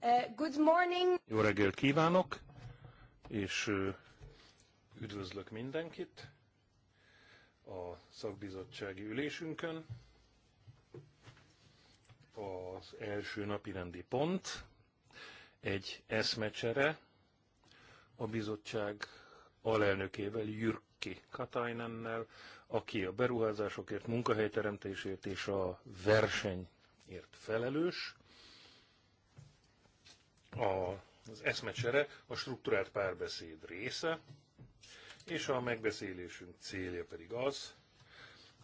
Uh, good morning. Jó reggelt kívánok, és üdvözlök mindenkit a szakbizottsági ülésünkön. Az első napi rendi pont egy eszmecsere a bizottság alelnökével, Jürki Katajnennel, aki a beruházásokért, munkahelyteremtésért és a versenyért felelős a, az eszmecsere a struktúrált párbeszéd része, és a megbeszélésünk célja pedig az,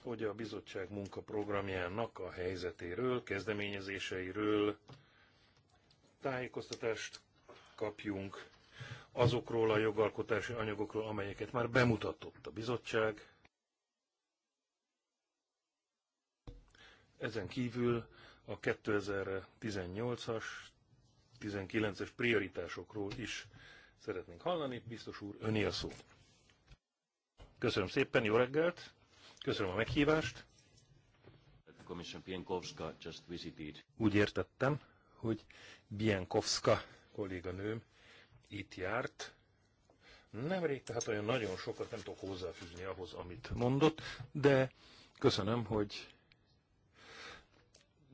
hogy a bizottság munkaprogramjának a helyzetéről, kezdeményezéseiről tájékoztatást kapjunk azokról a jogalkotási anyagokról, amelyeket már bemutatott a bizottság. Ezen kívül a 2018-as 2019-es prioritásokról is szeretnénk hallani. Biztos úr, öné a szó. Köszönöm szépen, jó reggelt, köszönöm a meghívást. Úgy értettem, hogy Bienkowska kolléganőm itt járt. Nemrég, tehát olyan nagyon sokat nem tudok hozzáfűzni ahhoz, amit mondott, de köszönöm, hogy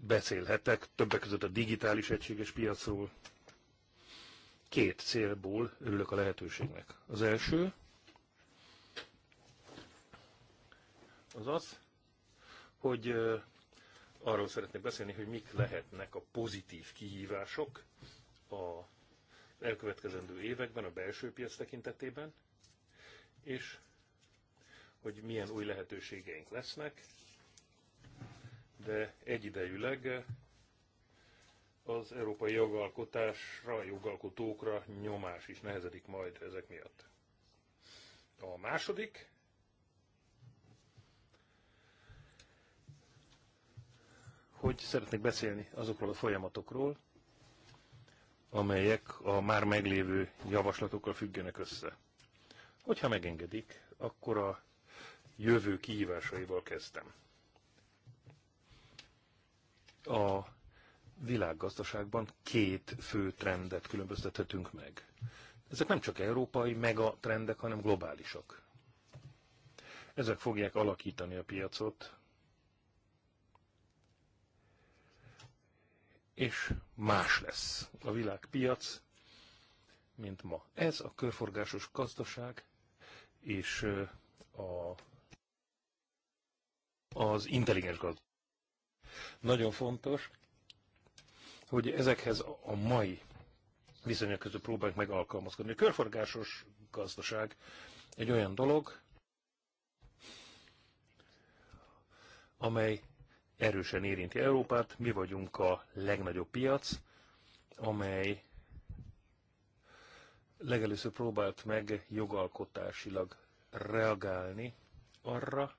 beszélhetek többek között a digitális egységes piacról. Két célból örülök a lehetőségnek. Az első az az, hogy arról szeretnék beszélni, hogy mik lehetnek a pozitív kihívások a elkövetkezendő években a belső piac tekintetében, és hogy milyen új lehetőségeink lesznek, de egyidejűleg az európai jogalkotásra, jogalkotókra nyomás is nehezedik majd ezek miatt. A második, hogy szeretnék beszélni azokról a folyamatokról, amelyek a már meglévő javaslatokkal függenek össze. Hogyha megengedik, akkor a jövő kihívásaival kezdtem a világgazdaságban két fő trendet különböztethetünk meg. Ezek nem csak európai mega trendek, hanem globálisak. Ezek fogják alakítani a piacot, és más lesz a világpiac, mint ma. Ez a körforgásos gazdaság és a, az intelligens gazdaság. Nagyon fontos, hogy ezekhez a mai viszonyok között próbáljuk meg alkalmazkodni. A körforgásos gazdaság egy olyan dolog, amely erősen érinti Európát. Mi vagyunk a legnagyobb piac, amely legelőször próbált meg jogalkotásilag reagálni arra,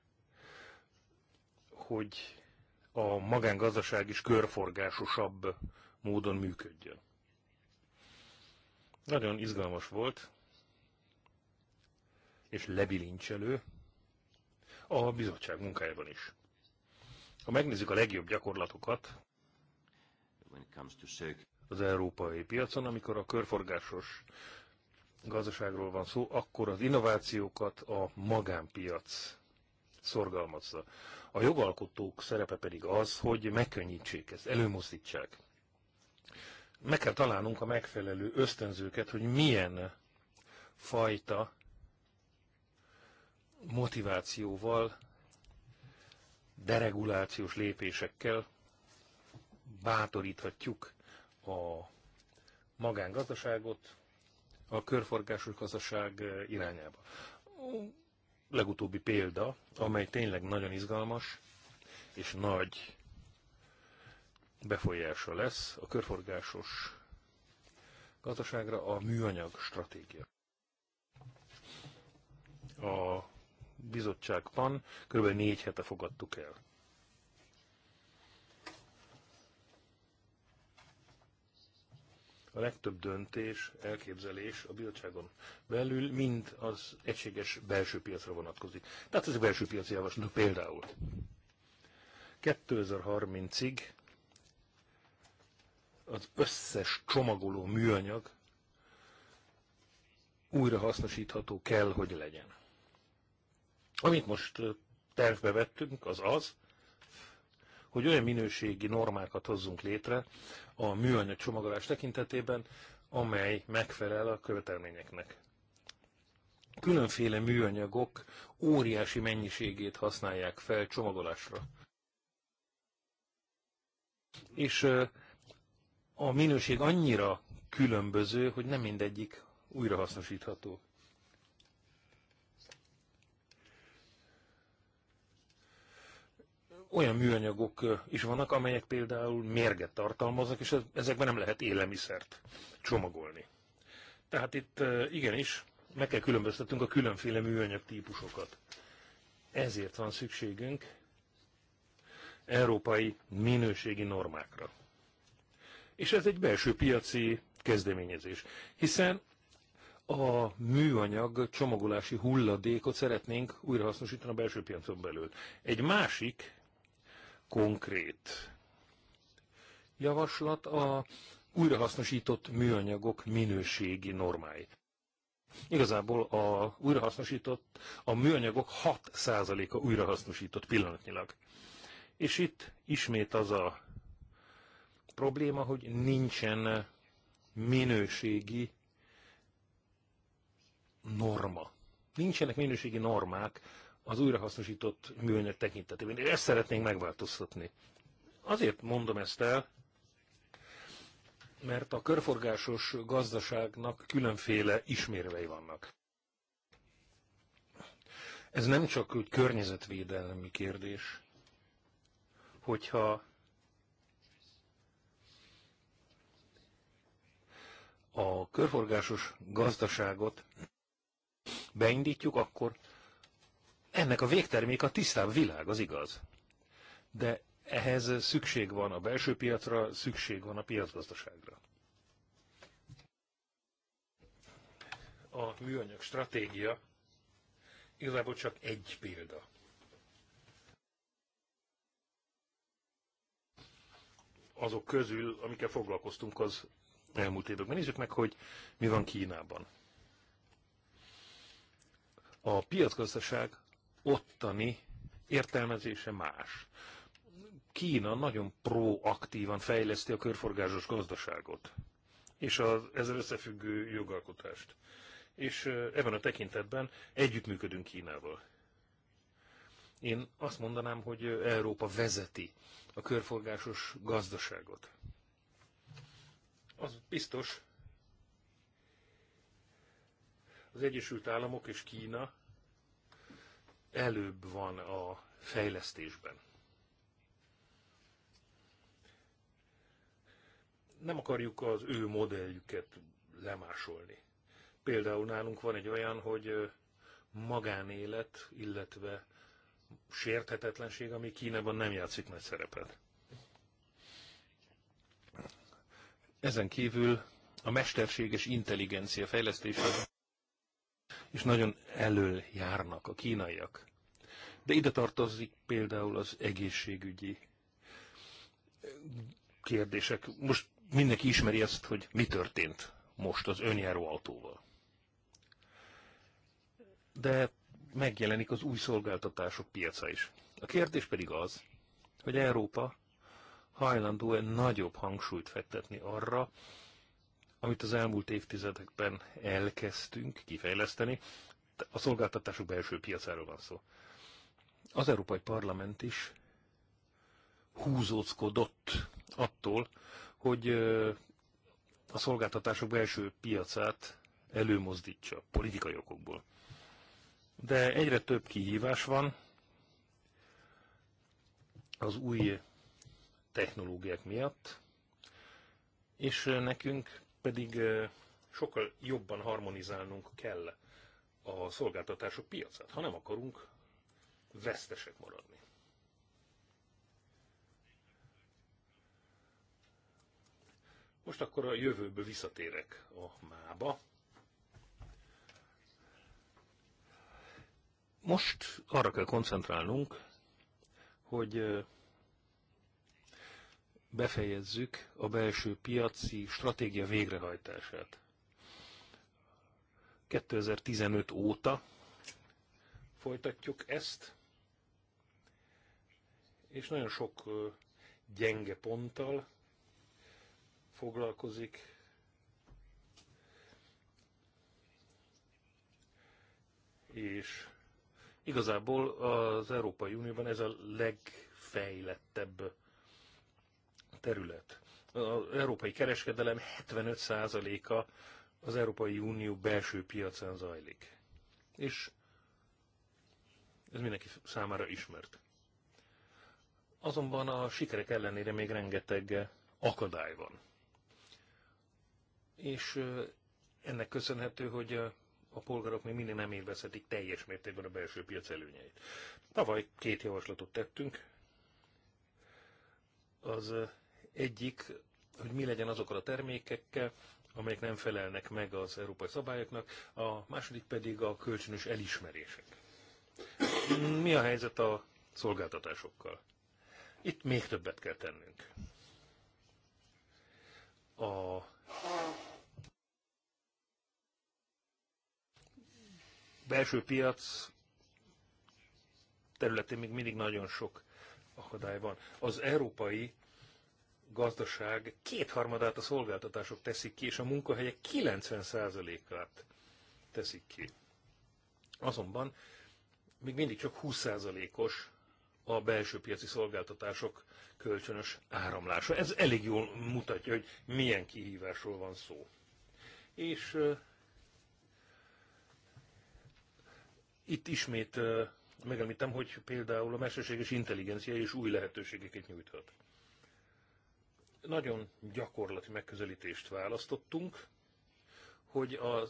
hogy a magángazdaság is körforgásosabb módon működjön. Nagyon izgalmas volt, és lebilincselő a bizottság munkájában is. Ha megnézzük a legjobb gyakorlatokat az európai piacon, amikor a körforgásos gazdaságról van szó, akkor az innovációkat a magánpiac szorgalmazza. A jogalkotók szerepe pedig az, hogy megkönnyítsék ezt, előmozdítsák. Meg kell találnunk a megfelelő ösztönzőket, hogy milyen fajta motivációval, deregulációs lépésekkel bátoríthatjuk a magángazdaságot a körforgásos gazdaság irányába legutóbbi példa, amely tényleg nagyon izgalmas és nagy befolyása lesz a körforgásos gazdaságra a műanyag stratégia. A bizottságban kb. négy hete fogadtuk el. a legtöbb döntés, elképzelés a bizottságon belül mind az egységes belső piacra vonatkozik. Tehát ezek belső piaci javaslatok például. 2030-ig az összes csomagoló műanyag újra hasznosítható kell, hogy legyen. Amit most tervbe vettünk, az az, hogy olyan minőségi normákat hozzunk létre a műanyag csomagolás tekintetében, amely megfelel a követelményeknek. Különféle műanyagok óriási mennyiségét használják fel csomagolásra. És a minőség annyira különböző, hogy nem mindegyik újrahasznosítható. olyan műanyagok is vannak, amelyek például mérget tartalmaznak, és ezekben nem lehet élelmiszert csomagolni. Tehát itt igenis meg kell különböztetnünk a különféle műanyag típusokat. Ezért van szükségünk európai minőségi normákra. És ez egy belső piaci kezdeményezés, hiszen a műanyag csomagolási hulladékot szeretnénk újrahasznosítani a belső piacon belül. Egy másik konkrét javaslat a újrahasznosított műanyagok minőségi normái. Igazából a újrahasznosított, a műanyagok 6%-a újrahasznosított pillanatnyilag. És itt ismét az a probléma, hogy nincsen minőségi norma. Nincsenek minőségi normák az újrahasznosított műanyag tekintetében. Ezt szeretnénk megváltoztatni. Azért mondom ezt el, mert a körforgásos gazdaságnak különféle ismérvei vannak. Ez nem csak úgy környezetvédelmi kérdés, hogyha a körforgásos gazdaságot beindítjuk, akkor ennek a végtermék a tisztább világ, az igaz. De ehhez szükség van a belső piacra, szükség van a piacgazdaságra. A műanyag stratégia igazából csak egy példa. Azok közül, amikkel foglalkoztunk az elmúlt években. Nézzük meg, hogy mi van Kínában. A piacgazdaság ottani értelmezése más. Kína nagyon proaktívan fejleszti a körforgásos gazdaságot, és az ezzel összefüggő jogalkotást. És ebben a tekintetben együttműködünk Kínával. Én azt mondanám, hogy Európa vezeti a körforgásos gazdaságot. Az biztos, az Egyesült Államok és Kína előbb van a fejlesztésben. Nem akarjuk az ő modelljüket lemásolni. Például nálunk van egy olyan, hogy magánélet, illetve sérthetetlenség, ami Kínában nem játszik nagy szerepet. Ezen kívül a mesterséges intelligencia fejlesztése és nagyon elől járnak a kínaiak. De ide tartozik például az egészségügyi kérdések. Most mindenki ismeri ezt, hogy mi történt most az önjáró autóval. De megjelenik az új szolgáltatások piaca is. A kérdés pedig az, hogy Európa hajlandó-e nagyobb hangsúlyt fektetni arra, amit az elmúlt évtizedekben elkezdtünk kifejleszteni. A szolgáltatások belső piacáról van szó. Az Európai Parlament is húzóckodott attól, hogy a szolgáltatások belső piacát előmozdítsa politikai okokból. De egyre több kihívás van az új technológiák miatt, és nekünk pedig sokkal jobban harmonizálnunk kell a szolgáltatások piacát, ha nem akarunk vesztesek maradni. Most akkor a jövőből visszatérek a mába. Most arra kell koncentrálnunk, hogy befejezzük a belső piaci stratégia végrehajtását. 2015 óta folytatjuk ezt, és nagyon sok gyenge ponttal foglalkozik. És igazából az Európai Unióban ez a legfejlettebb terület. Az európai kereskedelem 75%-a az Európai Unió belső piacán zajlik. És ez mindenki számára ismert. Azonban a sikerek ellenére még rengeteg akadály van. És ennek köszönhető, hogy a polgárok még mindig nem élvezhetik teljes mértékben a belső piac előnyeit. Tavaly két javaslatot tettünk. Az egyik, hogy mi legyen azokkal a termékekkel, amelyek nem felelnek meg az európai szabályoknak, a második pedig a kölcsönös elismerések. Mi a helyzet a szolgáltatásokkal? Itt még többet kell tennünk. A belső piac területén még mindig nagyon sok akadály van. Az európai gazdaság kétharmadát a szolgáltatások teszik ki, és a munkahelyek 90%-át teszik ki. Azonban még mindig csak 20%-os a belső piaci szolgáltatások kölcsönös áramlása. Ez elég jól mutatja, hogy milyen kihívásról van szó. És uh, itt ismét uh, megemlítem, hogy például a mesterséges intelligencia is új lehetőségeket nyújthat nagyon gyakorlati megközelítést választottunk, hogy a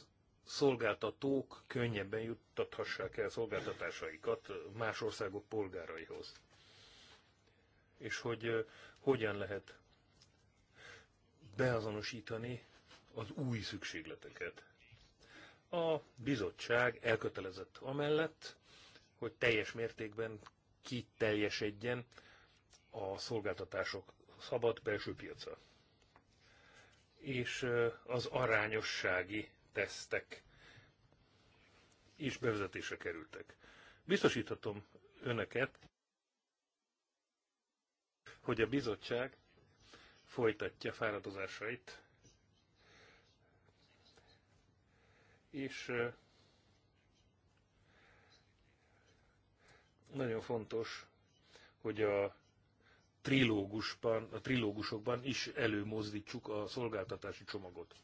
szolgáltatók könnyebben juttathassák el szolgáltatásaikat más országok polgáraihoz. És hogy hogyan lehet beazonosítani az új szükségleteket. A bizottság elkötelezett amellett, hogy teljes mértékben kiteljesedjen a szolgáltatások szabad belső piaca. És az arányossági tesztek is bevezetése kerültek. Biztosíthatom önöket, hogy a bizottság folytatja fáradozásait, és nagyon fontos, hogy a trilógusban, a trilógusokban is előmozdítsuk a szolgáltatási csomagot.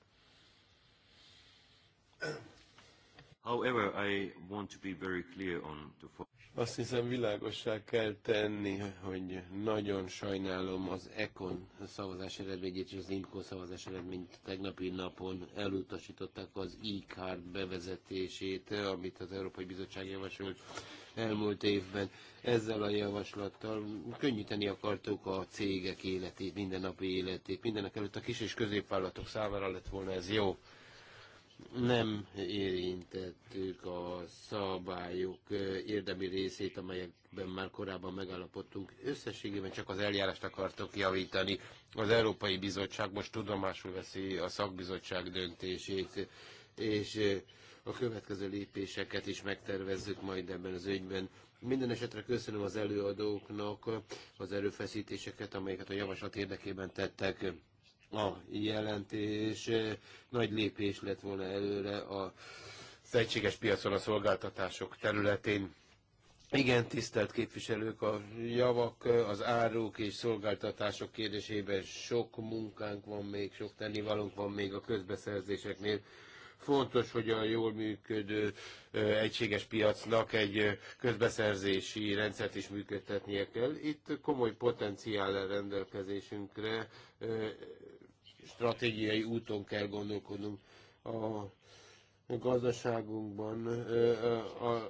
However, I want to be very clear on the Azt hiszem világossá kell tenni, hogy nagyon sajnálom az ECON szavazás eredményét és az INCO szavazás eredményét tegnapi napon elutasították az e-card bevezetését, amit az Európai Bizottság javasolt elmúlt évben. Ezzel a javaslattal könnyíteni akartuk a cégek életét, mindennapi életét. Mindenek előtt a kis és középvállalatok számára lett volna ez jó nem érintettük a szabályok érdemi részét, amelyekben már korábban megállapodtunk. Összességében csak az eljárást akartok javítani. Az Európai Bizottság most tudomásul veszi a szakbizottság döntését, és a következő lépéseket is megtervezzük majd ebben az ügyben. Minden esetre köszönöm az előadóknak az erőfeszítéseket, amelyeket a javaslat érdekében tettek a jelentés nagy lépés lett volna előre a egységes piacon a szolgáltatások területén. Igen, tisztelt képviselők, a javak, az áruk és szolgáltatások kérdésében sok munkánk van még, sok tennivalónk van még a közbeszerzéseknél. Fontos, hogy a jól működő egységes piacnak egy közbeszerzési rendszert is működtetnie kell. Itt komoly potenciál rendelkezésünkre stratégiai úton kell gondolkodnunk. A gazdaságunkban a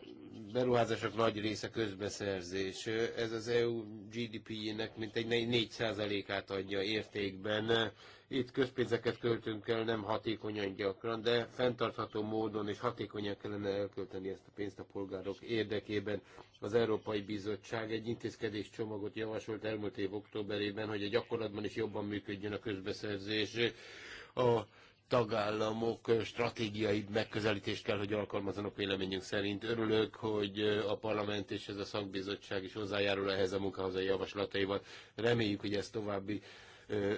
beruházások nagy része közbeszerzés. Ez az EU GDP-jének mintegy 4%-át adja értékben itt közpénzeket költünk el, nem hatékonyan gyakran, de fenntartható módon és hatékonyan kellene elkölteni ezt a pénzt a polgárok érdekében. Az Európai Bizottság egy intézkedés csomagot javasolt elmúlt év októberében, hogy a gyakorlatban is jobban működjön a közbeszerzés. A tagállamok stratégiai megközelítést kell, hogy alkalmazzanak véleményünk szerint. Örülök, hogy a parlament és ez a szakbizottság is hozzájárul ehhez a munkahoz a javaslataival. Reméljük, hogy ez további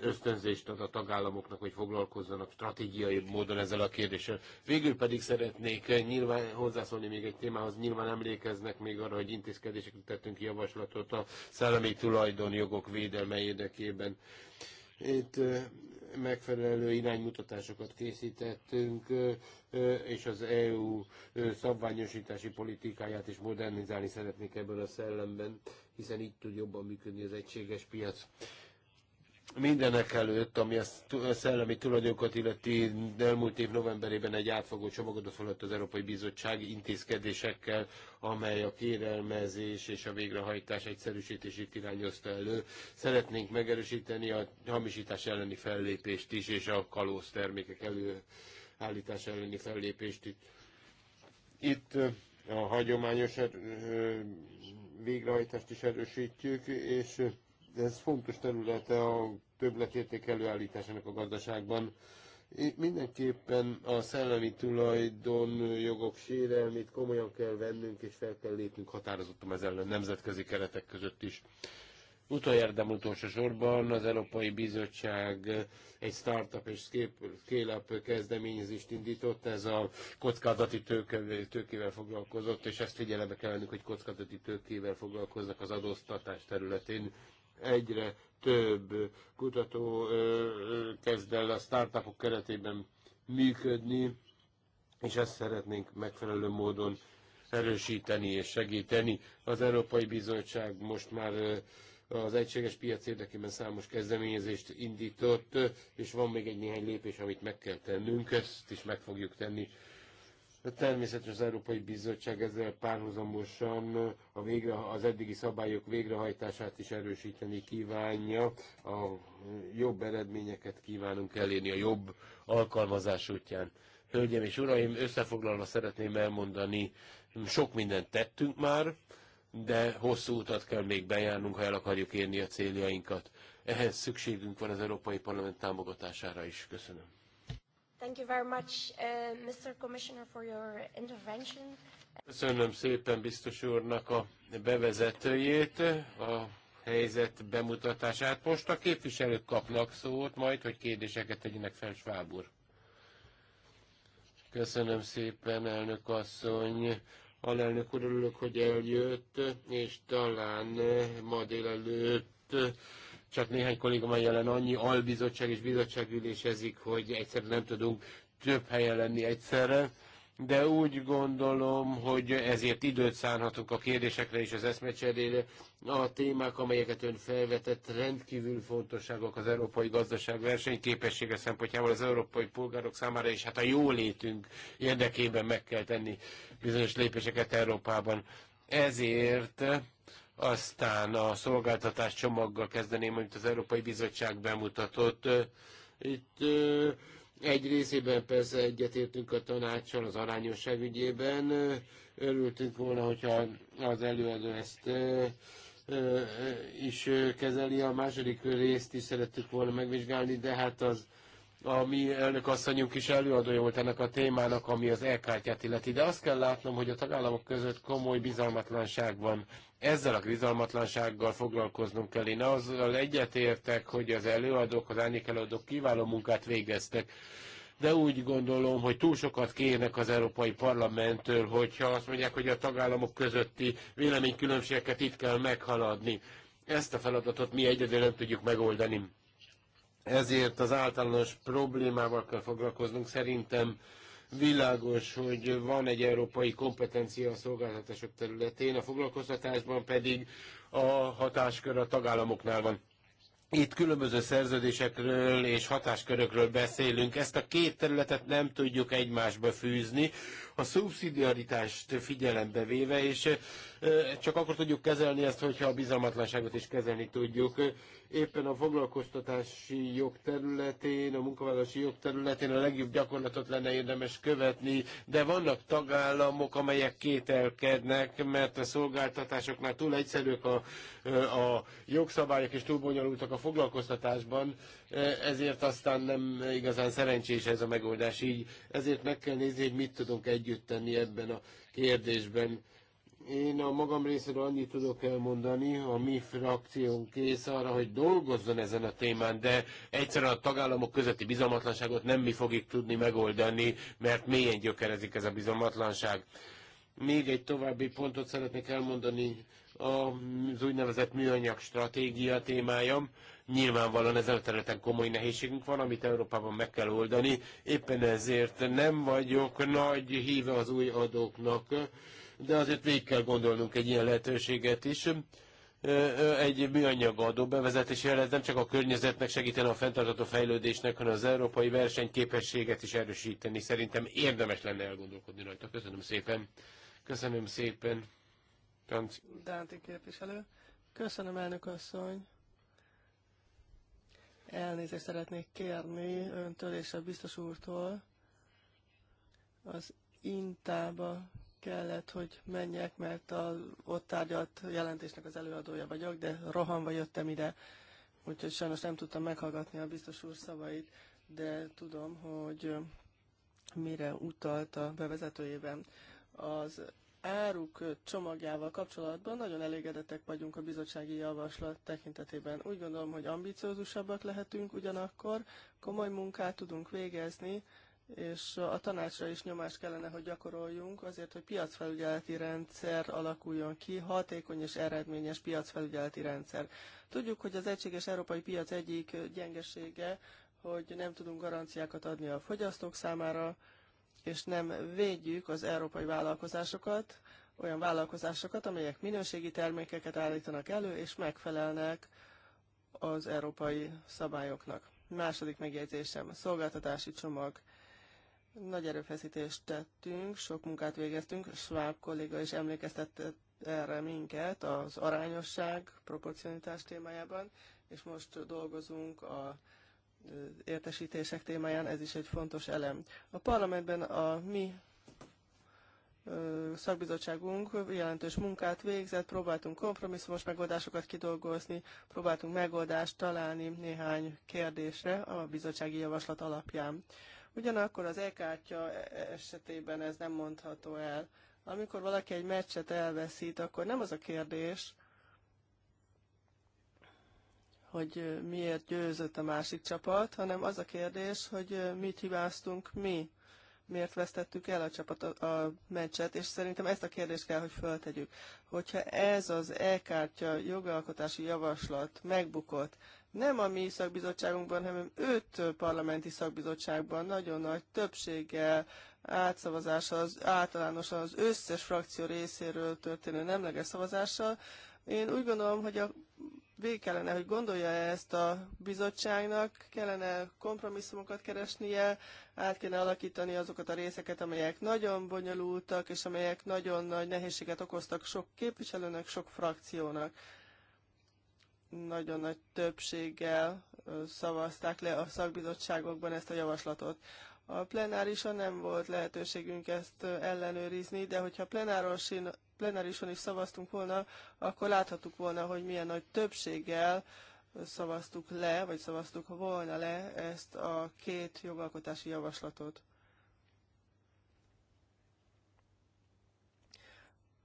ösztönzést ad a tagállamoknak, hogy foglalkozzanak stratégiai módon ezzel a kérdéssel. Végül pedig szeretnék eh, nyilván hozzászólni még egy témához, nyilván emlékeznek még arra, hogy intézkedésekre tettünk javaslatot a szellemi tulajdonjogok védelme érdekében. Itt eh, megfelelő iránymutatásokat készítettünk, eh, és az EU szabványosítási politikáját is modernizálni szeretnék ebben a szellemben, hiszen így tud jobban működni az egységes piac. Mindenek előtt, ami a szellemi tulajdonokat illeti elmúlt év novemberében egy átfogó csomagot adott az Európai Bizottság intézkedésekkel, amely a kérelmezés és a végrehajtás egyszerűsítését irányozta elő. Szeretnénk megerősíteni a hamisítás elleni fellépést is, és a kalóz termékek előállítás elleni fellépést itt. Itt a hagyományos végrehajtást is erősítjük, és ez fontos területe a többletérték előállításának a gazdaságban. Itt mindenképpen a szellemi tulajdon jogok sérelmét komolyan kell vennünk, és fel kell lépnünk határozottan ez ellen nemzetközi keretek között is. utoljára de utolsó sorban az Európai Bizottság egy startup és scale-up kezdeményezést indított, ez a kockázati tőkével foglalkozott, és ezt figyelembe kell vennünk, hogy kockázati tőkével foglalkoznak az adóztatás területén egyre több kutató kezd el a startupok keretében működni, és ezt szeretnénk megfelelő módon erősíteni és segíteni. Az Európai Bizottság most már az egységes piac érdekében számos kezdeményezést indított, és van még egy néhány lépés, amit meg kell tennünk, ezt is meg fogjuk tenni. Természetesen az Európai Bizottság ezzel párhuzamosan a végre, az eddigi szabályok végrehajtását is erősíteni kívánja. A jobb eredményeket kívánunk elérni a jobb alkalmazás útján. Hölgyeim és uraim, összefoglalva szeretném elmondani, sok mindent tettünk már, de hosszú utat kell még bejárnunk, ha el akarjuk érni a céljainkat. Ehhez szükségünk van az Európai Parlament támogatására is. Köszönöm. Thank you very much, uh, Mr. Commissioner, for your intervention. Köszönöm szépen biztos úrnak a bevezetőjét, a helyzet bemutatását. Most a képviselők kapnak szót, majd, hogy kérdéseket tegyenek fel Schwab úr. Köszönöm szépen, elnök asszony. Alelnök úr, örülök, hogy eljött, és talán ma délelőtt csak néhány kolléga van jelen, annyi albizottság és bizottság ülésezik, hogy egyszerűen nem tudunk több helyen lenni egyszerre, de úgy gondolom, hogy ezért időt szánhatunk a kérdésekre és az eszmecserére. A témák, amelyeket ön felvetett, rendkívül fontosságok az európai gazdaság versenyképessége szempontjából az európai polgárok számára, és hát a jólétünk érdekében meg kell tenni bizonyos lépéseket Európában. Ezért aztán a szolgáltatás csomaggal kezdeném, amit az Európai Bizottság bemutatott. Itt egy részében persze egyetértünk a tanácssal az arányosság ügyében. Örültünk volna, hogyha az előadó ezt is kezeli. A második részt is szerettük volna megvizsgálni, de hát az a mi elnök asszonyunk is előadója volt ennek a témának, ami az e illeti. De azt kell látnom, hogy a tagállamok között komoly bizalmatlanság van ezzel a bizalmatlansággal foglalkoznunk kell. Én azzal egyetértek, hogy az előadók, az árnyék előadók kiváló munkát végeztek, de úgy gondolom, hogy túl sokat kérnek az Európai Parlamenttől, hogyha azt mondják, hogy a tagállamok közötti véleménykülönbségeket itt kell meghaladni. Ezt a feladatot mi egyedül nem tudjuk megoldani. Ezért az általános problémával kell foglalkoznunk szerintem, Világos, hogy van egy európai kompetencia a szolgáltatások területén, a foglalkoztatásban pedig a hatáskör a tagállamoknál van. Itt különböző szerződésekről és hatáskörökről beszélünk. Ezt a két területet nem tudjuk egymásba fűzni. A szubszidiaritást figyelembe véve, és csak akkor tudjuk kezelni ezt, hogyha a bizalmatlanságot is kezelni tudjuk éppen a foglalkoztatási jog területén, a munkavállalási jog területén a legjobb gyakorlatot lenne érdemes követni, de vannak tagállamok, amelyek kételkednek, mert a szolgáltatásoknál túl egyszerűek a, a jogszabályok és túl bonyolultak a foglalkoztatásban, ezért aztán nem igazán szerencsés ez a megoldás így. Ezért meg kell nézni, hogy mit tudunk együtt tenni ebben a kérdésben én a magam részéről annyit tudok elmondani, a mi frakciónk kész arra, hogy dolgozzon ezen a témán, de egyszerűen a tagállamok közötti bizalmatlanságot nem mi fogjuk tudni megoldani, mert mélyen gyökerezik ez a bizalmatlanság. Még egy további pontot szeretnék elmondani, az úgynevezett műanyag stratégia témája. Nyilvánvalóan ezen a területen komoly nehézségünk van, amit Európában meg kell oldani. Éppen ezért nem vagyok nagy híve az új adóknak, de azért végig kell gondolnunk egy ilyen lehetőséget is. Egy műanyag adó bevezetésére, ez nem csak a környezetnek segíteni a fenntartható fejlődésnek, hanem az európai versenyképességet is erősíteni. Szerintem érdemes lenne elgondolkodni rajta. Köszönöm szépen. Köszönöm szépen. Tanci. Dánti képviselő. Köszönöm, elnök asszony. Elnézést szeretnék kérni öntől és a biztos úrtól. Az Intába kellett, hogy menjek, mert a ott tárgyalt jelentésnek az előadója vagyok, de rohanva jöttem ide, úgyhogy sajnos nem tudtam meghallgatni a biztos úr szavait, de tudom, hogy mire utalt a bevezetőjében. Az áruk csomagjával kapcsolatban nagyon elégedettek vagyunk a bizottsági javaslat tekintetében. Úgy gondolom, hogy ambiciózusabbak lehetünk, ugyanakkor komoly munkát tudunk végezni és a tanácsra is nyomást kellene, hogy gyakoroljunk azért, hogy piacfelügyeleti rendszer alakuljon ki, hatékony és eredményes piacfelügyeleti rendszer. Tudjuk, hogy az egységes európai piac egyik gyengesége, hogy nem tudunk garanciákat adni a fogyasztók számára, és nem védjük az európai vállalkozásokat, olyan vállalkozásokat, amelyek minőségi termékeket állítanak elő, és megfelelnek az európai szabályoknak. Második megjegyzésem, szolgáltatási csomag. Nagy erőfeszítést tettünk, sok munkát végeztünk, Schwab kolléga is emlékeztette erre minket az arányosság, proporcionitás témájában, és most dolgozunk a értesítések témáján, ez is egy fontos elem. A parlamentben a mi szakbizottságunk jelentős munkát végzett, próbáltunk kompromisszumos megoldásokat kidolgozni, próbáltunk megoldást találni néhány kérdésre a bizottsági javaslat alapján. Ugyanakkor az e-kártya esetében ez nem mondható el. Amikor valaki egy meccset elveszít, akkor nem az a kérdés, hogy miért győzött a másik csapat, hanem az a kérdés, hogy mit hibáztunk mi miért vesztettük el a csapat a meccset, és szerintem ezt a kérdést kell, hogy föltegyük. Hogyha ez az e-kártya jogalkotási javaslat megbukott, nem a mi szakbizottságunkban, hanem öt parlamenti szakbizottságban nagyon nagy többséggel átszavazása, az, általánosan az összes frakció részéről történő nemleges szavazással, én úgy gondolom, hogy a végig kellene, hogy gondolja ezt a bizottságnak, kellene kompromisszumokat keresnie, át kéne alakítani azokat a részeket, amelyek nagyon bonyolultak, és amelyek nagyon nagy nehézséget okoztak sok képviselőnek, sok frakciónak. Nagyon nagy többséggel szavazták le a szakbizottságokban ezt a javaslatot. A plenárison nem volt lehetőségünk ezt ellenőrizni, de hogyha plenárosin plenárison is szavaztunk volna, akkor láthattuk volna, hogy milyen nagy többséggel szavaztuk le, vagy szavaztuk volna le ezt a két jogalkotási javaslatot.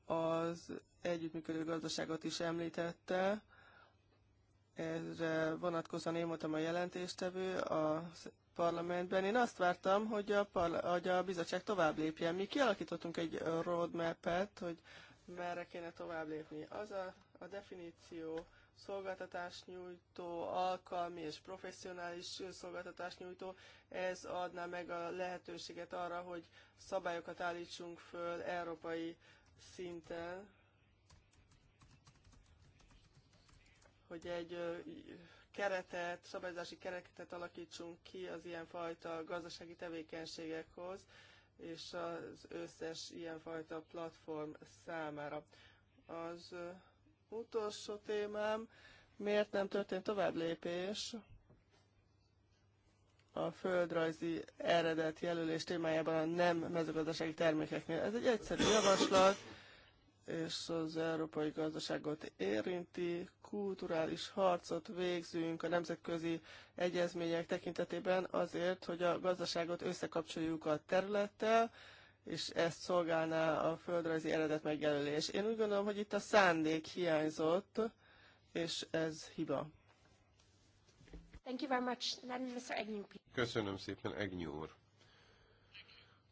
Az együttműködő gazdaságot is említette, erre vonatkozóan én voltam a jelentéstevő, az parlamentben. Én azt vártam, hogy a, hogy a bizottság tovább lépjen. Mi kialakítottunk egy roadmap-et, hogy merre kéne tovább lépni. Az a, a definíció, szolgáltatásnyújtó, alkalmi és professzionális szolgáltatásnyújtó, ez adná meg a lehetőséget arra, hogy szabályokat állítsunk föl európai szinten, hogy egy keretet, szabályozási keretet alakítsunk ki az ilyenfajta gazdasági tevékenységekhoz, és az összes ilyenfajta platform számára. Az utolsó témám, miért nem történt tovább lépés a földrajzi eredet jelölés témájában a nem mezőgazdasági termékeknél. Ez egy egyszerű javaslat, és az európai gazdaságot érinti, kulturális harcot végzünk a nemzetközi egyezmények tekintetében azért, hogy a gazdaságot összekapcsoljuk a területtel, és ezt szolgálná a földrajzi eredet megjelölés. Én úgy gondolom, hogy itt a szándék hiányzott, és ez hiba. Thank you very much. Mr. Köszönöm szépen, Egnyúr.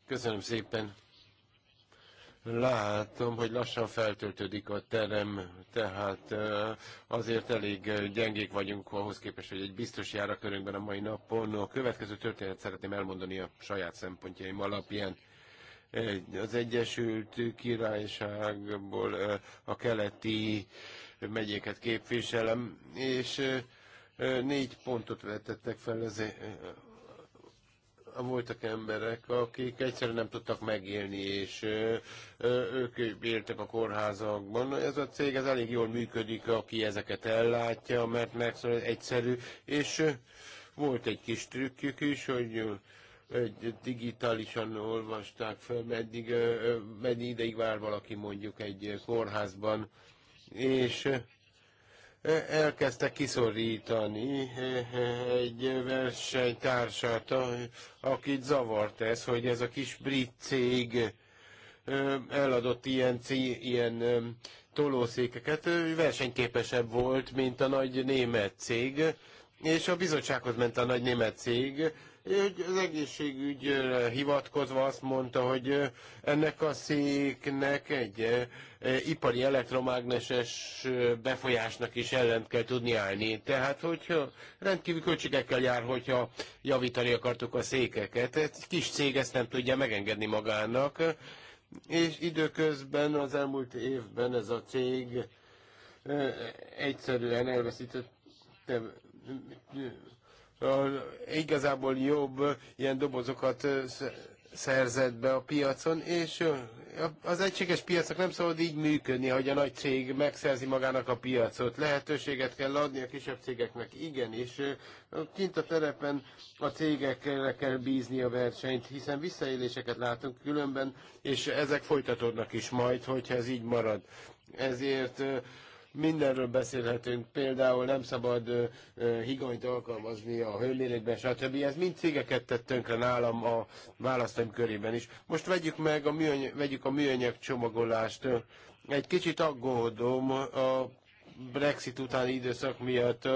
Köszönöm szépen. Látom, hogy lassan feltöltődik a terem, tehát azért elég gyengék vagyunk ahhoz képest, hogy egy biztos jár a körünkben a mai napon. A következő történet szeretném elmondani a saját szempontjaim alapján. Az Egyesült Királyságból a keleti megyéket képviselem, és négy pontot vetettek fel az voltak emberek, akik egyszerűen nem tudtak megélni, és ők éltek a kórházakban. Ez a cég ez elég jól működik, aki ezeket ellátja, mert megszólal egyszerű, és volt egy kis trükkjük is, hogy egy digitálisan olvasták fel, meddig, meddig ideig vár valaki mondjuk egy kórházban, és elkezdte kiszorítani egy versenytársát, akit zavart ez, hogy ez a kis brit cég eladott ilyen, ilyen tolószékeket, versenyképesebb volt, mint a nagy német cég, és a bizottsághoz ment a nagy német cég, az egészségügyre hivatkozva azt mondta, hogy ennek a széknek egy ipari elektromágneses befolyásnak is ellent kell tudni állni. Tehát, hogyha rendkívül költségekkel jár, hogyha javítani akartuk a székeket. Egy kis cég ezt nem tudja megengedni magának. És időközben az elmúlt évben ez a cég egyszerűen elveszített igazából jobb ilyen dobozokat szerzett be a piacon, és az egységes piacnak nem szabad így működni, hogy a nagy cég megszerzi magának a piacot. Lehetőséget kell adni a kisebb cégeknek, igen, és kint a terepen a cégekre kell bízni a versenyt, hiszen visszaéléseket látunk különben, és ezek folytatódnak is majd, hogyha ez így marad. Ezért mindenről beszélhetünk, például nem szabad higanyt alkalmazni a hőmérékben, stb. Ez mind cégeket tett tönkre nálam a választóim körében is. Most vegyük meg a műanyag, vegyük a műanyag csomagolást. Egy kicsit aggódom a Brexit utáni időszak miatt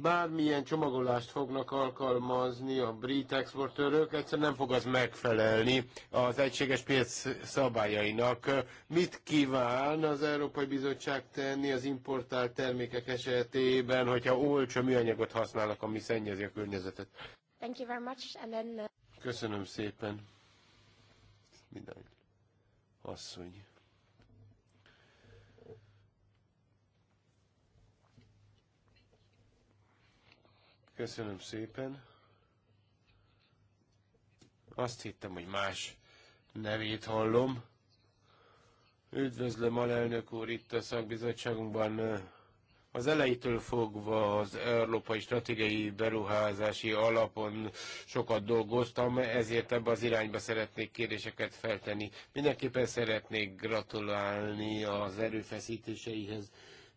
bármilyen csomagolást fognak alkalmazni a brit exportőrök, egyszerűen nem fog az megfelelni az egységes piac szabályainak. Mit kíván az Európai Bizottság tenni az importált termékek esetében, hogyha olcsó műanyagot használnak, ami szennyezi a környezetet? Thank you very much, and then... Uh, Köszönöm szépen. Mindenki. Asszony. Köszönöm szépen. Azt hittem, hogy más nevét hallom. Üdvözlöm, alelnök úr, itt a szakbizottságunkban az elejétől fogva az Európai Stratégiai Beruházási Alapon sokat dolgoztam, ezért ebbe az irányba szeretnék kérdéseket feltenni. Mindenképpen szeretnék gratulálni az erőfeszítéseihez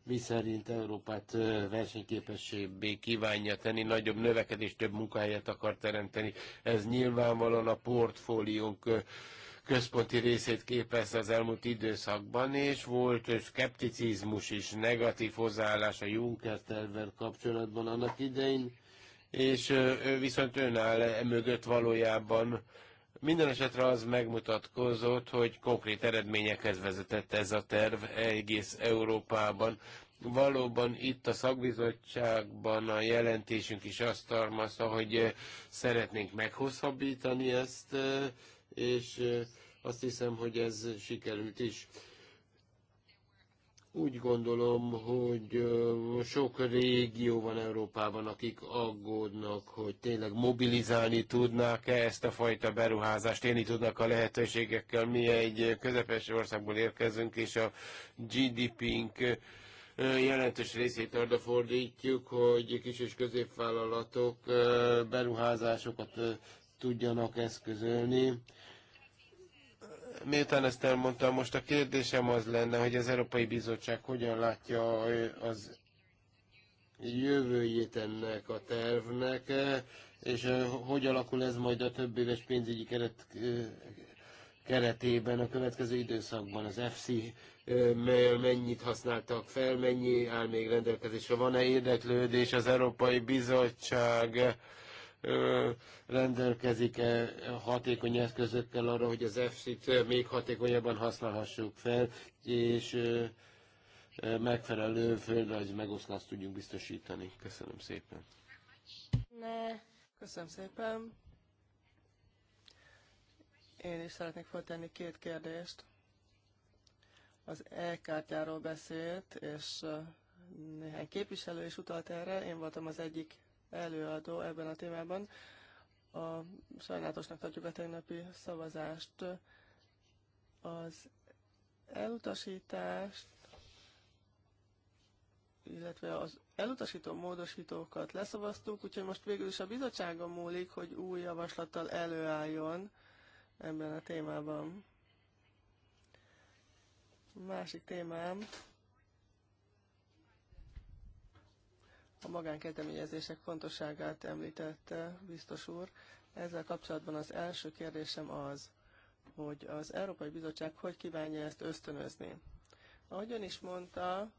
mi szerint Európát versenyképességbé kívánja tenni, nagyobb növekedést, több munkahelyet akar teremteni. Ez nyilvánvalóan a portfóliónk központi részét képezte az elmúlt időszakban, és volt szkepticizmus is, negatív hozzáállás a Juncker tervvel kapcsolatban annak idején, és viszont önáll e mögött valójában minden esetre az megmutatkozott, hogy konkrét eredményekhez vezetett ez a terv egész Európában. Valóban itt a szakbizottságban a jelentésünk is azt tartalmazta, hogy eh, szeretnénk meghosszabbítani ezt, eh, és eh, azt hiszem, hogy ez sikerült is. Úgy gondolom, hogy sok régió van Európában, akik aggódnak, hogy tényleg mobilizálni tudnák-e ezt a fajta beruházást, élni tudnak a lehetőségekkel. Mi egy közepes országból érkezünk, és a GDP-nk jelentős részét arra fordítjuk, hogy kis és középvállalatok beruházásokat tudjanak eszközölni Miután ezt elmondtam, most a kérdésem az lenne, hogy az Európai Bizottság hogyan látja az jövőjét ennek a tervnek, és hogy alakul ez majd a több éves pénzügyi keret keretében a következő időszakban az FC mennyit használtak fel, mennyi áll még rendelkezésre, van-e érdeklődés az Európai Bizottság rendelkezik-e hatékony eszközökkel arra, hogy az EFSZ-t még hatékonyabban használhassuk fel, és megfelelő földrajzi megoszlást tudjunk biztosítani. Köszönöm szépen. Ne. Köszönöm szépen. Én is szeretnék feltenni két kérdést. Az e-kártyáról beszélt, és néhány képviselő is utalt erre. Én voltam az egyik előadó ebben a témában. A sajnálatosnak tartjuk a tegnapi szavazást. Az elutasítást, illetve az elutasító módosítókat leszavaztuk, úgyhogy most végül is a bizottságon múlik, hogy új javaslattal előálljon ebben a témában. Másik témám a magánkezdeményezések fontosságát említette biztos úr. Ezzel kapcsolatban az első kérdésem az, hogy az Európai Bizottság hogy kívánja ezt ösztönözni. Ahogy ön is mondta,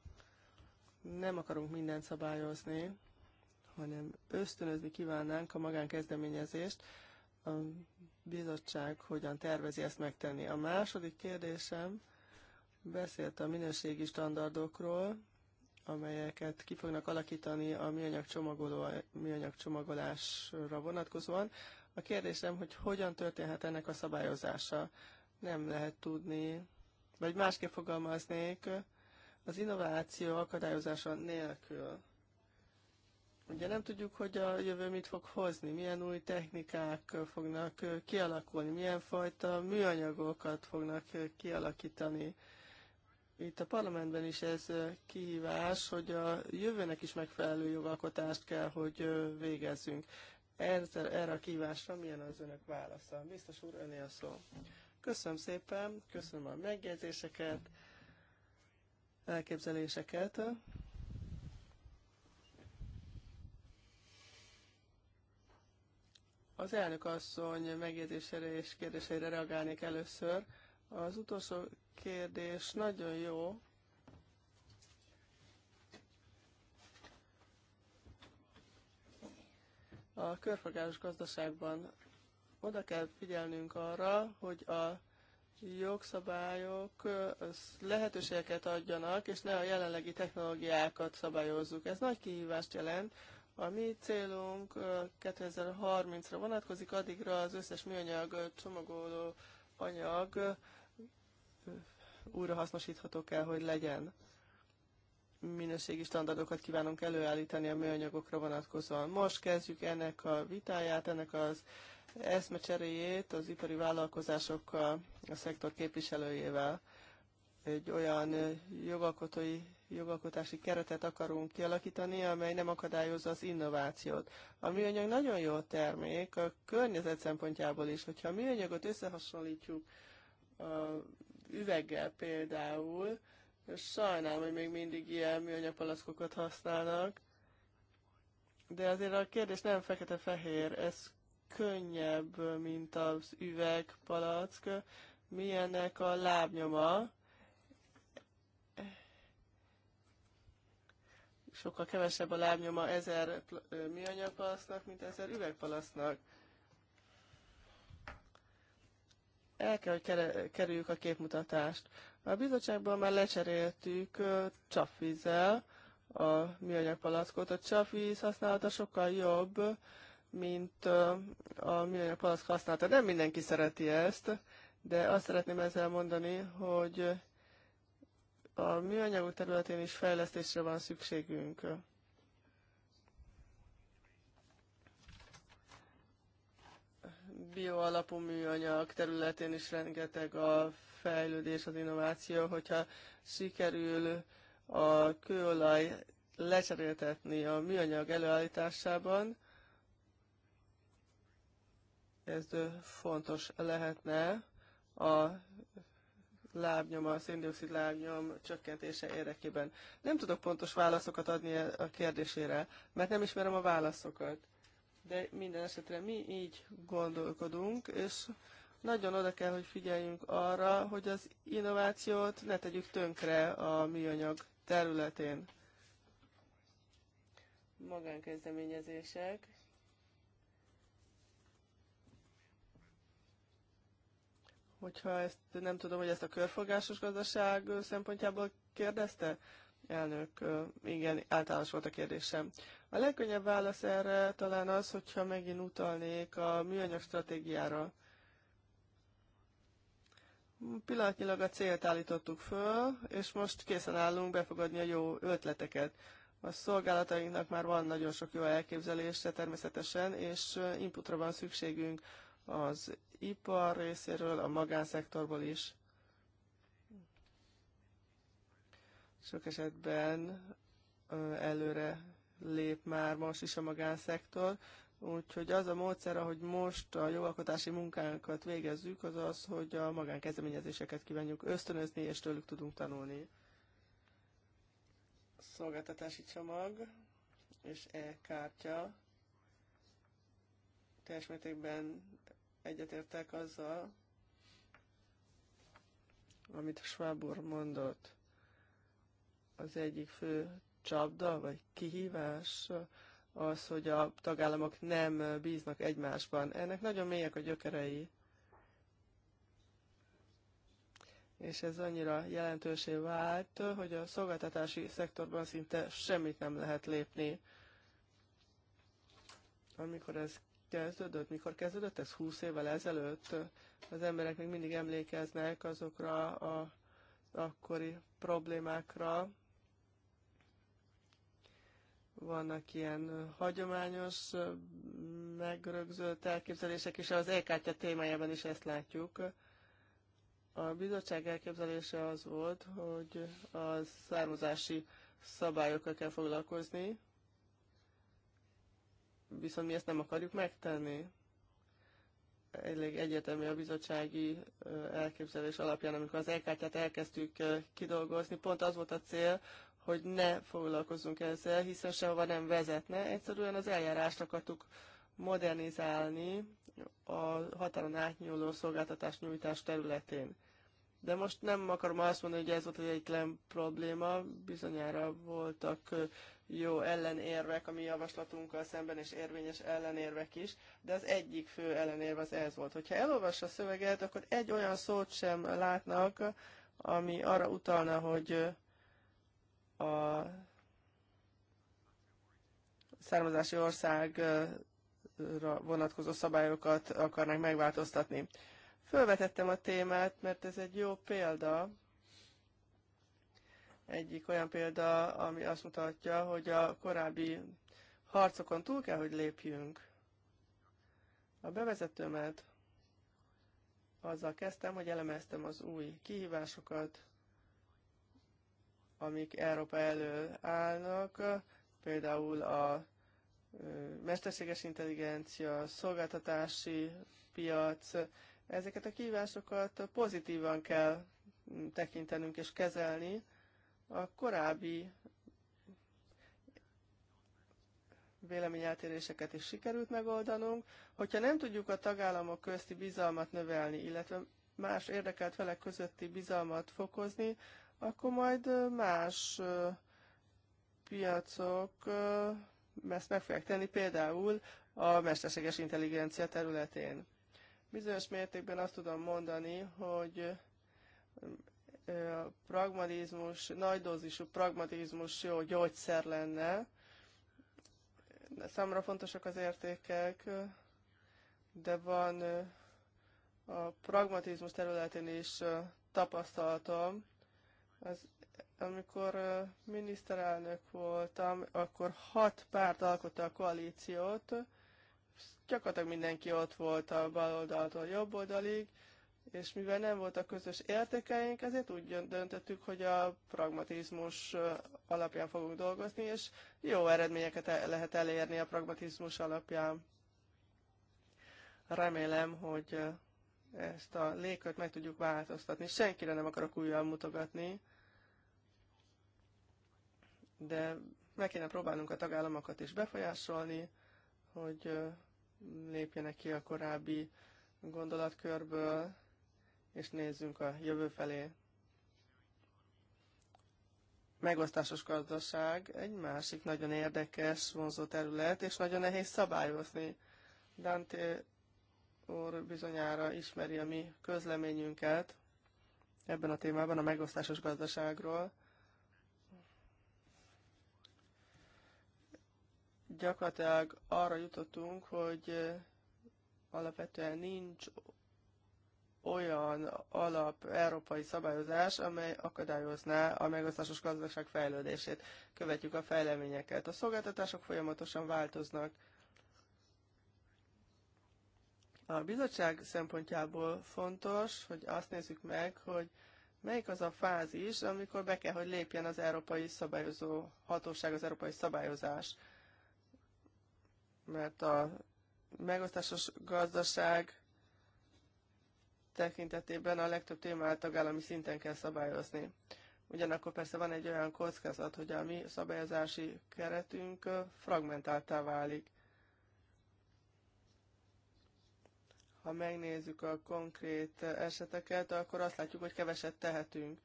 nem akarunk mindent szabályozni, hanem ösztönözni kívánnánk a magánkezdeményezést. A bizottság hogyan tervezi ezt megtenni. A második kérdésem beszélt a minőségi standardokról, amelyeket ki fognak alakítani a műanyag, csomagoló, műanyag csomagolásra vonatkozóan. A kérdésem, hogy hogyan történhet ennek a szabályozása, nem lehet tudni, vagy másképp fogalmaznék, az innováció akadályozása nélkül. Ugye nem tudjuk, hogy a jövő mit fog hozni, milyen új technikák fognak kialakulni, milyen fajta műanyagokat fognak kialakítani itt a parlamentben is ez kihívás, hogy a jövőnek is megfelelő jogalkotást kell, hogy végezzünk. Erre, erre a kihívásra milyen az önök válasza? Biztos úr, öné a szó. Köszönöm szépen, köszönöm a megjegyzéseket, elképzeléseket. Az elnök asszony megjegyzésére és kérdéseire reagálnék először. Az utolsó kérdés nagyon jó. A körforgásos gazdaságban oda kell figyelnünk arra, hogy a jogszabályok lehetőségeket adjanak, és ne a jelenlegi technológiákat szabályozzuk. Ez nagy kihívást jelent. A mi célunk 2030-ra vonatkozik, addigra az összes műanyag csomagoló anyag hasznosítható kell, hogy legyen. Minőségi standardokat kívánunk előállítani a műanyagokra vonatkozóan. Most kezdjük ennek a vitáját, ennek az eszmecseréjét az ipari vállalkozásokkal, a szektor képviselőjével. Egy olyan jogalkotói jogalkotási keretet akarunk kialakítani, amely nem akadályozza az innovációt. A műanyag nagyon jó termék a környezet szempontjából is. Hogyha a műanyagot összehasonlítjuk a üveggel például. Sajnálom, hogy még mindig ilyen műanyag palackokat használnak, de azért a kérdés nem fekete-fehér, ez könnyebb, mint az üvegpalack. Milyennek a lábnyoma? Sokkal kevesebb a lábnyoma ezer műanyag mint ezer üvegpalasznak. el kell, hogy kerüljük a képmutatást. A bizottságban már lecseréltük csapvízzel a műanyag palackot. A csapvíz használata sokkal jobb, mint a műanyag palack használata. Nem mindenki szereti ezt, de azt szeretném ezzel mondani, hogy a műanyagok területén is fejlesztésre van szükségünk. bioalapú műanyag területén is rengeteg a fejlődés, az innováció, hogyha sikerül a kőolaj lecseréltetni a műanyag előállításában, ez fontos lehetne a lábnyom, a széndiokszid lábnyom csökkentése érdekében. Nem tudok pontos válaszokat adni e- a kérdésére, mert nem ismerem a válaszokat de minden esetre mi így gondolkodunk, és nagyon oda kell, hogy figyeljünk arra, hogy az innovációt ne tegyük tönkre a műanyag területén. Magánkezdeményezések. Hogyha ezt nem tudom, hogy ezt a körforgásos gazdaság szempontjából kérdezte, Elnök, igen, általános volt a kérdésem. A legkönnyebb válasz erre talán az, hogyha megint utalnék a műanyag stratégiára. Pillanatnyilag a célt állítottuk föl, és most készen állunk befogadni a jó ötleteket. A szolgálatainknak már van nagyon sok jó elképzelése természetesen, és inputra van szükségünk az ipar részéről, a magánszektorból is. Sok esetben előre lép már most is a magánszektor, úgyhogy az a módszer, ahogy most a jogalkotási munkánkat végezzük, az az, hogy a magánkezdeményezéseket kívánjuk ösztönözni, és tőlük tudunk tanulni. Szolgáltatási csomag és e-kártya teljes mértékben egyetértek azzal, amit Schwab úr mondott az egyik fő csapda vagy kihívás az, hogy a tagállamok nem bíznak egymásban. Ennek nagyon mélyek a gyökerei. És ez annyira jelentősé vált, hogy a szolgáltatási szektorban szinte semmit nem lehet lépni. Amikor ez kezdődött, mikor kezdődött? Ez 20 évvel ezelőtt. Az emberek még mindig emlékeznek azokra a akkori problémákra, vannak ilyen hagyományos megrögzölt elképzelések, és az elkártya témájában is ezt látjuk. A bizottság elképzelése az volt, hogy a származási szabályokkal kell foglalkozni, viszont mi ezt nem akarjuk megtenni. Elég egyetemű a bizottsági elképzelés alapján, amikor az elkártyát elkezdtük kidolgozni. Pont az volt a cél, hogy ne foglalkozzunk ezzel, hiszen sehova nem vezetne. Egyszerűen az eljárást akartuk modernizálni a határon átnyúló szolgáltatás nyújtás területén. De most nem akarom azt mondani, hogy ez volt az egyetlen probléma, bizonyára voltak jó ellenérvek a mi javaslatunkkal szemben, és érvényes ellenérvek is, de az egyik fő ellenérv az ez volt. Hogyha elolvassa a szöveget, akkor egy olyan szót sem látnak, ami arra utalna, hogy a származási országra vonatkozó szabályokat akarnak megváltoztatni. Fölvetettem a témát, mert ez egy jó példa, egyik olyan példa, ami azt mutatja, hogy a korábbi harcokon túl kell, hogy lépjünk. A bevezetőmet azzal kezdtem, hogy elemeztem az új kihívásokat, amik Európa elől állnak, például a mesterséges intelligencia, szolgáltatási piac, ezeket a kívásokat pozitívan kell tekintenünk és kezelni. A korábbi véleményeltéréseket is sikerült megoldanunk. Hogyha nem tudjuk a tagállamok közti bizalmat növelni, illetve más érdekelt felek közötti bizalmat fokozni, akkor majd más piacok ezt meg fogják tenni, például a mesterséges intelligencia területén. Bizonyos mértékben azt tudom mondani, hogy a pragmatizmus, nagy dózisú pragmatizmus jó gyógyszer lenne. Számra fontosak az értékek, de van a pragmatizmus területén is tapasztaltam, az, amikor miniszterelnök voltam, akkor hat párt alkotta a koalíciót, gyakorlatilag mindenki ott volt a bal oldaltól a jobb oldalig, és mivel nem voltak közös értékeink, ezért úgy döntöttük, hogy a pragmatizmus alapján fogunk dolgozni, és jó eredményeket lehet elérni a pragmatizmus alapján. Remélem, hogy ezt a légkört meg tudjuk változtatni. Senkire nem akarok újra mutogatni, de meg kéne próbálnunk a tagállamokat is befolyásolni, hogy lépjenek ki a korábbi gondolatkörből, és nézzünk a jövő felé. Megosztásos gazdaság egy másik nagyon érdekes, vonzó terület, és nagyon nehéz szabályozni. Dante úr bizonyára ismeri a mi közleményünket ebben a témában, a megosztásos gazdaságról. Gyakorlatilag arra jutottunk, hogy alapvetően nincs olyan alap európai szabályozás, amely akadályozná a megosztásos gazdaság fejlődését. Követjük a fejleményeket. A szolgáltatások folyamatosan változnak a bizottság szempontjából fontos, hogy azt nézzük meg, hogy melyik az a fázis, amikor be kell, hogy lépjen az európai szabályozó hatóság, az európai szabályozás. Mert a megosztásos gazdaság tekintetében a legtöbb témát tagállami szinten kell szabályozni. Ugyanakkor persze van egy olyan kockázat, hogy a mi szabályozási keretünk fragmentáltá válik. Ha megnézzük a konkrét eseteket, akkor azt látjuk, hogy keveset tehetünk.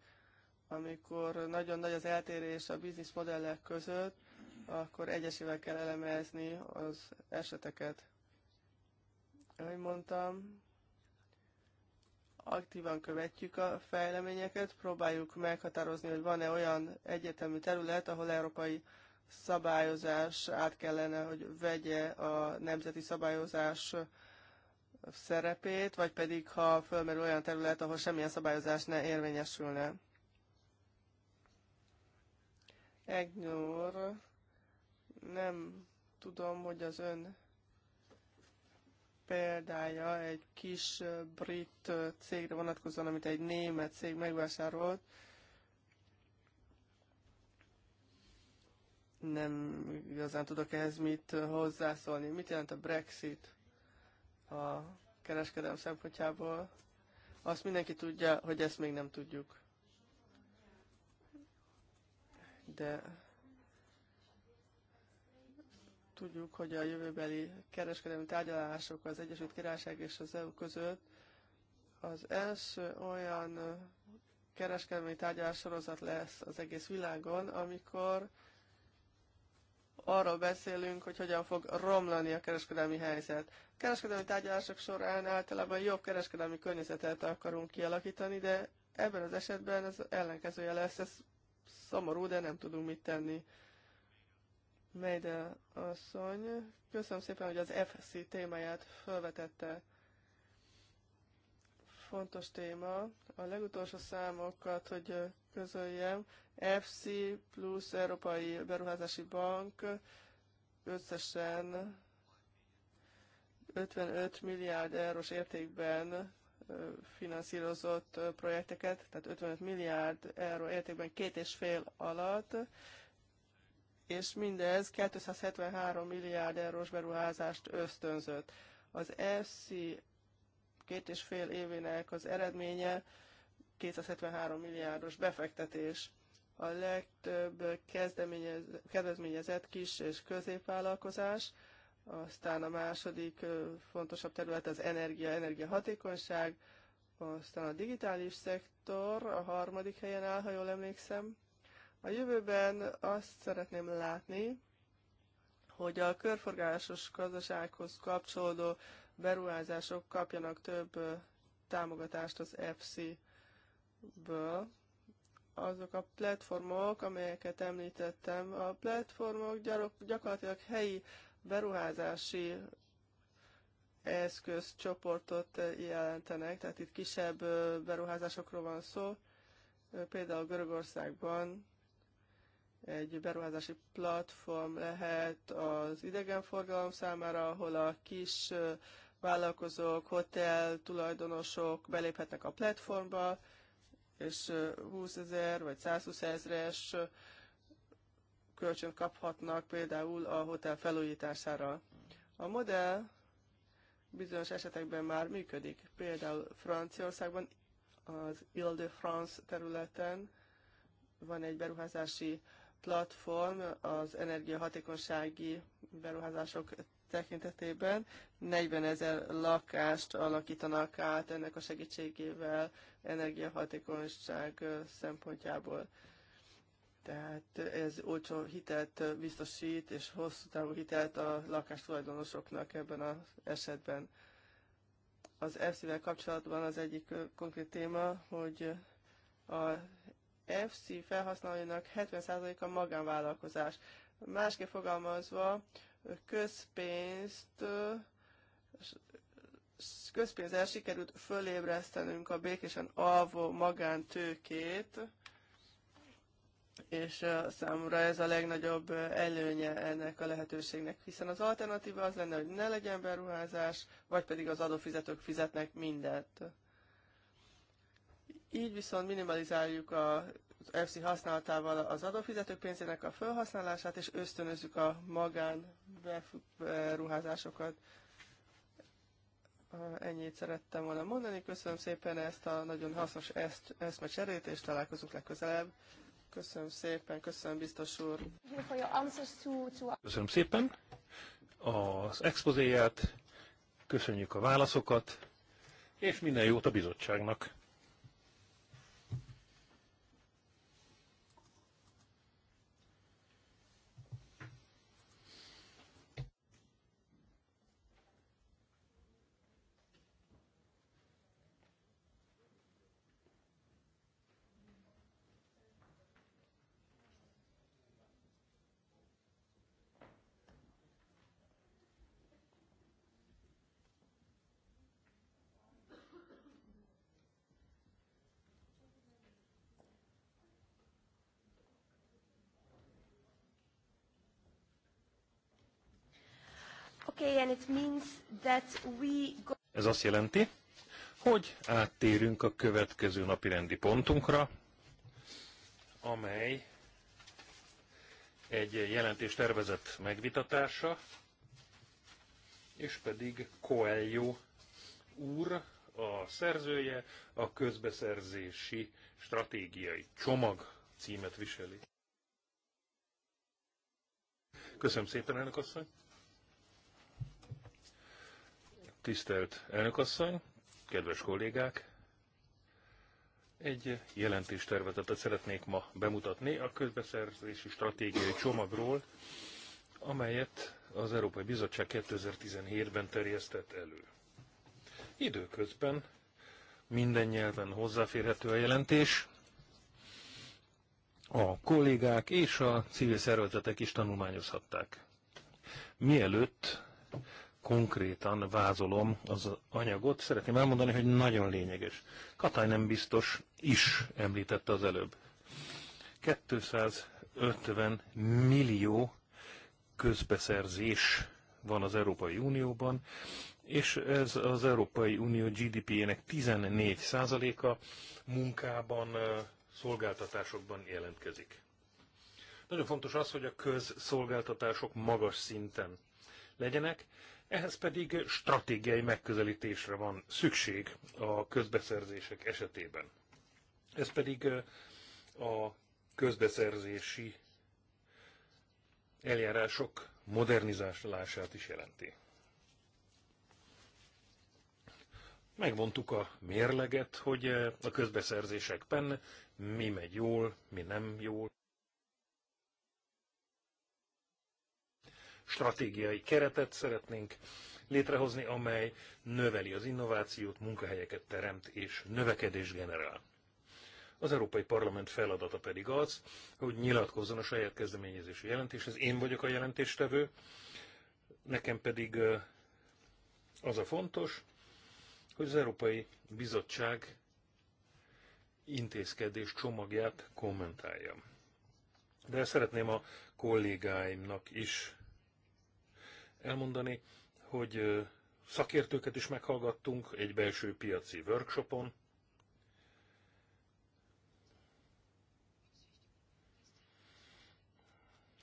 Amikor nagyon nagy az eltérés a bizniszmodellek között, akkor egyesével kell elemezni az eseteket. Ahogy mondtam, aktívan követjük a fejleményeket, próbáljuk meghatározni, hogy van-e olyan egyetemű terület, ahol európai szabályozás át kellene, hogy vegye a nemzeti szabályozás szerepét, vagy pedig ha fölmerül olyan terület, ahol semmilyen szabályozás ne érvényesülne. Egnyúr, nem tudom, hogy az ön példája egy kis brit cégre vonatkozóan, amit egy német cég megvásárolt, nem igazán tudok ehhez mit hozzászólni. Mit jelent a Brexit? a kereskedelem szempontjából. Azt mindenki tudja, hogy ezt még nem tudjuk. De tudjuk, hogy a jövőbeli kereskedelmi tárgyalások az Egyesült Királyság és az EU között az első olyan kereskedelmi tárgyalás sorozat lesz az egész világon, amikor arról beszélünk, hogy hogyan fog romlani a kereskedelmi helyzet. A kereskedelmi tárgyalások során általában jobb kereskedelmi környezetet akarunk kialakítani, de ebben az esetben ez ellenkezője lesz, ez szomorú, de nem tudunk mit tenni. Meide asszony, köszönöm szépen, hogy az FC témáját felvetette. Fontos téma. A legutolsó számokat, hogy közöljem. FC plusz Európai Beruházási Bank összesen 55 milliárd eurós értékben finanszírozott projekteket, tehát 55 milliárd euró értékben két és fél alatt, és mindez 273 milliárd eurós beruházást ösztönzött. Az FC két és fél évének az eredménye 273 milliárdos befektetés. A legtöbb kezdeményez, kedvezményezett kis és középvállalkozás, aztán a második fontosabb terület az energia, energiahatékonyság, aztán a digitális szektor a harmadik helyen áll, ha jól emlékszem. A jövőben azt szeretném látni, hogy a körforgásos gazdasághoz kapcsolódó beruházások kapjanak több támogatást az EFSI ből azok a platformok, amelyeket említettem, a platformok gyakorlatilag helyi beruházási eszközcsoportot jelentenek, tehát itt kisebb beruházásokról van szó. Például Görögországban egy beruházási platform lehet az idegenforgalom számára, ahol a kis vállalkozók, hotel tulajdonosok beléphetnek a platformba, és 20 ezer vagy 120 ezeres kölcsön kaphatnak például a hotel felújítására. A modell bizonyos esetekben már működik. Például Franciaországban, az Ile-de-France területen van egy beruházási platform az energiahatékonysági beruházások tekintetében. 40 ezer lakást alakítanak át ennek a segítségével energiahatékonyság szempontjából. Tehát ez olcsó hitelt biztosít, és hosszú távú hitelt a lakástulajdonosoknak ebben az esetben. Az EFSZ-vel kapcsolatban az egyik konkrét téma, hogy a FC felhasználóinak 70%-a magánvállalkozás. Másképp fogalmazva, közpénzt közpénzzel sikerült fölébresztenünk a békésen alvó magántőkét, és számomra ez a legnagyobb előnye ennek a lehetőségnek, hiszen az alternatíva az lenne, hogy ne legyen beruházás, vagy pedig az adófizetők fizetnek mindent. Így viszont minimalizáljuk a az FC használatával az adófizetők pénzének a felhasználását, és ösztönözzük a magán beruházásokat. Ennyit szerettem volna mondani. Köszönöm szépen ezt a nagyon hasznos ezt, eszmecserét, és találkozunk legközelebb. Köszönöm szépen, köszönöm biztos úr. Köszönöm szépen az expozéját, köszönjük a válaszokat, és minden jót a bizottságnak. Ez azt jelenti, hogy áttérünk a következő napi rendi pontunkra, amely egy jelentés tervezett megvitatása, és pedig Coelho úr a szerzője a közbeszerzési stratégiai csomag címet viseli. Köszönöm szépen, elnök asszony! Tisztelt elnökasszony, kedves kollégák! Egy jelentéstervezetet szeretnék ma bemutatni a közbeszerzési stratégiai csomagról, amelyet az Európai Bizottság 2017-ben terjesztett elő. Időközben minden nyelven hozzáférhető a jelentés, a kollégák és a civil szervezetek is tanulmányozhatták. Mielőtt konkrétan vázolom az anyagot, szeretném elmondani, hogy nagyon lényeges. Katály nem biztos is említette az előbb. 250 millió közbeszerzés van az Európai Unióban, és ez az Európai Unió GDP-jének 14%-a munkában, szolgáltatásokban jelentkezik. Nagyon fontos az, hogy a közszolgáltatások magas szinten legyenek, ehhez pedig stratégiai megközelítésre van szükség a közbeszerzések esetében. Ez pedig a közbeszerzési eljárások modernizálását is jelenti. Megmondtuk a mérleget, hogy a közbeszerzésekben mi megy jól, mi nem jól. stratégiai keretet szeretnénk létrehozni, amely növeli az innovációt, munkahelyeket teremt és növekedés generál. Az Európai Parlament feladata pedig az, hogy nyilatkozzon a saját kezdeményezésű jelentéshez. Én vagyok a jelentéstevő, nekem pedig az a fontos, hogy az Európai Bizottság intézkedés csomagját kommentáljam. De szeretném a kollégáimnak is elmondani, hogy szakértőket is meghallgattunk egy belső piaci workshopon.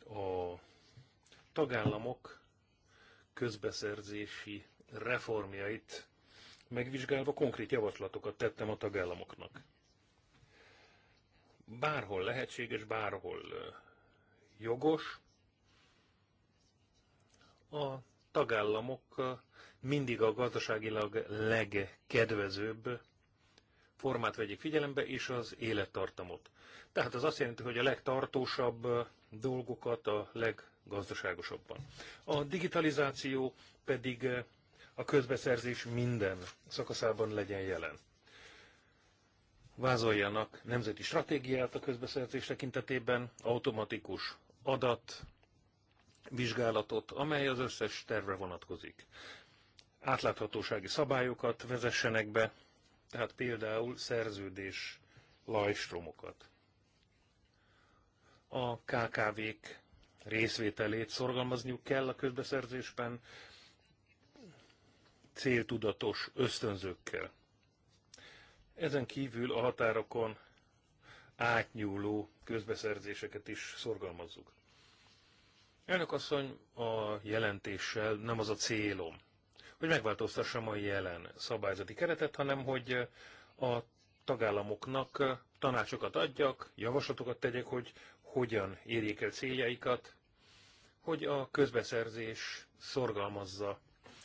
A tagállamok közbeszerzési reformjait megvizsgálva konkrét javaslatokat tettem a tagállamoknak. Bárhol lehetséges, bárhol jogos, a tagállamok mindig a gazdaságilag legkedvezőbb formát vegyék figyelembe, és az élettartamot. Tehát az azt jelenti, hogy a legtartósabb dolgokat a leggazdaságosabban. A digitalizáció pedig a közbeszerzés minden szakaszában legyen jelen. Vázoljanak nemzeti stratégiát a közbeszerzés tekintetében, automatikus adat, vizsgálatot, amely az összes tervre vonatkozik. Átláthatósági szabályokat vezessenek be, tehát például szerződés lajstromokat. A KKV-k részvételét szorgalmazniuk kell a közbeszerzésben céltudatos ösztönzőkkel. Ezen kívül a határokon átnyúló közbeszerzéseket is szorgalmazzuk. Elnök asszony, a jelentéssel nem az a célom, hogy megváltoztassam a jelen szabályzati keretet, hanem hogy a tagállamoknak tanácsokat adjak, javaslatokat tegyek, hogy hogyan érjék el céljaikat, hogy a közbeszerzés szorgalmazza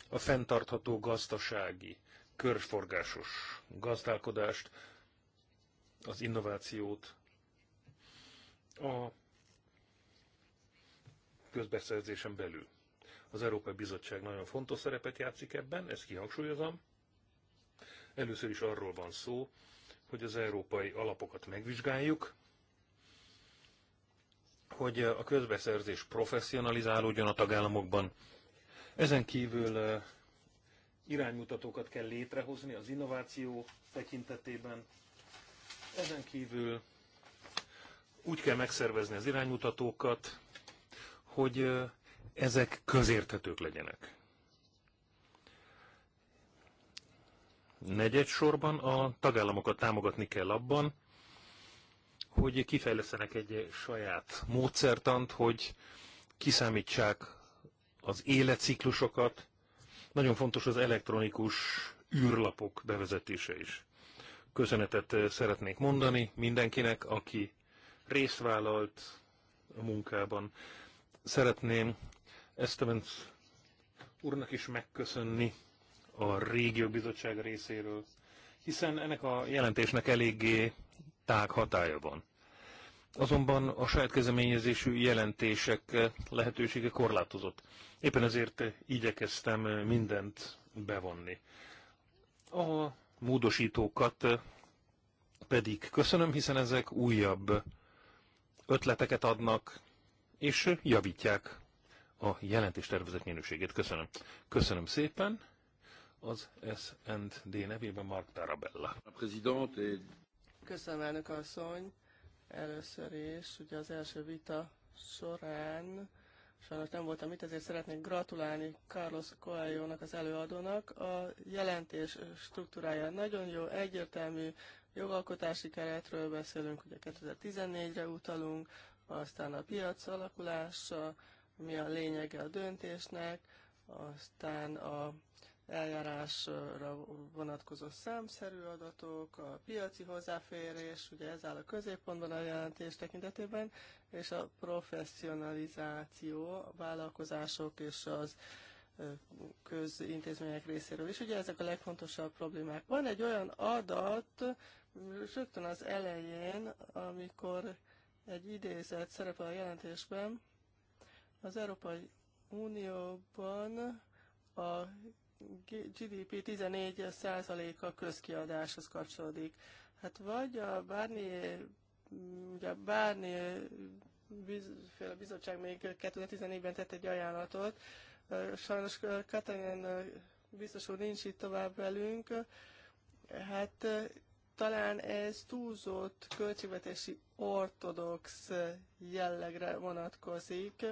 a fenntartható gazdasági, körforgásos gazdálkodást, az innovációt, a közbeszerzésen belül. Az Európai Bizottság nagyon fontos szerepet játszik ebben, ezt kihangsúlyozom. Először is arról van szó, hogy az európai alapokat megvizsgáljuk, hogy a közbeszerzés professzionalizálódjon a tagállamokban. Ezen kívül eh, iránymutatókat kell létrehozni az innováció tekintetében. Ezen kívül úgy kell megszervezni az iránymutatókat, hogy ezek közérthetők legyenek. Negyed sorban a tagállamokat támogatni kell abban, hogy kifejlesztenek egy saját módszertant, hogy kiszámítsák az életciklusokat. Nagyon fontos az elektronikus űrlapok bevezetése is. Köszönetet szeretnék mondani mindenkinek, aki részt vállalt a munkában. Szeretném Estevenc úrnak is megköszönni a Régió Bizottság részéről, hiszen ennek a jelentésnek eléggé tág hatája van. Azonban a saját kezdeményezésű jelentések lehetősége korlátozott. Éppen ezért igyekeztem mindent bevonni. A módosítókat pedig köszönöm, hiszen ezek újabb ötleteket adnak, és javítják a jelentés tervezet minőségét. Köszönöm. Köszönöm szépen. Az SND nevében Mark Tarabella. Eh, Köszönöm, elnök asszony. Először is, ugye az első vita során sajnos nem voltam itt, ezért szeretnék gratulálni Carlos Coelho-nak, az előadónak. A jelentés struktúrája nagyon jó, egyértelmű, jogalkotási keretről beszélünk, ugye 2014-re utalunk, aztán a piac alakulása, mi a lényege a döntésnek, aztán a eljárásra vonatkozó számszerű adatok, a piaci hozzáférés, ugye ez áll a középpontban a jelentés tekintetében, és a professzionalizáció, a vállalkozások és az közintézmények részéről is. Ugye ezek a legfontosabb problémák. Van egy olyan adat, rögtön az elején, amikor egy idézet szerepel a jelentésben. Az Európai Unióban a GDP 14%-a közkiadáshoz kapcsolódik. Hát vagy a bármi, ugye a bizottság még 2014-ben tett egy ajánlatot, sajnos Katalin biztos úr nincs itt tovább velünk, hát talán ez túlzott költségvetési ortodox jellegre vonatkozik.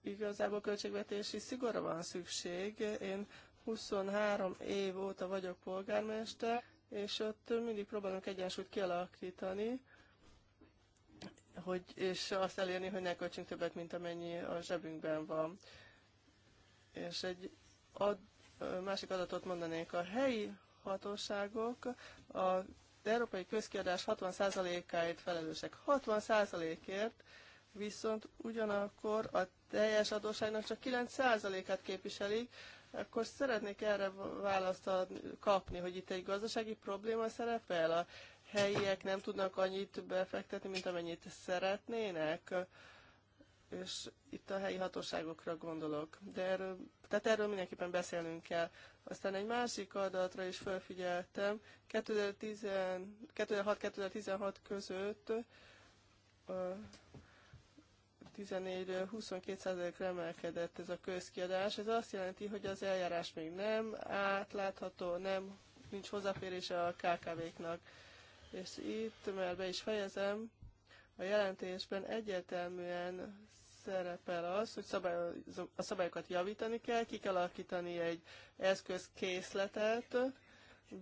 Igazából költségvetési szigorra van szükség. Én 23 év óta vagyok polgármester, és ott mindig próbálunk egyensúlyt kialakítani, hogy, és azt elérni, hogy ne költsünk többet, mint amennyi a zsebünkben van. És egy ad, másik adatot mondanék, a helyi hatóságok az európai közkiadás 60%-áért felelősek. 60%-ért viszont ugyanakkor a teljes adósságnak csak 9%-át képviselik, akkor szeretnék erre választ kapni, hogy itt egy gazdasági probléma szerepel, a helyiek nem tudnak annyit befektetni, mint amennyit szeretnének, és itt a helyi hatóságokra gondolok. De erről, tehát erről mindenképpen beszélnünk kell. Aztán egy másik adatra is felfigyeltem, 2006-2016 között 14-22%-ra emelkedett ez a közkiadás. Ez azt jelenti, hogy az eljárás még nem átlátható, nem nincs hozzáférése a KKV-knak. És itt, mert be is fejezem, a jelentésben egyértelműen szerepel az, hogy a szabályokat javítani kell, ki kell alakítani egy eszközkészletet,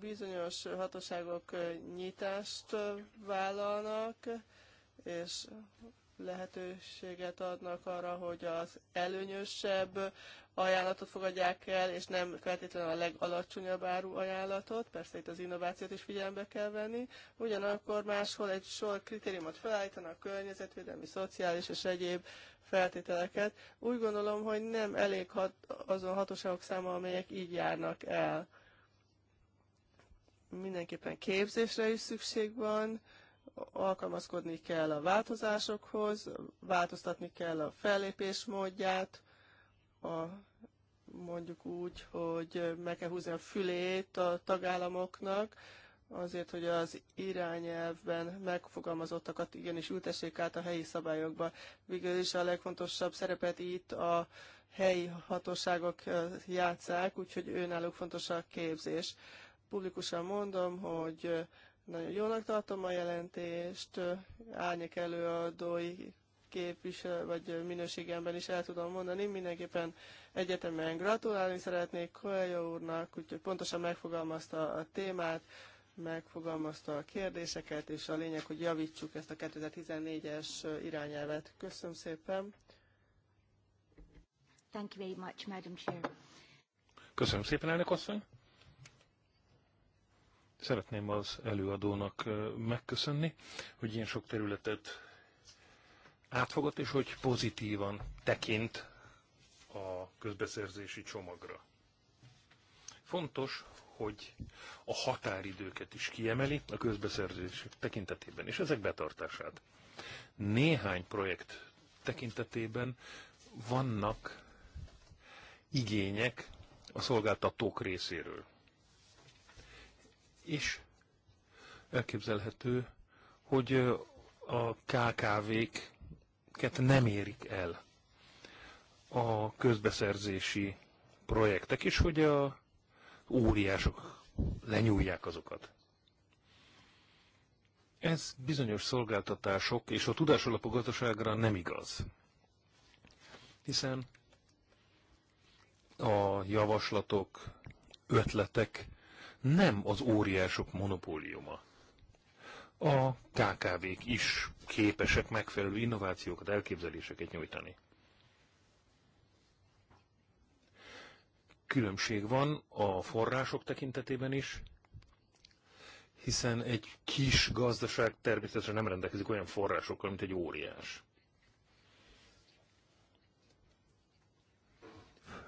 bizonyos hatóságok nyitást vállalnak, és lehetőséget adnak arra, hogy az előnyösebb ajánlatot fogadják el, és nem feltétlenül a legalacsonyabb áru ajánlatot, persze itt az innovációt is figyelembe kell venni, ugyanakkor máshol egy sor kritériumot felállítanak, környezetvédelmi, szociális és egyéb feltételeket. Úgy gondolom, hogy nem elég hat, azon hatóságok száma, amelyek így járnak el. Mindenképpen képzésre is szükség van, alkalmazkodni kell a változásokhoz, változtatni kell a fellépés módját, a, mondjuk úgy, hogy meg kell húzni a fülét a tagállamoknak, azért, hogy az irányelvben megfogalmazottakat igenis ültessék át a helyi szabályokba. Végül is a legfontosabb szerepet itt a helyi hatóságok játszák, úgyhogy őnáluk fontos a képzés. Publikusan mondom, hogy nagyon jónak tartom a jelentést, árnyék előadói képvisel, vagy minőségemben is el tudom mondani. Mindenképpen egyetemen gratulálni szeretnék Koelja úrnak, úgyhogy pontosan megfogalmazta a témát, megfogalmazta a kérdéseket, és a lényeg, hogy javítsuk ezt a 2014-es irányelvet. Köszönöm szépen! Thank you very much, Madam Chair. Köszönöm szépen, elnök asszony! Szeretném az előadónak megköszönni, hogy ilyen sok területet átfogott, és hogy pozitívan tekint a közbeszerzési csomagra. Fontos, hogy a határidőket is kiemeli a közbeszerzés tekintetében, és ezek betartását. Néhány projekt tekintetében vannak igények a szolgáltatók részéről. És elképzelhető, hogy a KKV-k nem érik el a közbeszerzési projektek, és hogy a óriások lenyúlják azokat. Ez bizonyos szolgáltatások és a tudásalapú gazdaságra nem igaz. Hiszen a javaslatok, ötletek nem az óriások monopóliuma. A KKV-k is képesek megfelelő innovációkat, elképzeléseket nyújtani. Különbség van a források tekintetében is, hiszen egy kis gazdaság természetesen nem rendelkezik olyan forrásokkal, mint egy óriás.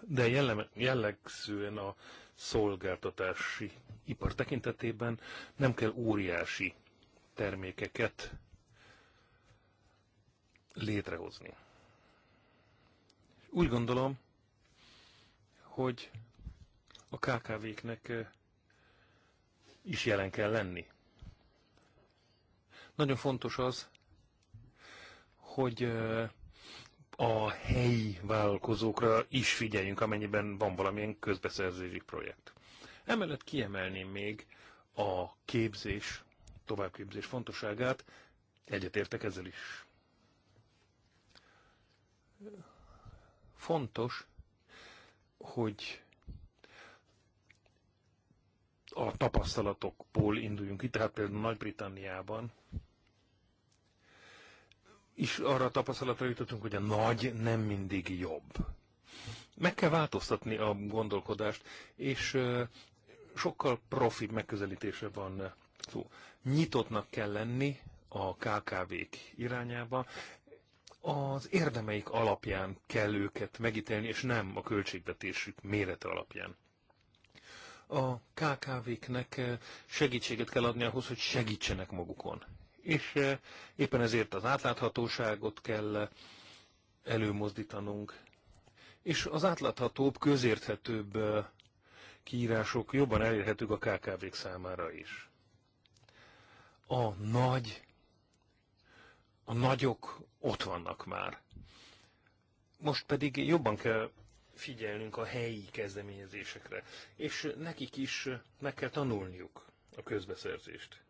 De jellegzően a szolgáltatási ipar tekintetében nem kell óriási termékeket létrehozni. Úgy gondolom, hogy a KKV-knek is jelen kell lenni. Nagyon fontos az, hogy a helyi vállalkozókra is figyeljünk, amennyiben van valamilyen közbeszerzési projekt. Emellett kiemelném még a képzés, továbbképzés fontosságát, egyetértek ezzel is fontos, hogy a tapasztalatokból induljunk ki, tehát például Nagy-Britanniában is arra a tapasztalatra jutottunk, hogy a nagy nem mindig jobb. Meg kell változtatni a gondolkodást, és sokkal profi megközelítése van szó. Nyitottnak kell lenni a KKV-k irányába, az érdemeik alapján kell őket megítélni, és nem a költségvetésük mérete alapján. A KKV-knek eh, segítséget kell adni ahhoz, hogy segítsenek magukon. És eh, éppen ezért az átláthatóságot kell eh, előmozdítanunk, és az átláthatóbb, közérthetőbb kiírások jobban elérhetők a KKV-k számára is. A nagy a nagyok ott vannak már. Most pedig jobban kell figyelnünk a helyi kezdeményezésekre, és nekik is meg kell tanulniuk a közbeszerzést.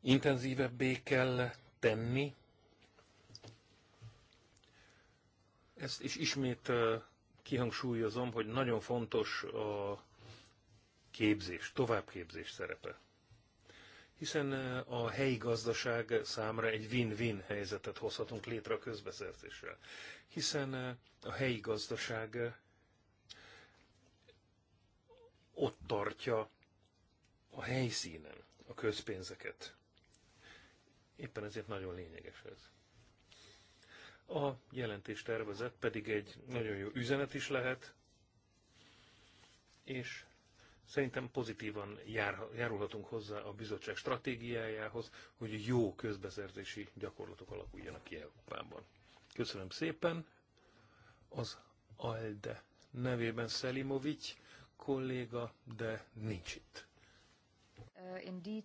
Intenzívebbé kell tenni, ezt is ismét kihangsúlyozom, hogy nagyon fontos a képzés, továbbképzés szerepe hiszen a helyi gazdaság számára egy win-win helyzetet hozhatunk létre a közbeszerzéssel. Hiszen a helyi gazdaság ott tartja a helyszínen a közpénzeket. Éppen ezért nagyon lényeges ez. A jelentés tervezet pedig egy nagyon jó üzenet is lehet, és Szerintem pozitívan jár, járulhatunk hozzá a bizottság stratégiájához, hogy jó közbeszerzési gyakorlatok alakuljanak ki Európában. Köszönöm szépen. Az ALDE nevében Szelimovic kolléga, de nincs itt. Uh,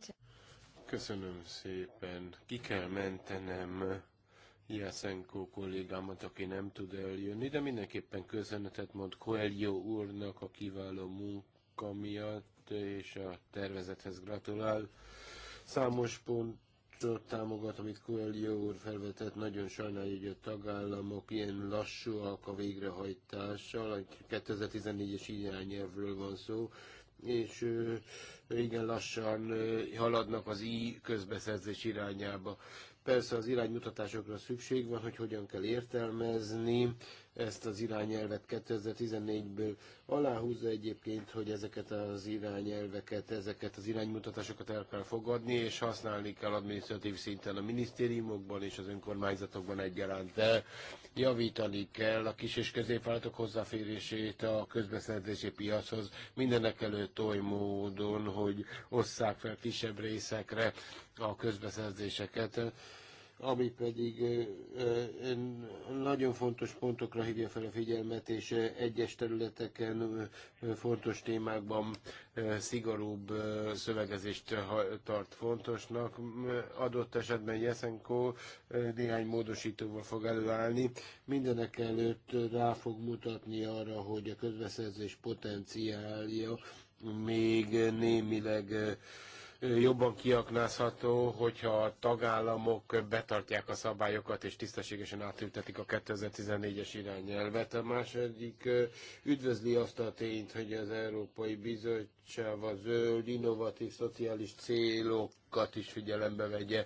Köszönöm szépen. Ki kell mentenem Jászenko kollégámat, aki nem tud eljönni, de mindenképpen köszönetet mond Coelho úrnak a kiváló munkáját munka miatt, és a tervezethez gratulál. Számos pontot támogat, amit Coelho úr felvetett, nagyon sajnálja, hogy a tagállamok ilyen lassúak a végrehajtással, 2014-es irányelvről van szó, és igen lassan haladnak az i közbeszerzés irányába. Persze az iránymutatásokra szükség van, hogy hogyan kell értelmezni ezt az irányelvet 2014-ből. Aláhúzza egyébként, hogy ezeket az irányelveket, ezeket az iránymutatásokat el kell fogadni, és használni kell adminisztratív szinten a minisztériumokban és az önkormányzatokban egyaránt. Javítani kell a kis és középvállalatok hozzáférését a közbeszerzési piachoz, mindenek előtt oly módon, hogy osszák fel kisebb részekre a közbeszerzéseket ami pedig nagyon fontos pontokra hívja fel a figyelmet, és egyes területeken fontos témákban szigorúbb szövegezést tart fontosnak. Adott esetben Jeszenko néhány módosítóval fog előállni. Mindenek előtt rá fog mutatni arra, hogy a közbeszerzés potenciálja még némileg jobban kiaknázható, hogyha a tagállamok betartják a szabályokat és tisztességesen átültetik a 2014-es irányelvet. A második üdvözli azt a tényt, hogy az Európai Bizottság a zöld, innovatív, szociális célokat is figyelembe vegye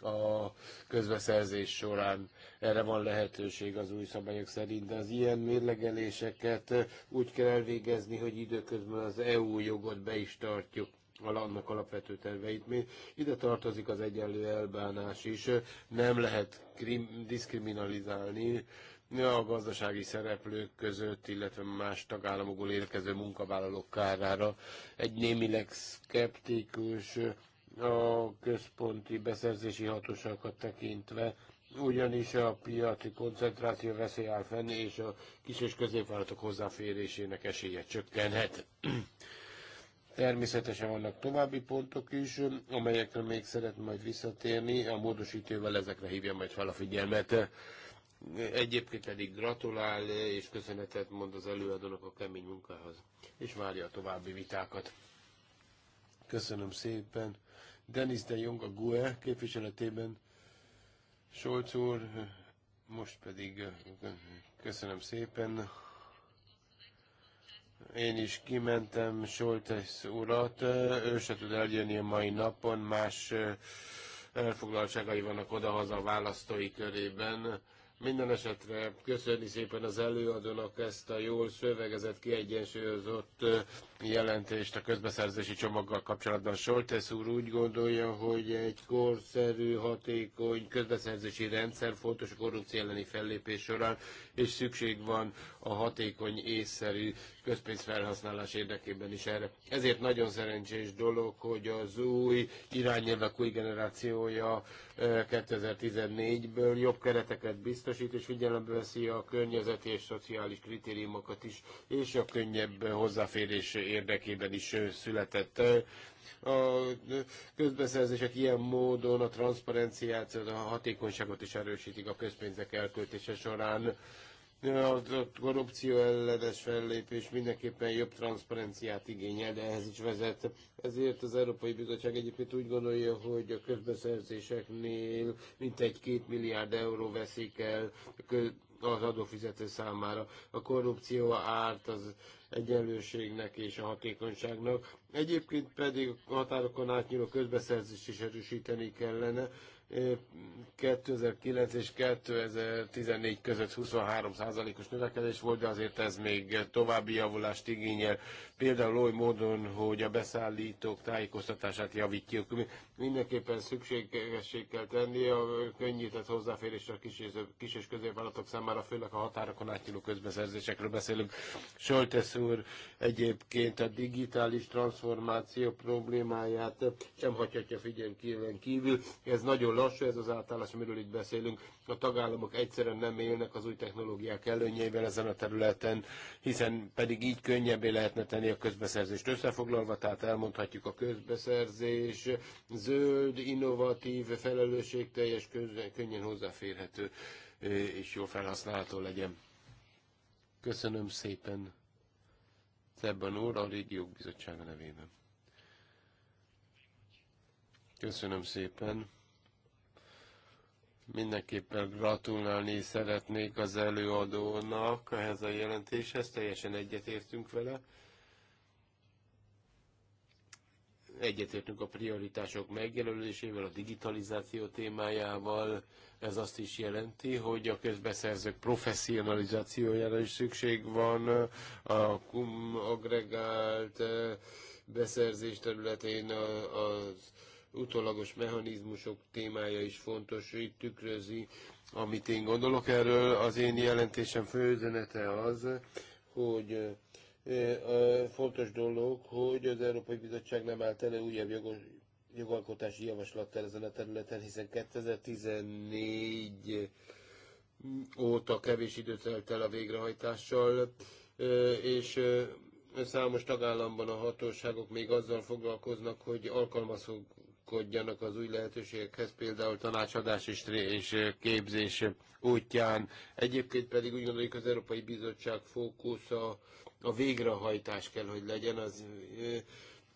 a közbeszerzés során erre van lehetőség az új szabályok szerint. Az ilyen mérlegeléseket úgy kell elvégezni, hogy időközben az EU jogot be is tartjuk annak alapvető terveit. Ide tartozik az egyenlő elbánás is, nem lehet krim, diszkriminalizálni a gazdasági szereplők között, illetve más tagállamokból érkező munkavállalók kárára. Egy némileg szkeptikus a központi beszerzési hatóságokat tekintve, ugyanis a piaci koncentráció veszély áll fenn, és a kis és középvállalatok hozzáférésének esélye csökkenhet. Természetesen vannak további pontok is, amelyekre még szeretném majd visszatérni. A módosítővel ezekre hívja majd fel a figyelmet. Egyébként pedig gratulál és köszönetet mond az előadónak a kemény munkához, és várja a további vitákat. Köszönöm szépen. Denis de Jong a GUE képviseletében. Solc úr, most pedig köszönöm szépen én is kimentem Soltes urat, ő se tud eljönni a mai napon, más elfoglaltságai vannak odahaza a választói körében. Minden esetre köszönni szépen az előadónak ezt a jól szövegezett, kiegyensúlyozott jelentést a közbeszerzési csomaggal kapcsolatban. Soltes úr úgy gondolja, hogy egy korszerű, hatékony közbeszerzési rendszer fontos a korrupció elleni fellépés során, és szükség van a hatékony, észszerű közpénz felhasználás érdekében is erre. Ezért nagyon szerencsés dolog, hogy az új irányelvek új generációja 2014-ből jobb kereteket biztosít, és figyelembe veszi a környezeti és szociális kritériumokat is, és a könnyebb hozzáférés érdekében is született a közbeszerzések ilyen módon a transzparenciát, a hatékonyságot is erősítik a közpénzek elköltése során a korrupció ellenes fellépés mindenképpen jobb transzparenciát igényel, de ehhez is vezet. Ezért az Európai Bizottság egyébként úgy gondolja, hogy a közbeszerzéseknél mintegy két milliárd euró veszik el az adófizető számára. A korrupció árt az egyenlőségnek és a hatékonyságnak. Egyébként pedig a határokon átnyúló közbeszerzést is erősíteni kellene, 2009 és 2014 között 23%-os növekedés volt, de azért ez még további javulást igényel. Például oly módon, hogy a beszállítók tájékoztatását javítjuk. Mindenképpen szükségesség kell tenni a könnyített hozzáférésre a kis és, kis és középvállalatok számára, főleg a határokon átnyúló közbeszerzésekről beszélünk. Soltesz úr egyébként a digitális transformáció problémáját sem hagyhatja figyelmen kívül. Ez nagyon lassú ez az átállás, amiről itt beszélünk. A tagállamok egyszerűen nem élnek az új technológiák előnyeivel ezen a területen, hiszen pedig így könnyebbé lehetne tenni a közbeszerzést. Összefoglalva, tehát elmondhatjuk a közbeszerzés zöld, innovatív, felelősségteljes, könnyen hozzáférhető és jól felhasználható legyen. Köszönöm szépen Szebben úr a Régiók Bizottsága nevében. Köszönöm szépen. Mindenképpen gratulálni szeretnék az előadónak ehhez a jelentéshez, teljesen egyetértünk vele. Egyetértünk a prioritások megjelölésével, a digitalizáció témájával. Ez azt is jelenti, hogy a közbeszerzők professzionalizációjára is szükség van, a kum agregált eh, beszerzés területén az utolagos mechanizmusok témája is fontos, itt tükrözi, amit én gondolok erről. Az én jelentésem főzenete az, hogy fontos dolog, hogy az Európai Bizottság nem állt elő újabb jogos, jogalkotási javaslattal ezen a területen, hiszen 2014 óta kevés időt telt el a végrehajtással, és számos tagállamban a hatóságok még azzal foglalkoznak, hogy ragaszkodjanak az új lehetőségekhez, például tanácsadás és, és eh, képzés útján. Egyébként pedig úgy gondoljuk, az Európai Bizottság fókusza a végrehajtás kell, hogy legyen az eh,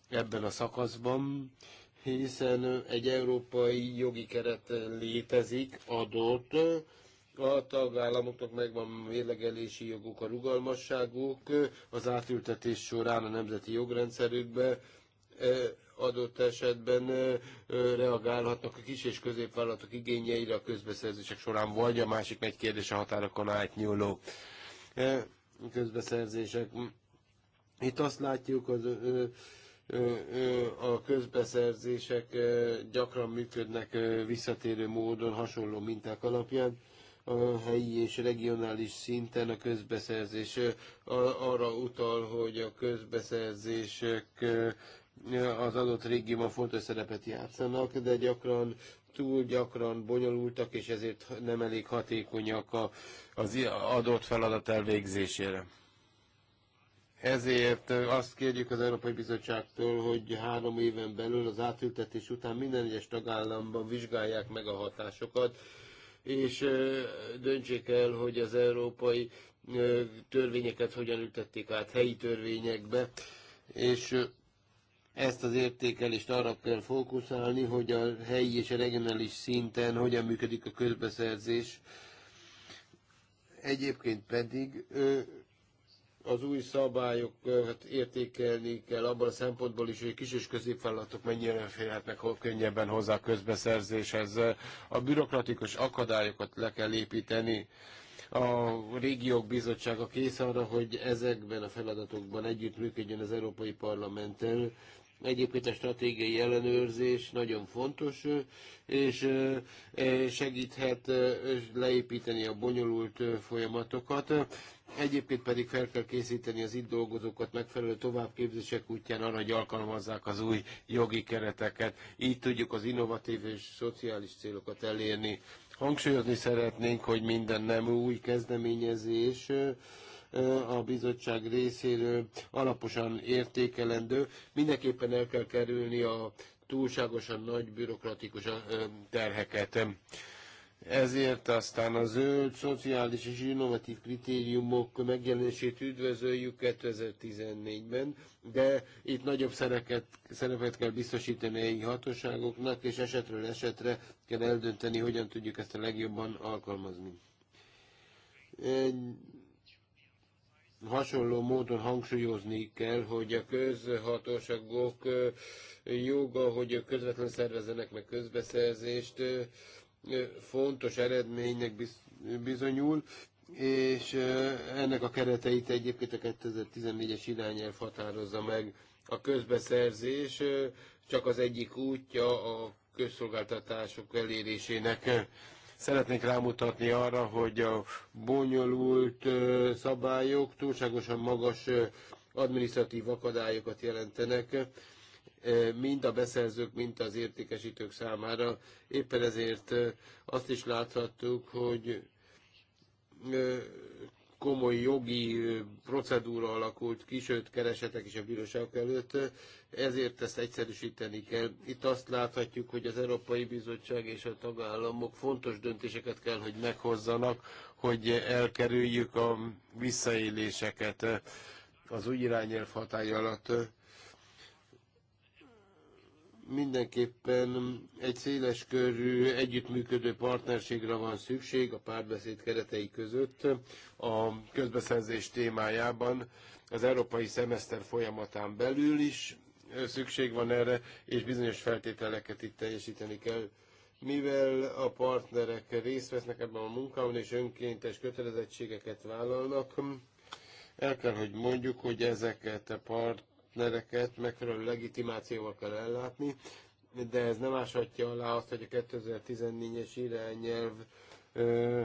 ebben a szakaszban, hiszen egy európai jogi keret létezik, adott, a tagállamoknak megvan mérlegelési joguk, a rugalmasságuk eh, az átültetés során a nemzeti jogrendszerükbe, adott esetben reagálhatnak a kis és középvállalatok igényeire a közbeszerzések során, vagy a másik nagy kérdés a határokon átnyúló közbeszerzések. Itt azt látjuk, az a közbeszerzések gyakran működnek visszatérő módon, hasonló minták alapján a helyi és regionális szinten a közbeszerzés arra utal, hogy a közbeszerzések az adott régióban fontos szerepet játszanak, de gyakran túl gyakran bonyolultak, és ezért nem elég hatékonyak a, az adott feladat elvégzésére. Ezért azt kérjük az Európai Bizottságtól, hogy három éven belül az átültetés után minden egyes tagállamban vizsgálják meg a hatásokat, és döntsék el, hogy az európai törvényeket hogyan ültették át helyi törvényekbe, és ezt az értékelést arra kell fókuszálni, hogy a helyi és a regionális szinten hogyan működik a közbeszerzés. Egyébként pedig az új szabályokat hát értékelni kell abban a szempontból is, hogy kis és középvállalatok mennyire férhetnek könnyebben hozzá a közbeszerzéshez. A bürokratikus akadályokat le kell építeni. A régiók bizottsága kész arra, hogy ezekben a feladatokban együttműködjön az Európai Parlamenttel, Egyébként a stratégiai ellenőrzés nagyon fontos, és segíthet leépíteni a bonyolult folyamatokat. Egyébként pedig fel kell készíteni az itt dolgozókat megfelelő továbbképzések útján arra, hogy alkalmazzák az új jogi kereteket. Így tudjuk az innovatív és szociális célokat elérni. Hangsúlyozni szeretnénk, hogy minden nem új kezdeményezés, a bizottság részéről alaposan értékelendő. Mindenképpen el kell kerülni a túlságosan nagy bürokratikus terheket. Ezért aztán a zöld, szociális és innovatív kritériumok megjelenését üdvözöljük 2014-ben, de itt nagyobb szereket, szerepet kell biztosítani a helyi hatóságoknak, és esetről esetre kell eldönteni, hogyan tudjuk ezt a legjobban alkalmazni hasonló módon hangsúlyozni kell, hogy a közhatóságok joga, hogy közvetlen szervezenek meg közbeszerzést, fontos eredménynek bizonyul, és ennek a kereteit egyébként a 2014-es irányelv határozza meg. A közbeszerzés csak az egyik útja a közszolgáltatások elérésének Szeretnék rámutatni arra, hogy a bonyolult szabályok túlságosan magas administratív akadályokat jelentenek, mind a beszerzők, mind az értékesítők számára. Éppen ezért azt is láthattuk, hogy komoly jogi procedúra alakult ki, sőt keresetek is a bíróság előtt, ezért ezt egyszerűsíteni kell. Itt azt láthatjuk, hogy az Európai Bizottság és a tagállamok fontos döntéseket kell, hogy meghozzanak, hogy elkerüljük a visszaéléseket az új irányelv hatája alatt mindenképpen egy széleskörű együttműködő partnerségre van szükség a párbeszéd keretei között a közbeszerzés témájában, az európai szemeszter folyamatán belül is szükség van erre, és bizonyos feltételeket itt teljesíteni kell. Mivel a partnerek részt vesznek ebben a munkában, és önkéntes kötelezettségeket vállalnak, el kell, hogy mondjuk, hogy ezeket a part partnereket megfelelő legitimációval kell ellátni, de ez nem áshatja alá azt, hogy a 2014-es irányelv ö,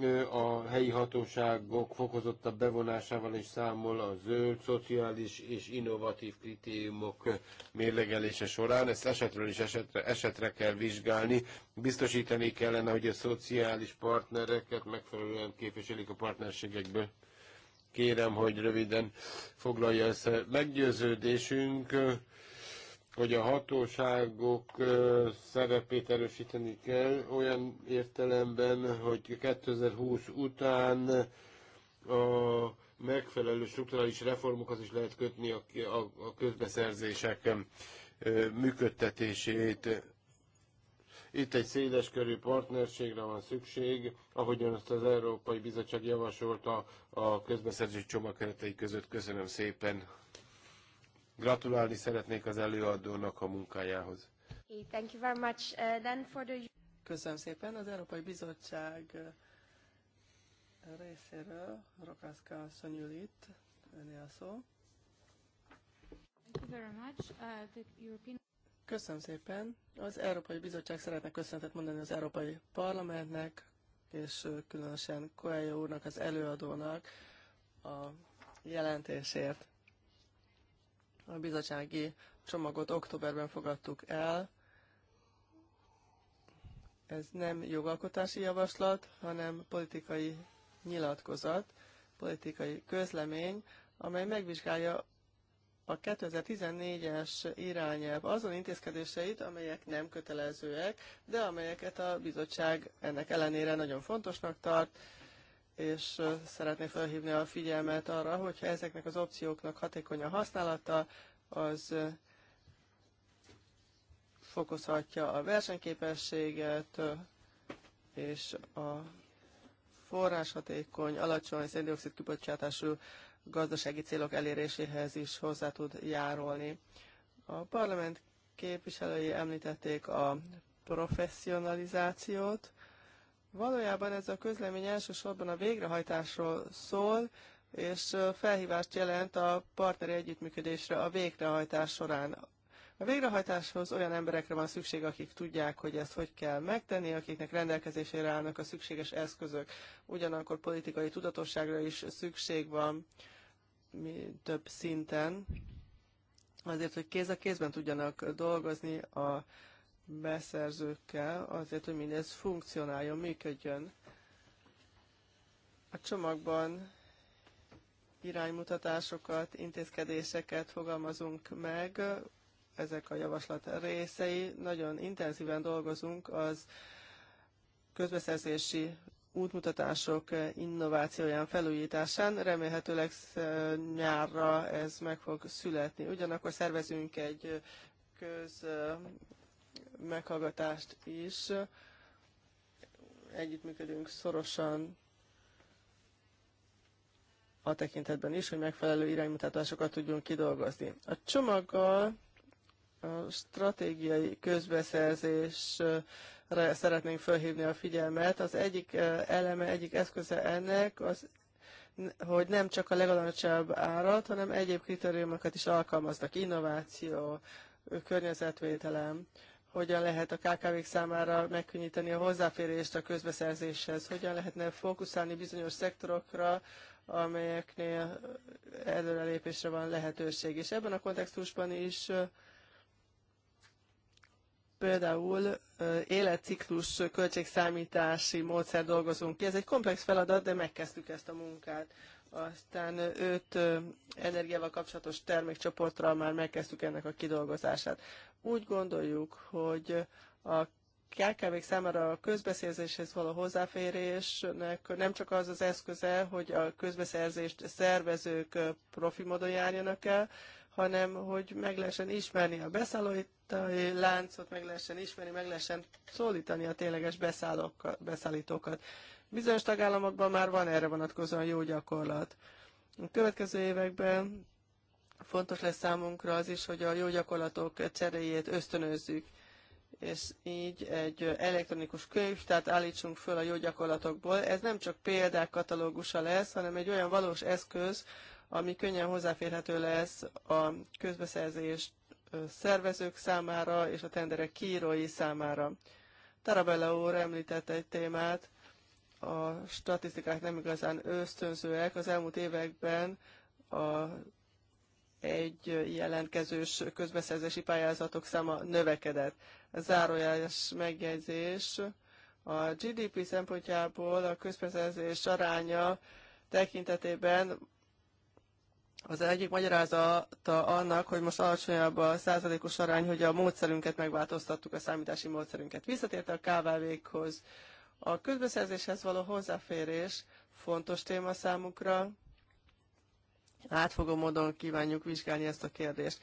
ö, a helyi hatóságok fokozottabb bevonásával is számol a zöld, szociális és innovatív kritériumok mérlegelése során. Ezt esetről is esetre, esetre kell vizsgálni. Biztosítani kellene, hogy a szociális partnereket megfelelően képviselik a partnerségekből kérem, hogy röviden foglalja össze. Meggyőződésünk, hogy a hatóságok szerepét erősíteni kell olyan értelemben, hogy 2020 után a megfelelő strukturális reformokhoz is lehet kötni a, a közbeszerzések működtetését. Itt egy széleskörű partnerségre van szükség, ahogyan azt az Európai Bizottság javasolta a közbeszerzési csomag keretei között. Köszönöm szépen. Gratulálni szeretnék az előadónak a munkájához. Thank you very much. Uh, then for the... Köszönöm szépen az Európai Bizottság uh, részéről. Rokászka asszony ül szó. Thank you very much. Uh, the European... Köszönöm szépen. Az Európai Bizottság szeretne köszönetet mondani az Európai Parlamentnek, és különösen Koelja úrnak, az előadónak a jelentésért. A bizottsági csomagot októberben fogadtuk el. Ez nem jogalkotási javaslat, hanem politikai nyilatkozat, politikai közlemény, amely megvizsgálja a 2014-es irányelv azon intézkedéseit, amelyek nem kötelezőek, de amelyeket a bizottság ennek ellenére nagyon fontosnak tart, és szeretné felhívni a figyelmet arra, hogyha ezeknek az opcióknak hatékony a használata, az fokozhatja a versenyképességet és a forráshatékony, alacsony széndiokszid kibocsátású gazdasági célok eléréséhez is hozzá tud járulni. A parlament képviselői említették a professzionalizációt. Valójában ez a közlemény elsősorban a végrehajtásról szól, és felhívást jelent a partneri együttműködésre a végrehajtás során. A végrehajtáshoz olyan emberekre van szükség, akik tudják, hogy ezt hogy kell megtenni, akiknek rendelkezésére állnak a szükséges eszközök. Ugyanakkor politikai tudatosságra is szükség van mi több szinten, azért, hogy kéz a kézben tudjanak dolgozni a beszerzőkkel, azért, hogy mindez funkcionáljon, működjön. A csomagban iránymutatásokat, intézkedéseket fogalmazunk meg ezek a javaslat részei. Nagyon intenzíven dolgozunk az közbeszerzési útmutatások innovációján, felújításán. Remélhetőleg nyárra ez meg fog születni. Ugyanakkor szervezünk egy köz meghallgatást is. Együttműködünk szorosan a tekintetben is, hogy megfelelő iránymutatásokat tudjunk kidolgozni. A csomaggal stratégiai közbeszerzésre szeretnénk felhívni a figyelmet. Az egyik eh, eleme, egyik eszköze ennek az hogy nem csak a legalacsonyabb árat, hanem egyéb kritériumokat is alkalmaznak, innováció, környezetvédelem, hogyan lehet a KKV-k számára megkönnyíteni a hozzáférést a közbeszerzéshez, hogyan lehetne fókuszálni bizonyos szektorokra, amelyeknél előrelépésre van lehetőség. És ebben a kontextusban is eh, például életciklus költségszámítási módszer dolgozunk ki. Ez egy komplex feladat, de megkezdtük ezt a munkát. Aztán öt energiával kapcsolatos termékcsoportra már megkezdtük ennek a kidolgozását. Úgy gondoljuk, hogy a kkv számára a közbeszerzéshez való hozzáférésnek nem csak az az eszköze, hogy a közbeszerzést szervezők profi módon járjanak el, hanem hogy meg lehessen ismerni a beszállítói láncot, meg lehessen ismerni, meg lehessen szólítani a tényleges beszállítókat. Bizonyos tagállamokban már van erre vonatkozóan jó gyakorlat. A következő években fontos lesz számunkra az is, hogy a jó gyakorlatok cseréjét ösztönözzük, és így egy elektronikus könyv, tehát állítsunk föl a jó gyakorlatokból. Ez nem csak példák katalógusa lesz, hanem egy olyan valós eszköz, ami könnyen hozzáférhető lesz a közbeszerzés szervezők számára és a tenderek kiírói számára. Tarabella úr említette egy témát, a statisztikák nem igazán ösztönzőek. Az elmúlt években a egy jelentkezős közbeszerzési pályázatok száma növekedett. Zárójeles megjegyzés. A GDP szempontjából a közbeszerzés aránya tekintetében az egyik magyarázata annak, hogy most alacsonyabb a százalékos arány, hogy a módszerünket megváltoztattuk, a számítási módszerünket. Visszatérte a KVV-khoz. A közbeszerzéshez való hozzáférés fontos téma számukra. Átfogó módon kívánjuk vizsgálni ezt a kérdést.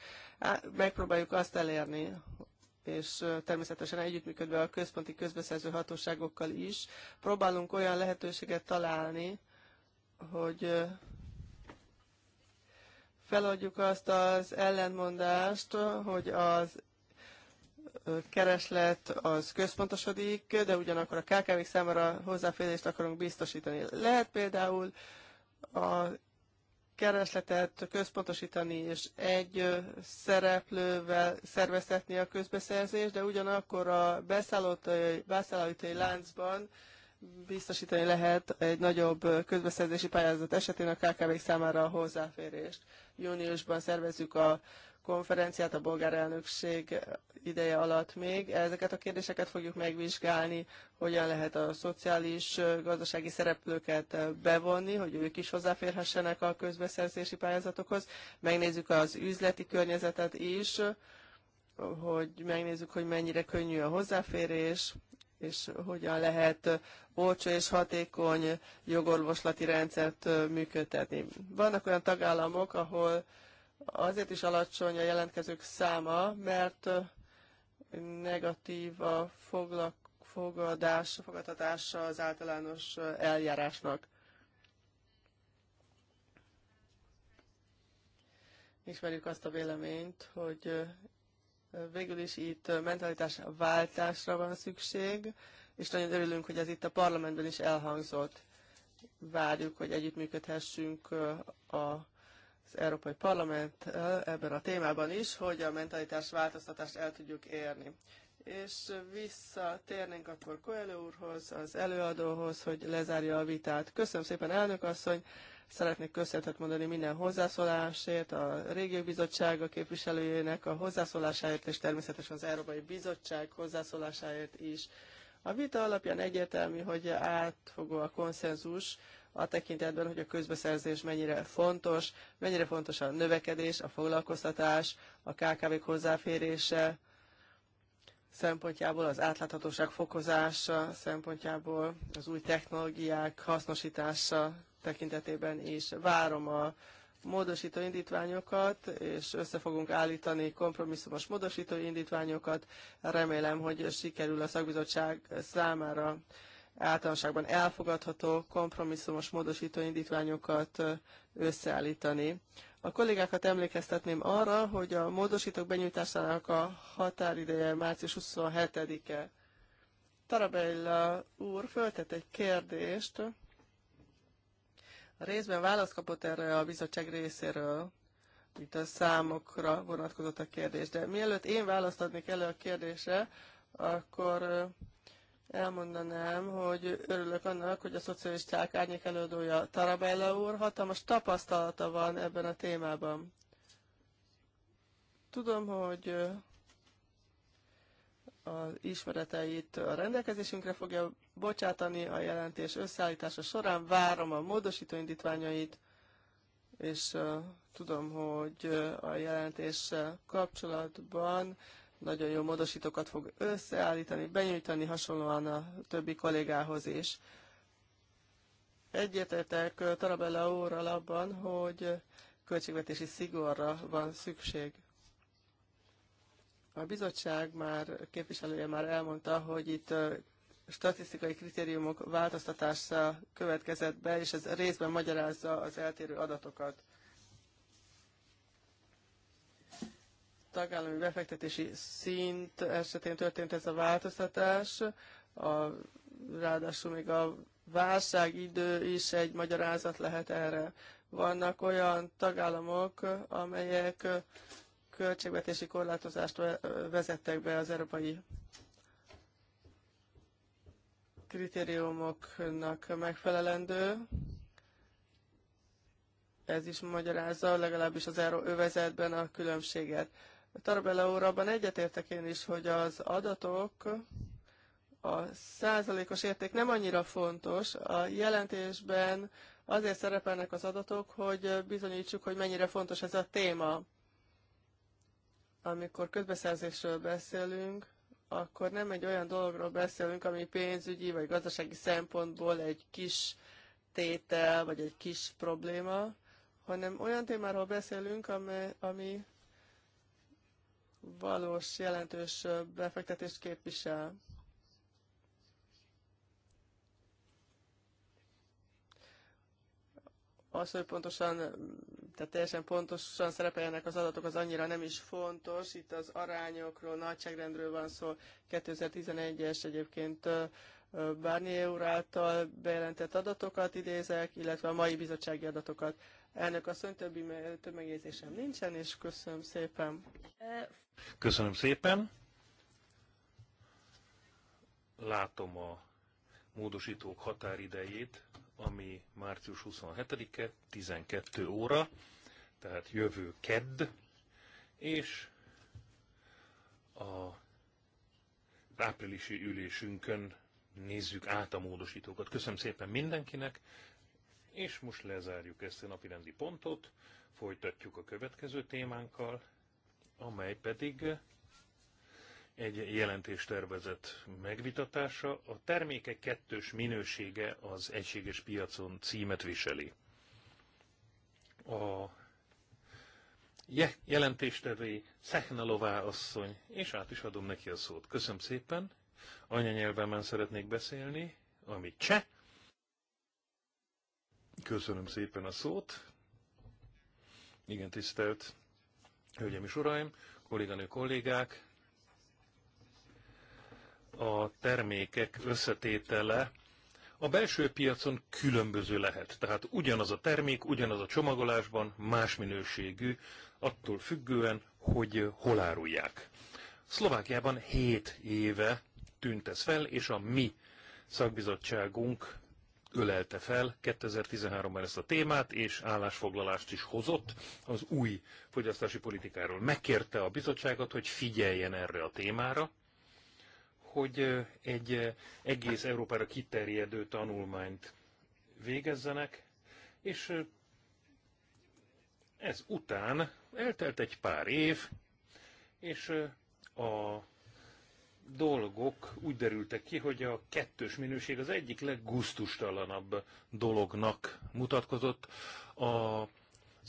Megpróbáljuk azt elérni, és természetesen együttműködve a központi közbeszerző hatóságokkal is, próbálunk olyan lehetőséget találni, hogy Feladjuk azt az ellentmondást, hogy az kereslet az központosodik, de ugyanakkor a kkv számára hozzáférést akarunk biztosítani. Lehet például a keresletet központosítani és egy szereplővel szervezhetni a közbeszerzést, de ugyanakkor a beszállítói, beszállítói láncban biztosítani lehet egy nagyobb közbeszerzési pályázat esetén a kkv számára a hozzáférést. Júniusban szervezzük a konferenciát a bolgár elnökség ideje alatt még. Ezeket a kérdéseket fogjuk megvizsgálni, hogyan lehet a szociális gazdasági szereplőket bevonni, hogy ők is hozzáférhessenek a közbeszerzési pályázatokhoz. Megnézzük az üzleti környezetet is, hogy megnézzük, hogy mennyire könnyű a hozzáférés, és hogyan lehet olcsó és hatékony jogorvoslati rendszert működtetni. Vannak olyan tagállamok, ahol azért is alacsony a jelentkezők száma, mert negatív a foglak, fogadás, fogadtatása az általános eljárásnak. Ismerjük azt a véleményt, hogy Végül is itt mentalitás váltásra van szükség, és nagyon örülünk, hogy ez itt a parlamentben is elhangzott. Várjuk, hogy együttműködhessünk a az Európai Parlament ebben a témában is, hogy a mentalitás változtatást el tudjuk érni. És visszatérnénk akkor Koelő úrhoz, az előadóhoz, hogy lezárja a vitát. Köszönöm szépen, elnök asszony! Szeretnék köszönetet mondani minden hozzászólásért, a Régiók Bizottsága képviselőjének a hozzászólásáért, és természetesen az Európai Bizottság hozzászólásáért is. A vita alapján egyértelmű, hogy átfogó a konszenzus a tekintetben, hogy a közbeszerzés mennyire fontos, mennyire fontos a növekedés, a foglalkoztatás, a KKV-k hozzáférése szempontjából, az átláthatóság fokozása szempontjából, az új technológiák hasznosítása tekintetében is. Várom a módosító indítványokat, és össze fogunk állítani kompromisszumos módosító indítványokat. Remélem, hogy sikerül a szakbizottság számára általánosságban elfogadható kompromisszumos módosító indítványokat összeállítani. A kollégákat emlékeztetném arra, hogy a módosítók benyújtásának a határideje március 27-e. Tarabella úr föltett egy kérdést Részben választ kapott erre a bizottság részéről, itt a számokra vonatkozott a kérdés. De mielőtt én választ adnék elő a kérdésre, akkor elmondanám, hogy örülök annak, hogy a szocialisták árnyék előadója Tarabella úr hatalmas tapasztalata van ebben a témában. Tudom, hogy az ismereteit a rendelkezésünkre fogja bocsátani a jelentés összeállítása során. Várom a módosító indítványait, és tudom, hogy a jelentés kapcsolatban nagyon jó módosítókat fog összeállítani, benyújtani hasonlóan a többi kollégához is. Egyetértek Tarabella úrral abban, hogy költségvetési szigorra van szükség. A bizottság már, képviselője már elmondta, hogy itt statisztikai kritériumok változtatása következett be, és ez részben magyarázza az eltérő adatokat. Tagállami befektetési szint esetén történt ez a változtatás, a, ráadásul még a válságidő is egy magyarázat lehet erre. Vannak olyan tagállamok, amelyek költségvetési korlátozást vezettek be az európai kritériumoknak megfelelendő. Ez is magyarázza legalábbis az övezetben a különbséget. Tarabella úr, abban egyetértek én is, hogy az adatok, a százalékos érték nem annyira fontos. A jelentésben azért szerepelnek az adatok, hogy bizonyítsuk, hogy mennyire fontos ez a téma amikor közbeszerzésről beszélünk, akkor nem egy olyan dologról beszélünk, ami pénzügyi vagy gazdasági szempontból egy kis tétel vagy egy kis probléma, hanem olyan témáról beszélünk, ami, ami valós, jelentős befektetést képvisel. az, hogy pontosan, tehát teljesen pontosan szerepeljenek az adatok, az annyira nem is fontos. Itt az arányokról, nagyságrendről van szó. 2011-es egyébként Barnier úr által bejelentett adatokat idézek, illetve a mai bizottsági adatokat. Elnök asszony, többi, több megjegyzésem nincsen, és köszönöm szépen. Köszönöm szépen. Látom a módosítók határidejét ami március 27-e, 12 óra, tehát jövő kedd, és a áprilisi ülésünkön nézzük át a módosítókat. Köszönöm szépen mindenkinek, és most lezárjuk ezt a napirendi pontot, folytatjuk a következő témánkkal, amely pedig egy jelentéstervezet megvitatása. A termékek kettős minősége az egységes piacon címet viseli. A jelentéstevé Szechnalová asszony, és át is adom neki a szót. Köszönöm szépen. Anyanyelvemen szeretnék beszélni, ami cseh. Köszönöm szépen a szót. Igen, tisztelt Hölgyeim és Uraim, kolléganő kollégák, a termékek összetétele a belső piacon különböző lehet. Tehát ugyanaz a termék, ugyanaz a csomagolásban, más minőségű, attól függően, hogy hol árulják. Szlovákiában 7 éve tűnt ez fel, és a mi szakbizottságunk ölelte fel 2013-ban ezt a témát, és állásfoglalást is hozott az új fogyasztási politikáról. Megkérte a bizottságot, hogy figyeljen erre a témára, hogy egy egész Európára kiterjedő tanulmányt végezzenek, és ez után eltelt egy pár év, és a dolgok úgy derültek ki, hogy a kettős minőség az egyik leggusztustalanabb dolognak mutatkozott. A, az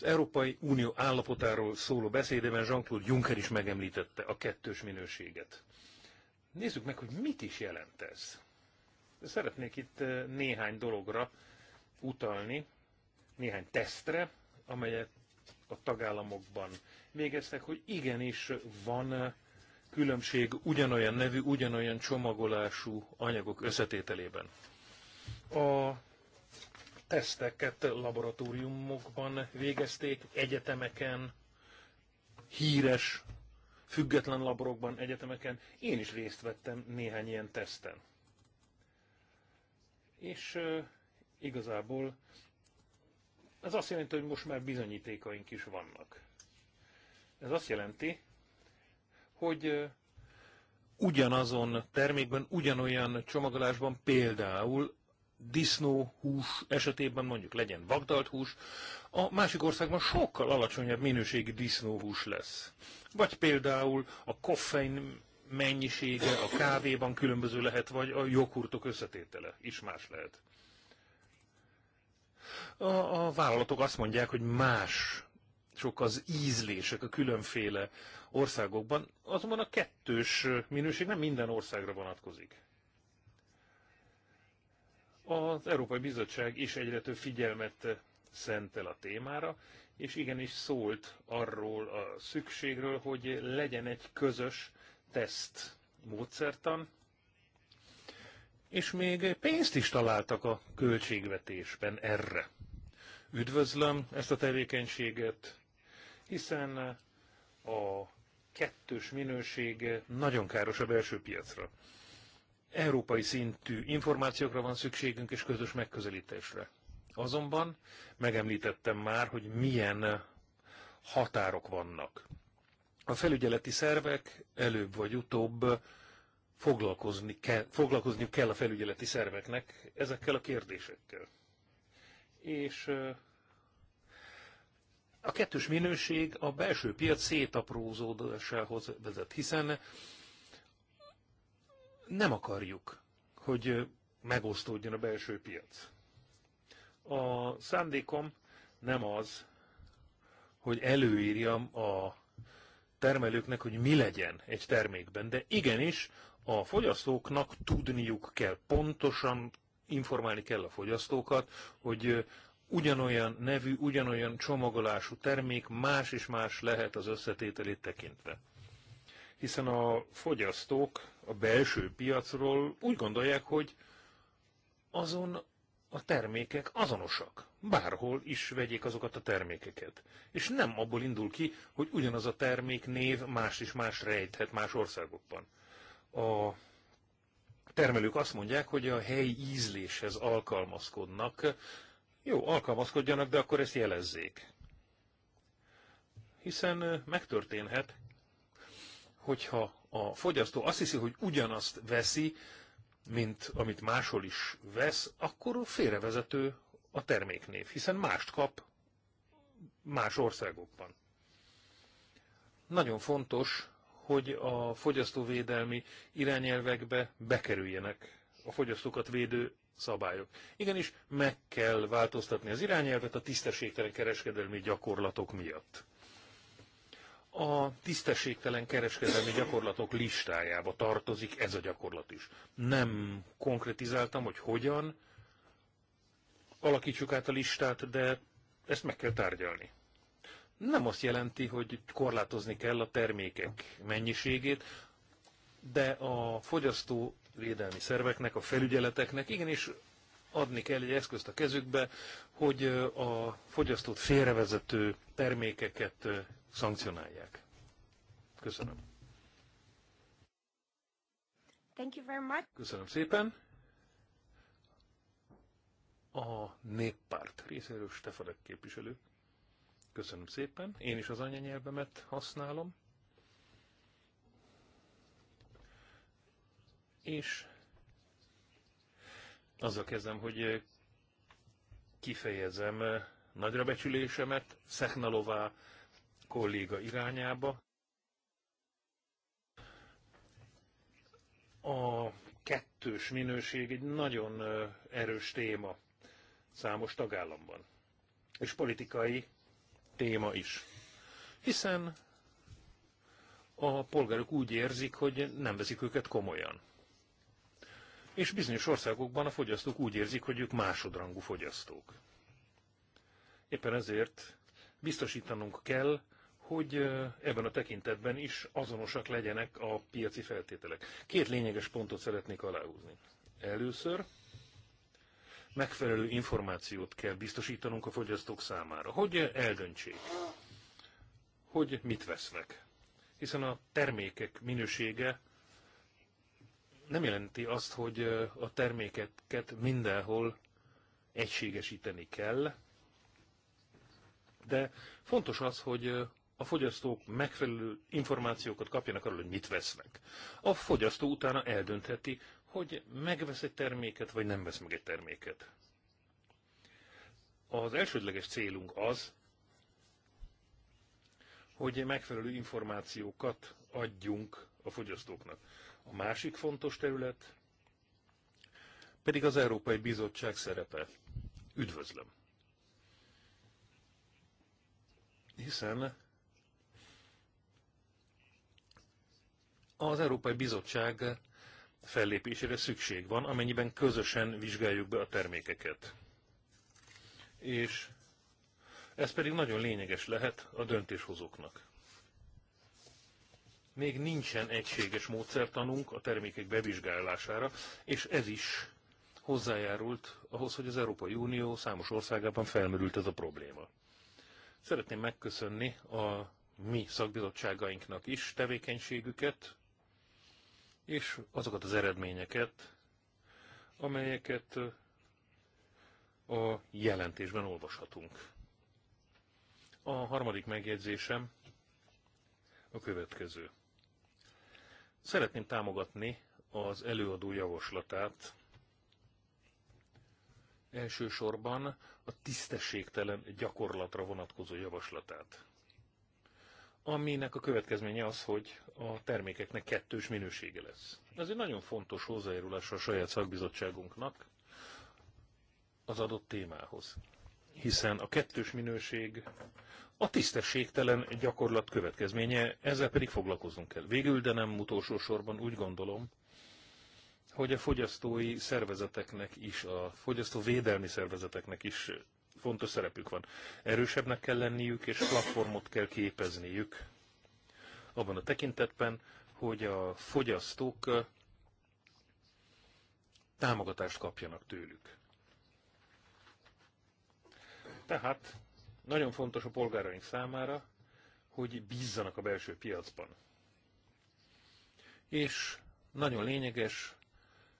Európai Unió állapotáról szóló beszédében Jean-Claude Juncker is megemlítette a kettős minőséget. Nézzük meg, hogy mit is jelent ez. Szeretnék itt eh, néhány dologra utalni, néhány tesztre, amelyet a tagállamokban végeztek, hogy igenis van eh, különbség ugyanolyan nevű, ugyanolyan csomagolású anyagok összetételében. A teszteket laboratóriumokban végezték, egyetemeken, híres független laborokban, egyetemeken. Én is részt vettem néhány ilyen teszten. És e, igazából ez azt jelenti, hogy most már bizonyítékaink is vannak. Ez azt jelenti, hogy ugyanazon termékben, ugyanolyan csomagolásban például disznóhús esetében mondjuk legyen vagdalt hús, a másik országban sokkal alacsonyabb minőségi disznóhús lesz. Vagy például a koffein mennyisége a kávéban különböző lehet, vagy a joghurtok összetétele is más lehet. A, a vállalatok azt mondják, hogy más sok az ízlések a különféle országokban, azonban a kettős minőség nem minden országra vonatkozik. Az Európai Bizottság is egyre több figyelmet szentel a témára, és igenis szólt arról a szükségről, hogy legyen egy közös teszt módszertan, és még pénzt is találtak a költségvetésben erre. Üdvözlöm ezt a tevékenységet, hiszen a kettős minőség nagyon káros a belső piacra európai szintű információkra van szükségünk és közös megközelítésre. Azonban megemlítettem már, hogy milyen határok vannak. A felügyeleti szervek előbb vagy utóbb foglalkozni kell, foglalkozniuk kell a felügyeleti szerveknek ezekkel a kérdésekkel. És a kettős minőség a belső piac szétaprózódásához vezet, hiszen nem akarjuk, hogy megosztódjon a belső piac. A szándékom nem az, hogy előírjam a termelőknek, hogy mi legyen egy termékben, de igenis a fogyasztóknak tudniuk kell, pontosan informálni kell a fogyasztókat, hogy ugyanolyan nevű, ugyanolyan csomagolású termék más és más lehet az összetételét tekintve hiszen a fogyasztók a belső piacról úgy gondolják, hogy azon a termékek azonosak. Bárhol is vegyék azokat a termékeket. És nem abból indul ki, hogy ugyanaz a termék név más is más rejthet más országokban. A termelők azt mondják, hogy a helyi ízléshez alkalmazkodnak. Jó, alkalmazkodjanak, de akkor ezt jelezzék. Hiszen megtörténhet, hogyha a fogyasztó azt hiszi, hogy ugyanazt veszi, mint amit máshol is vesz, akkor félrevezető a terméknév, hiszen mást kap más országokban. Nagyon fontos, hogy a fogyasztóvédelmi irányelvekbe bekerüljenek a fogyasztókat védő szabályok. Igenis, meg kell változtatni az irányelvet a tisztességtelen kereskedelmi gyakorlatok miatt a tisztességtelen kereskedelmi gyakorlatok listájába tartozik ez a gyakorlat is. Nem konkretizáltam, hogy hogyan alakítsuk át a listát, de ezt meg kell tárgyalni. Nem azt jelenti, hogy korlátozni kell a termékek mennyiségét, de a fogyasztó védelmi szerveknek, a felügyeleteknek igenis adni kell egy eszközt a kezükbe, hogy a fogyasztót félrevezető termékeket szankcionálják. Köszönöm. Thank you very much. Köszönöm szépen. A néppárt részéről Stefanek képviselő. Köszönöm szépen. Én is az anyanyelvemet használom. És azzal kezdem, hogy kifejezem nagyra becsülésemet Szechnalová kolléga irányába. A kettős minőség egy nagyon erős téma számos tagállamban, és politikai téma is. Hiszen a polgárok úgy érzik, hogy nem veszik őket komolyan. És bizonyos országokban a fogyasztók úgy érzik, hogy ők másodrangú fogyasztók. Éppen ezért biztosítanunk kell, hogy ebben a tekintetben is azonosak legyenek a piaci feltételek. Két lényeges pontot szeretnék aláhúzni. Először megfelelő információt kell biztosítanunk a fogyasztók számára, hogy eldöntsék, hogy mit vesznek. Hiszen a termékek minősége nem jelenti azt, hogy a termékeket mindenhol egységesíteni kell, de fontos az, hogy a fogyasztók megfelelő információkat kapjanak arról, hogy mit vesznek. A fogyasztó utána eldöntheti, hogy megvesz egy terméket, vagy nem vesz meg egy terméket. Az elsődleges célunk az, hogy megfelelő információkat adjunk a fogyasztóknak. A másik fontos terület pedig az Európai Bizottság szerepe. Üdvözlöm! Hiszen Az Európai Bizottság fellépésére szükség van, amennyiben közösen vizsgáljuk be a termékeket. És ez pedig nagyon lényeges lehet a döntéshozóknak. Még nincsen egységes módszertanunk a termékek bevizsgálására, és ez is hozzájárult ahhoz, hogy az Európai Unió számos országában felmerült ez a probléma. Szeretném megköszönni a mi szakbizottságainknak is tevékenységüket, és azokat az eredményeket, amelyeket a jelentésben olvashatunk. A harmadik megjegyzésem a következő. Szeretném támogatni az előadó javaslatát, elsősorban a tisztességtelen gyakorlatra vonatkozó javaslatát aminek a következménye az, hogy a termékeknek kettős minősége lesz. Ez egy nagyon fontos hozzájárulás a saját szakbizottságunknak az adott témához. Hiszen a kettős minőség a tisztességtelen gyakorlat következménye, ezzel pedig foglalkozunk kell. Végül, de nem utolsó sorban úgy gondolom, hogy a fogyasztói szervezeteknek is, a fogyasztó védelmi szervezeteknek is fontos szerepük van. Erősebbnek kell lenniük, és platformot kell képezniük abban a tekintetben, hogy a fogyasztók támogatást kapjanak tőlük. Tehát nagyon fontos a polgáraink számára, hogy bízzanak a belső piacban. És nagyon lényeges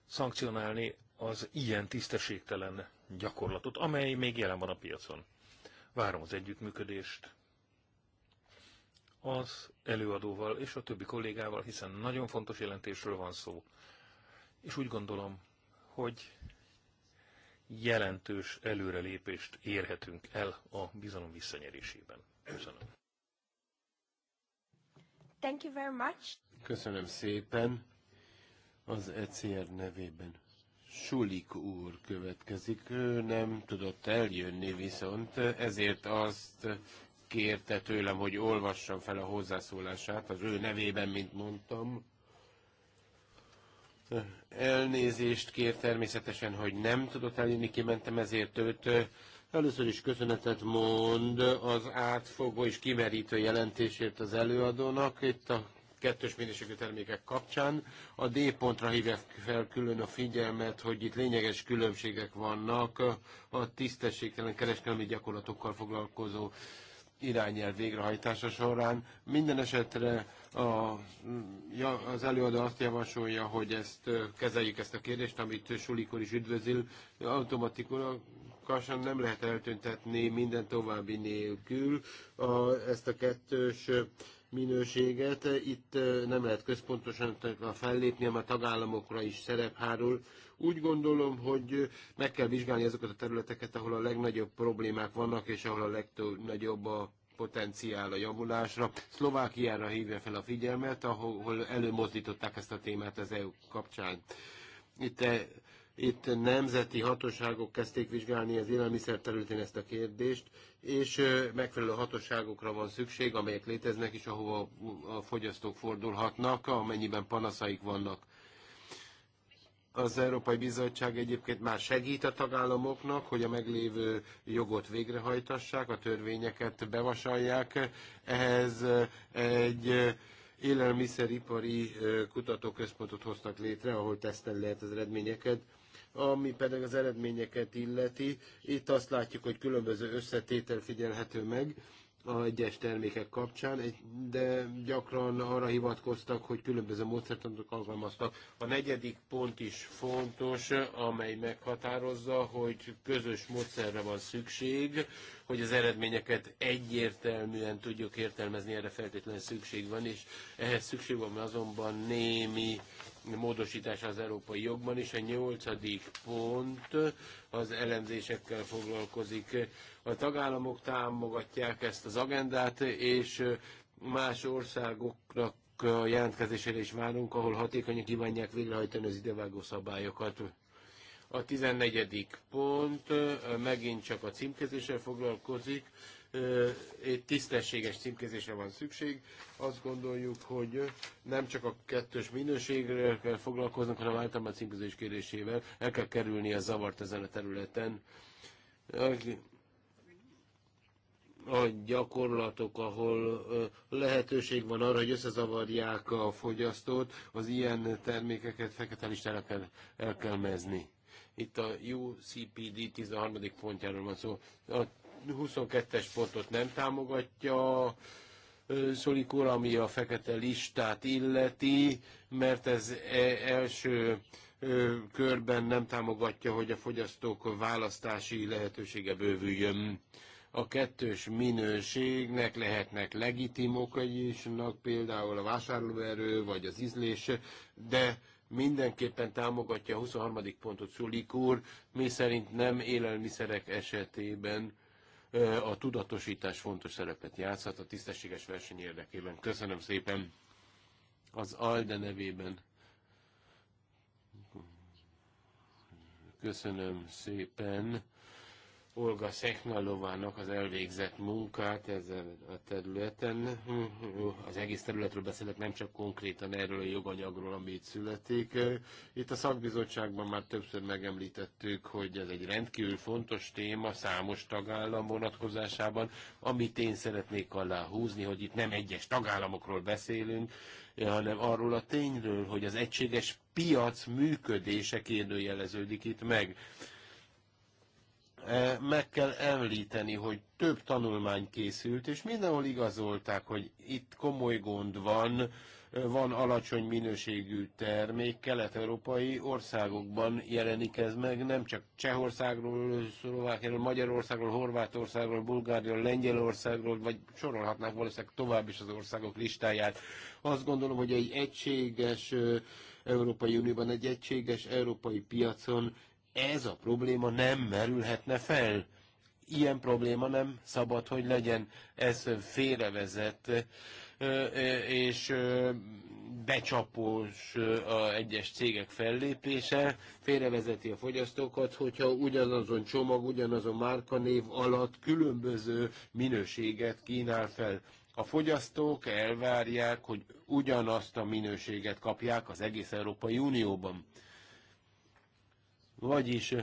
szankcionálni az ilyen tisztességtelen gyakorlatot, amely még jelen van a piacon. Várom az együttműködést az előadóval és a többi kollégával, hiszen nagyon fontos jelentésről van szó. És úgy gondolom, hogy jelentős előrelépést érhetünk el a bizalom visszanyerésében. Köszönöm. Thank you very much. Köszönöm szépen az ECR nevében. Sulik úr következik. Ő nem tudott eljönni viszont, ezért azt kérte tőlem, hogy olvassam fel a hozzászólását az ő nevében, mint mondtam. Elnézést kér természetesen, hogy nem tudott eljönni, kimentem ezért őt. Először is köszönetet mond az átfogó és kimerítő jelentésért az előadónak. Itt a kettős minőségű termékek kapcsán. A D pontra hívják fel külön a figyelmet, hogy itt lényeges különbségek vannak a tisztességtelen kereskedelmi gyakorlatokkal foglalkozó irányelv végrehajtása során. Minden esetre a, ja, az előadó azt javasolja, hogy ezt kezeljük ezt a kérdést, amit Sulikor is üdvözül. automatikusan nem lehet eltüntetni minden további nélkül a, ezt a kettős minőséget. Itt nem lehet központosan fellépni, hanem a tagállamokra is szerephárul. Úgy gondolom, hogy meg kell vizsgálni azokat a területeket, ahol a legnagyobb problémák vannak, és ahol a legnagyobb a potenciál a javulásra. Szlovákiára hívja fel a figyelmet, ahol előmozdították ezt a témát az EU kapcsán. Itt itt nemzeti hatóságok kezdték vizsgálni az élelmiszer területén ezt a kérdést, és megfelelő hatóságokra van szükség, amelyek léteznek, és ahova a fogyasztók fordulhatnak, amennyiben panaszaik vannak. Az Európai Bizottság egyébként már segít a tagállamoknak, hogy a meglévő jogot végrehajtassák, a törvényeket bevasalják. Ehhez egy élelmiszeripari kutatóközpontot hoztak létre, ahol tesztelni lehet az eredményeket. Ami pedig az eredményeket illeti, itt azt látjuk, hogy különböző összetétel figyelhető meg a egyes termékek kapcsán, de gyakran arra hivatkoztak, hogy különböző módszertanok alkalmaztak. A negyedik pont is fontos, amely meghatározza, hogy közös módszerre van szükség, hogy az eredményeket egyértelműen tudjuk értelmezni, erre feltétlenül szükség van, és ehhez szükség van azonban némi módosítás az európai jogban, és a nyolcadik pont az elemzésekkel foglalkozik. A tagállamok támogatják ezt az agendát, és más országoknak jelentkezésére is várunk, ahol hatékonyan kívánják végrehajtani az idevágó szabályokat. A 14. pont megint csak a címkezéssel foglalkozik tisztességes címkézésre van szükség. Azt gondoljuk, hogy nem csak a kettős minőségre kell foglalkoznunk, hanem általában a címkézés kérésével el kell kerülni a zavart ezen a területen. A gyakorlatok, ahol lehetőség van arra, hogy összezavarják a fogyasztót, az ilyen termékeket fekete listára kell, el kell mezni. Itt a UCPD 13. pontjáról van szó. A 22-es pontot nem támogatja Szolik úr, ami a fekete listát illeti, mert ez e, első körben nem támogatja, hogy a fogyasztók választási lehetősége bővüljön. A kettős minőségnek lehetnek legitim okai is, például a vásárlóerő vagy az ízlés, de mindenképpen támogatja a 23. pontot Szulik úr, mi szerint nem élelmiszerek esetében a tudatosítás fontos szerepet játszhat a tisztességes verseny érdekében. Köszönöm szépen az ALDE nevében. Köszönöm szépen Olga Szechnalovának az elvégzett munkát ezen a területen. Az egész területről beszélek, nem csak konkrétan erről a joganyagról, ami itt születik. Itt a szakbizottságban már többször megemlítettük, hogy ez egy rendkívül fontos téma számos tagállam vonatkozásában. Amit én szeretnék alá húzni, hogy itt nem egyes tagállamokról beszélünk, hanem arról a tényről, hogy az egységes piac működése kérdőjeleződik itt meg E, meg kell említeni, hogy több tanulmány készült, és mindenhol igazolták, hogy itt komoly gond van, e, van alacsony minőségű termék, kelet-európai országokban jelenik ez meg, nem csak Csehországról, Szlovákiáról, Magyarországról, Horvátországról, Bulgáriáról, Lengyelországról, vagy sorolhatnák valószínűleg tovább is az országok listáját. Azt gondolom, hogy egy egységes e, Európai Unióban, egy egységes európai piacon ez a probléma nem merülhetne fel. Ilyen probléma nem szabad, hogy legyen. Ez félrevezet és becsapós a egyes cégek fellépése, félrevezeti a fogyasztókat, hogyha ugyanazon csomag, ugyanazon márkanév alatt különböző minőséget kínál fel. A fogyasztók elvárják, hogy ugyanazt a minőséget kapják az egész Európai Unióban. Vagyis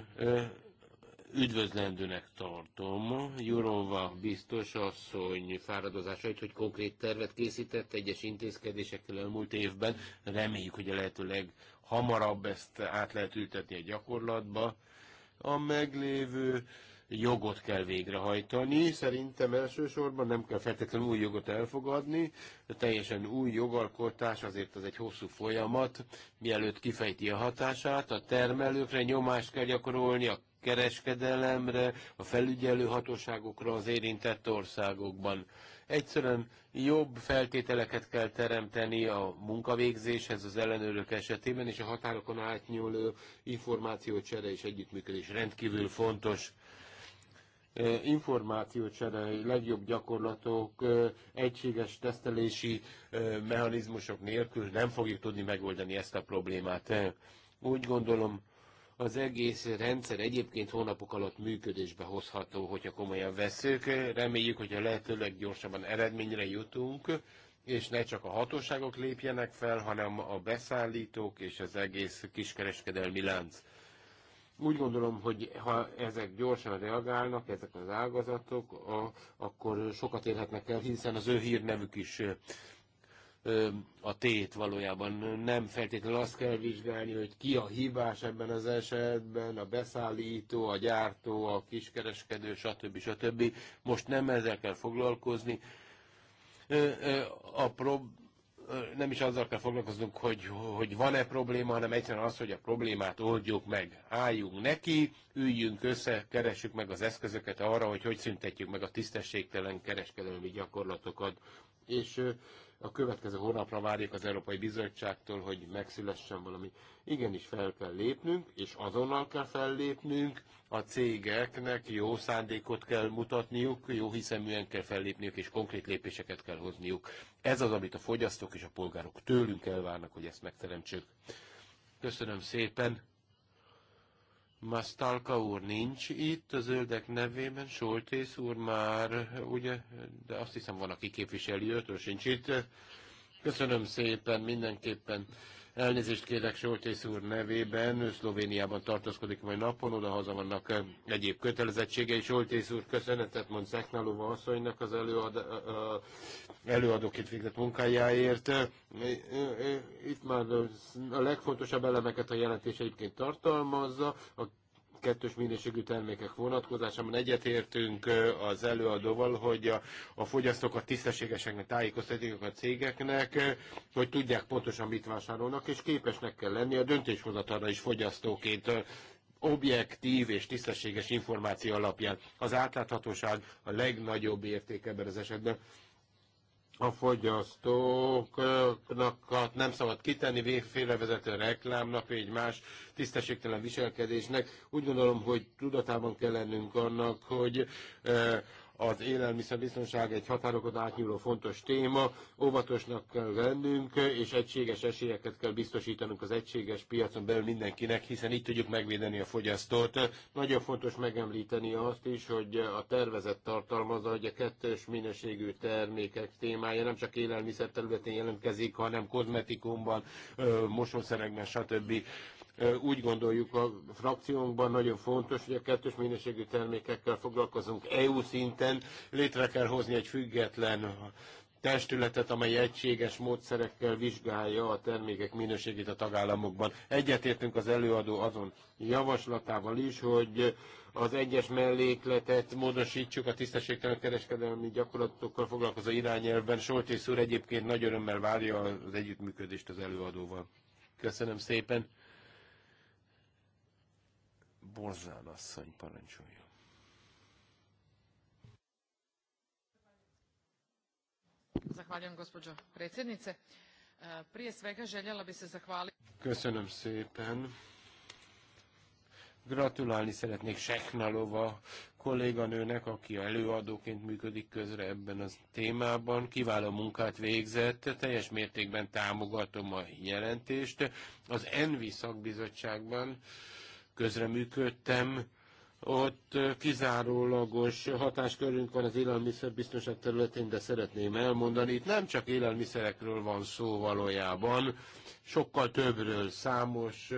üdvözlendőnek tartom. Jurova biztos asszony fáradozásait, hogy konkrét tervet készített egyes intézkedésekkel elmúlt évben. Reméljük, hogy a lehető leghamarabb ezt át lehet ültetni a gyakorlatba. A meglévő jogot kell végrehajtani. Szerintem elsősorban nem kell feltétlenül új jogot elfogadni, de teljesen új jogalkotás, azért az egy hosszú folyamat, mielőtt kifejti a hatását, a termelőkre nyomást kell gyakorolni, a kereskedelemre, a felügyelő hatóságokra az érintett országokban. Egyszerűen jobb feltételeket kell teremteni a munkavégzéshez az ellenőrök esetében, és a határokon átnyúló információcsere és együttműködés rendkívül fontos információcsere, legjobb gyakorlatok, egységes tesztelési mechanizmusok nélkül nem fogjuk tudni megoldani ezt a problémát. Úgy gondolom, az egész rendszer egyébként hónapok alatt működésbe hozható, hogyha komolyan veszük. Reméljük, hogy a lehető leggyorsabban eredményre jutunk, és ne csak a hatóságok lépjenek fel, hanem a beszállítók és az egész kiskereskedelmi lánc. Úgy gondolom, hogy ha ezek gyorsan reagálnak, ezek az ágazatok, a, akkor sokat érhetnek el, hiszen az ő hírnevük is a tét valójában. Nem feltétlenül azt kell vizsgálni, hogy ki a hibás ebben az esetben, a beszállító, a gyártó, a kiskereskedő, stb. stb. Most nem ezzel kell foglalkozni. A prob- nem is azzal kell foglalkoznunk, hogy, hogy van-e probléma, hanem egyszerűen az, hogy a problémát oldjuk meg. Álljunk neki, üljünk össze, keressük meg az eszközöket arra, hogy hogy szüntetjük meg a tisztességtelen kereskedelmi gyakorlatokat. És a következő hónapra várjuk az Európai Bizottságtól, hogy megszülessen valami. Igenis fel kell lépnünk, és azonnal kell fellépnünk, a cégeknek jó szándékot kell mutatniuk, jó hiszeműen kell fellépniük, és konkrét lépéseket kell hozniuk. Ez az, amit a fogyasztók és a polgárok tőlünk elvárnak, hogy ezt megteremtsük. Köszönöm szépen! Masztalka úr nincs itt, a zöldek nevében, Soltész úr már, ugye, de azt hiszem van, aki képviseli, ő sincs itt. Köszönöm szépen mindenképpen. Elnézést kérek Soltész úr nevében, Szlovéniában tartózkodik majd napon, oda haza vannak eh, egyéb kötelezettségei. Soltész úr köszönetet mond Szeknalova asszonynak az előad, eh, eh, előadóként végzett munkájáért. Itt már a legfontosabb elemeket a jelentés egyébként tartalmazza, a kettős minőségű termékek vonatkozásában egyetértünk az előadóval, hogy a, a fogyasztókat tisztességesen tájékoztatjuk a cégeknek, hogy tudják pontosan mit vásárolnak, és képesnek kell lenni a döntéshozatalra is fogyasztóként objektív és tisztességes információ alapján. Az átláthatóság a legnagyobb érték ebben az esetben a fogyasztóknak nem szabad kitenni félrevezető reklámnak, vagy más tisztességtelen viselkedésnek. Úgy gondolom, hogy tudatában kell lennünk annak, hogy eh, az élelmiszerbiztonság egy határokon átnyúló fontos téma, óvatosnak kell lennünk, és egységes esélyeket kell biztosítanunk az egységes piacon belül mindenkinek, hiszen itt tudjuk megvédeni a fogyasztót. Nagyon fontos megemlíteni azt is, hogy a tervezet tartalmazza, hogy a kettős minőségű termékek témája nem csak élelmiszer területén jelentkezik, hanem kozmetikumban, mosószerekben, stb. Úgy gondoljuk a frakciónkban nagyon fontos, hogy a kettős minőségű termékekkel foglalkozunk EU szinten. Létre kell hozni egy független testületet, amely egységes módszerekkel vizsgálja a termékek minőségét a tagállamokban. Egyetértünk az előadó azon javaslatával is, hogy az egyes mellékletet módosítsuk a tisztességtelen kereskedelmi gyakorlatokkal foglalkozó irányelvben. Soltész úr egyébként nagy örömmel várja az együttműködést az előadóval. Köszönöm szépen. Borzán asszony parancsolja. Zahvaljujem, gospođo predsjednice. E, prije svega željela bi se zahvaliti... Köszönöm szépen. Gratulálni szeretnék Seknalova kolléganőnek, aki előadóként működik közre ebben a témában. Kiváló munkát végzett, teljes mértékben támogatom a jelentést. Az ENVI szakbizottságban közreműködtem, ott kizárólagos hatáskörünk van az élelmiszerbiztonság területén, de szeretném elmondani, itt nem csak élelmiszerekről van szó valójában, sokkal többről számos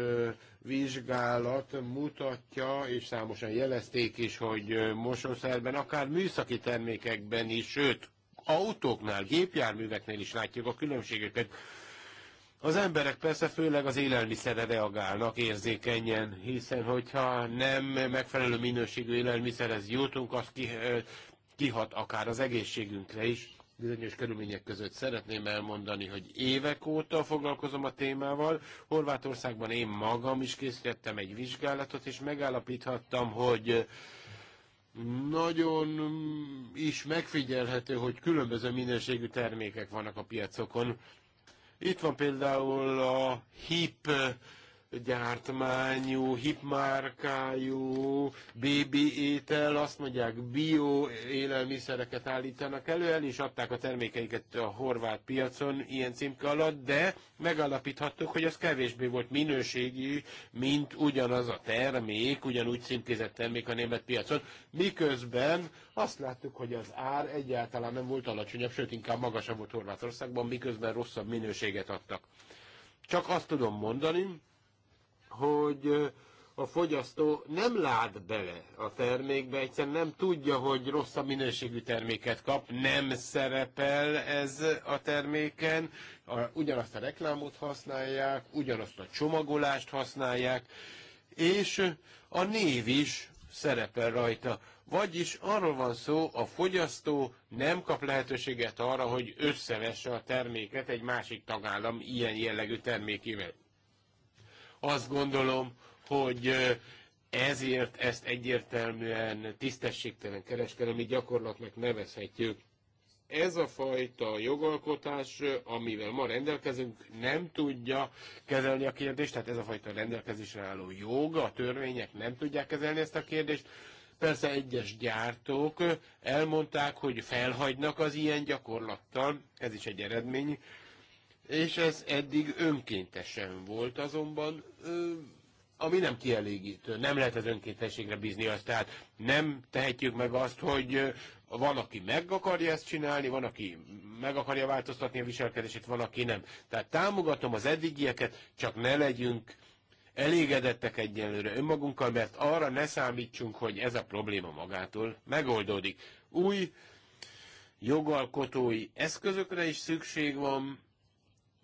vizsgálat mutatja, és számosan jelezték is, hogy mosószerben, akár műszaki termékekben is, sőt, autóknál, gépjárműveknél is látjuk a különbségeket az emberek persze főleg az élelmiszerre reagálnak érzékenyen, hiszen hogyha nem megfelelő minőségű élelmiszerhez jutunk, az ki, kihat akár az egészségünkre is. Bizonyos körülmények között szeretném elmondani, hogy évek óta foglalkozom a témával. Horvátországban én magam is készítettem egy vizsgálatot, és megállapíthattam, hogy nagyon is megfigyelhető, hogy különböző minőségű termékek vannak a piacokon itt van például a HIP gyártmányú, hipmárkájú, bébi étel, azt mondják bio élelmiszereket állítanak elő, el is adták a termékeiket a horvát piacon ilyen címke alatt, de megalapíthattuk, hogy az kevésbé volt minőségi, mint ugyanaz a termék, ugyanúgy címkézett termék a német piacon, miközben azt láttuk, hogy az ár egyáltalán nem volt alacsonyabb, sőt inkább magasabb volt Horvátországban, miközben rosszabb minőséget adtak. Csak azt tudom mondani, hogy a fogyasztó nem lát bele a termékbe, egyszerűen nem tudja, hogy rosszabb minőségű terméket kap, nem szerepel ez a terméken, a, ugyanazt a reklámot használják, ugyanazt a csomagolást használják, és a név is szerepel rajta. Vagyis arról van szó, a fogyasztó nem kap lehetőséget arra, hogy összevesse a terméket egy másik tagállam ilyen jellegű termékével. Azt gondolom, hogy ezért ezt egyértelműen tisztességtelen kereskedelmi gyakorlatnak nevezhetjük. Ez a fajta jogalkotás, amivel ma rendelkezünk, nem tudja kezelni a kérdést, tehát ez a fajta rendelkezésre álló jog, a törvények nem tudják kezelni ezt a kérdést. Persze egyes gyártók elmondták, hogy felhagynak az ilyen gyakorlattal, ez is egy eredmény, és ez eddig önkéntesen volt azonban, ami nem kielégítő. Nem lehet az önkéntességre bízni azt, tehát nem tehetjük meg azt, hogy van, aki meg akarja ezt csinálni, van, aki meg akarja változtatni a viselkedését, van, aki nem. Tehát támogatom az eddigieket, csak ne legyünk elégedettek egyenlőre önmagunkkal, mert arra ne számítsunk, hogy ez a probléma magától megoldódik. Új jogalkotói eszközökre is szükség van,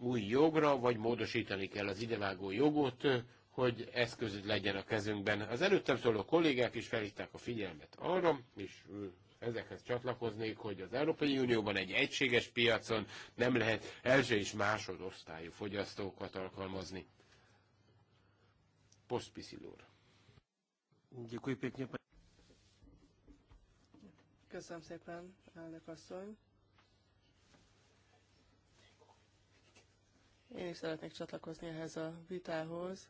új jogra, vagy módosítani kell az idevágó jogot, hogy eszköz legyen a kezünkben. Az előttem szóló kollégák is felhívták a figyelmet arra, és ezekhez csatlakoznék, hogy az Európai Unióban egy egységes piacon nem lehet első és másodosztályú fogyasztókat alkalmazni. Postpiszilór. Köszönöm szépen, elnök asszony. Én is szeretnék csatlakozni ehhez a vitához.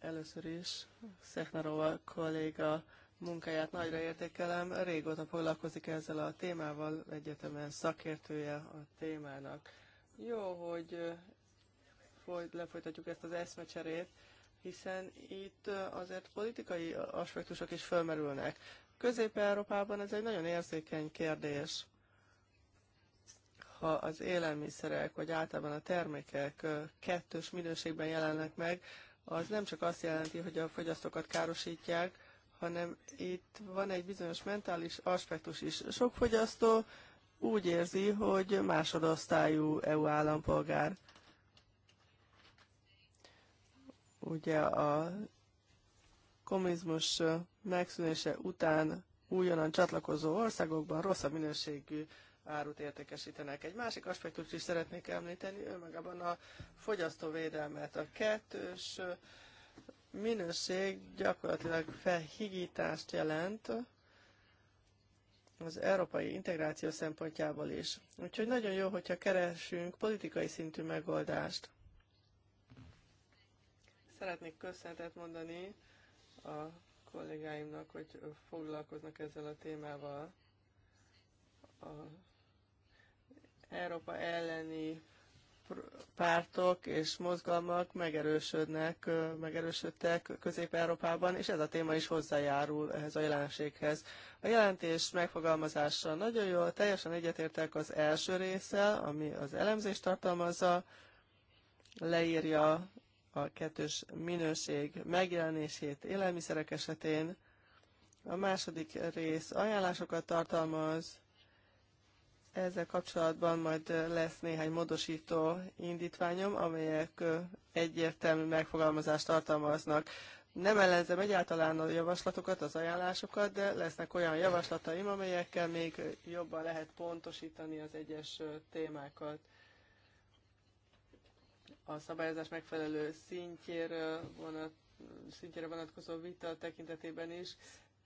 Először is Szechnaróval kolléga munkáját nagyra értékelem. Régóta foglalkozik ezzel a témával, egyetemen szakértője a témának. Jó, hogy lefolytatjuk ezt az eszmecserét, hiszen itt azért politikai aspektusok is felmerülnek. Közép-Európában ez egy nagyon érzékeny kérdés ha az élelmiszerek, vagy általában a termékek kettős minőségben jelennek meg, az nem csak azt jelenti, hogy a fogyasztókat károsítják, hanem itt van egy bizonyos mentális aspektus is. Sok fogyasztó úgy érzi, hogy másodosztályú EU állampolgár. Ugye a kommunizmus megszűnése után újonnan csatlakozó országokban rosszabb minőségű árut értékesítenek. Egy másik aspektust is szeretnék említeni, abban a fogyasztóvédelmet. A kettős minőség gyakorlatilag felhigítást jelent az európai integráció szempontjából is. Úgyhogy nagyon jó, hogyha keresünk politikai szintű megoldást. Szeretnék köszönetet mondani a kollégáimnak, hogy foglalkoznak ezzel a témával. A Európa elleni pártok és mozgalmak megerősödnek, megerősödtek Közép-Európában, és ez a téma is hozzájárul ehhez a jelenséghez. A jelentés megfogalmazása nagyon jól, teljesen egyetértek az első része, ami az elemzést tartalmazza, leírja a kettős minőség megjelenését élelmiszerek esetén. A második rész ajánlásokat tartalmaz, ezzel kapcsolatban majd lesz néhány módosító indítványom, amelyek egyértelmű megfogalmazást tartalmaznak. Nem ellenzem egyáltalán a javaslatokat, az ajánlásokat, de lesznek olyan javaslataim, amelyekkel még jobban lehet pontosítani az egyes témákat. A szabályozás megfelelő szintjére, szintjére vonatkozó vita tekintetében is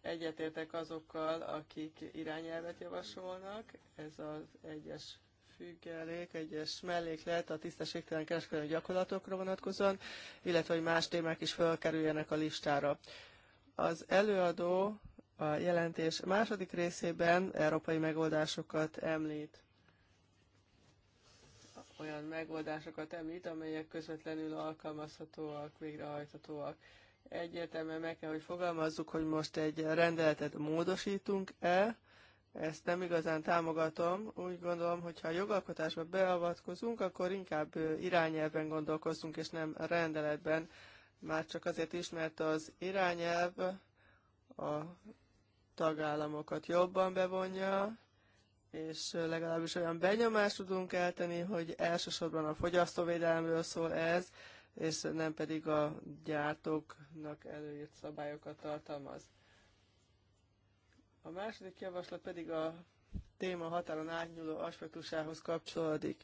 Egyetértek azokkal, akik irányelvet javasolnak. Ez az egyes függelék, egyes melléklet a tisztességtelen kereskedelmi gyakorlatokra vonatkozóan, illetve hogy más témák is felkerüljenek a listára. Az előadó a jelentés második részében európai megoldásokat említ. Olyan megoldásokat említ, amelyek közvetlenül alkalmazhatóak, végrehajthatóak. Egyértelműen meg kell, hogy fogalmazzuk, hogy most egy rendeletet módosítunk-e. Ezt nem igazán támogatom. Úgy gondolom, hogy ha a jogalkotásba beavatkozunk, akkor inkább irányelven gondolkozzunk, és nem rendeletben. Már csak azért is, mert az irányelv a tagállamokat jobban bevonja, és legalábbis olyan benyomást tudunk eltenni, hogy elsősorban a fogyasztóvédelemről szól ez, és nem pedig a gyártóknak előírt szabályokat tartalmaz. A második javaslat pedig a téma határon átnyúló aspektusához kapcsolódik.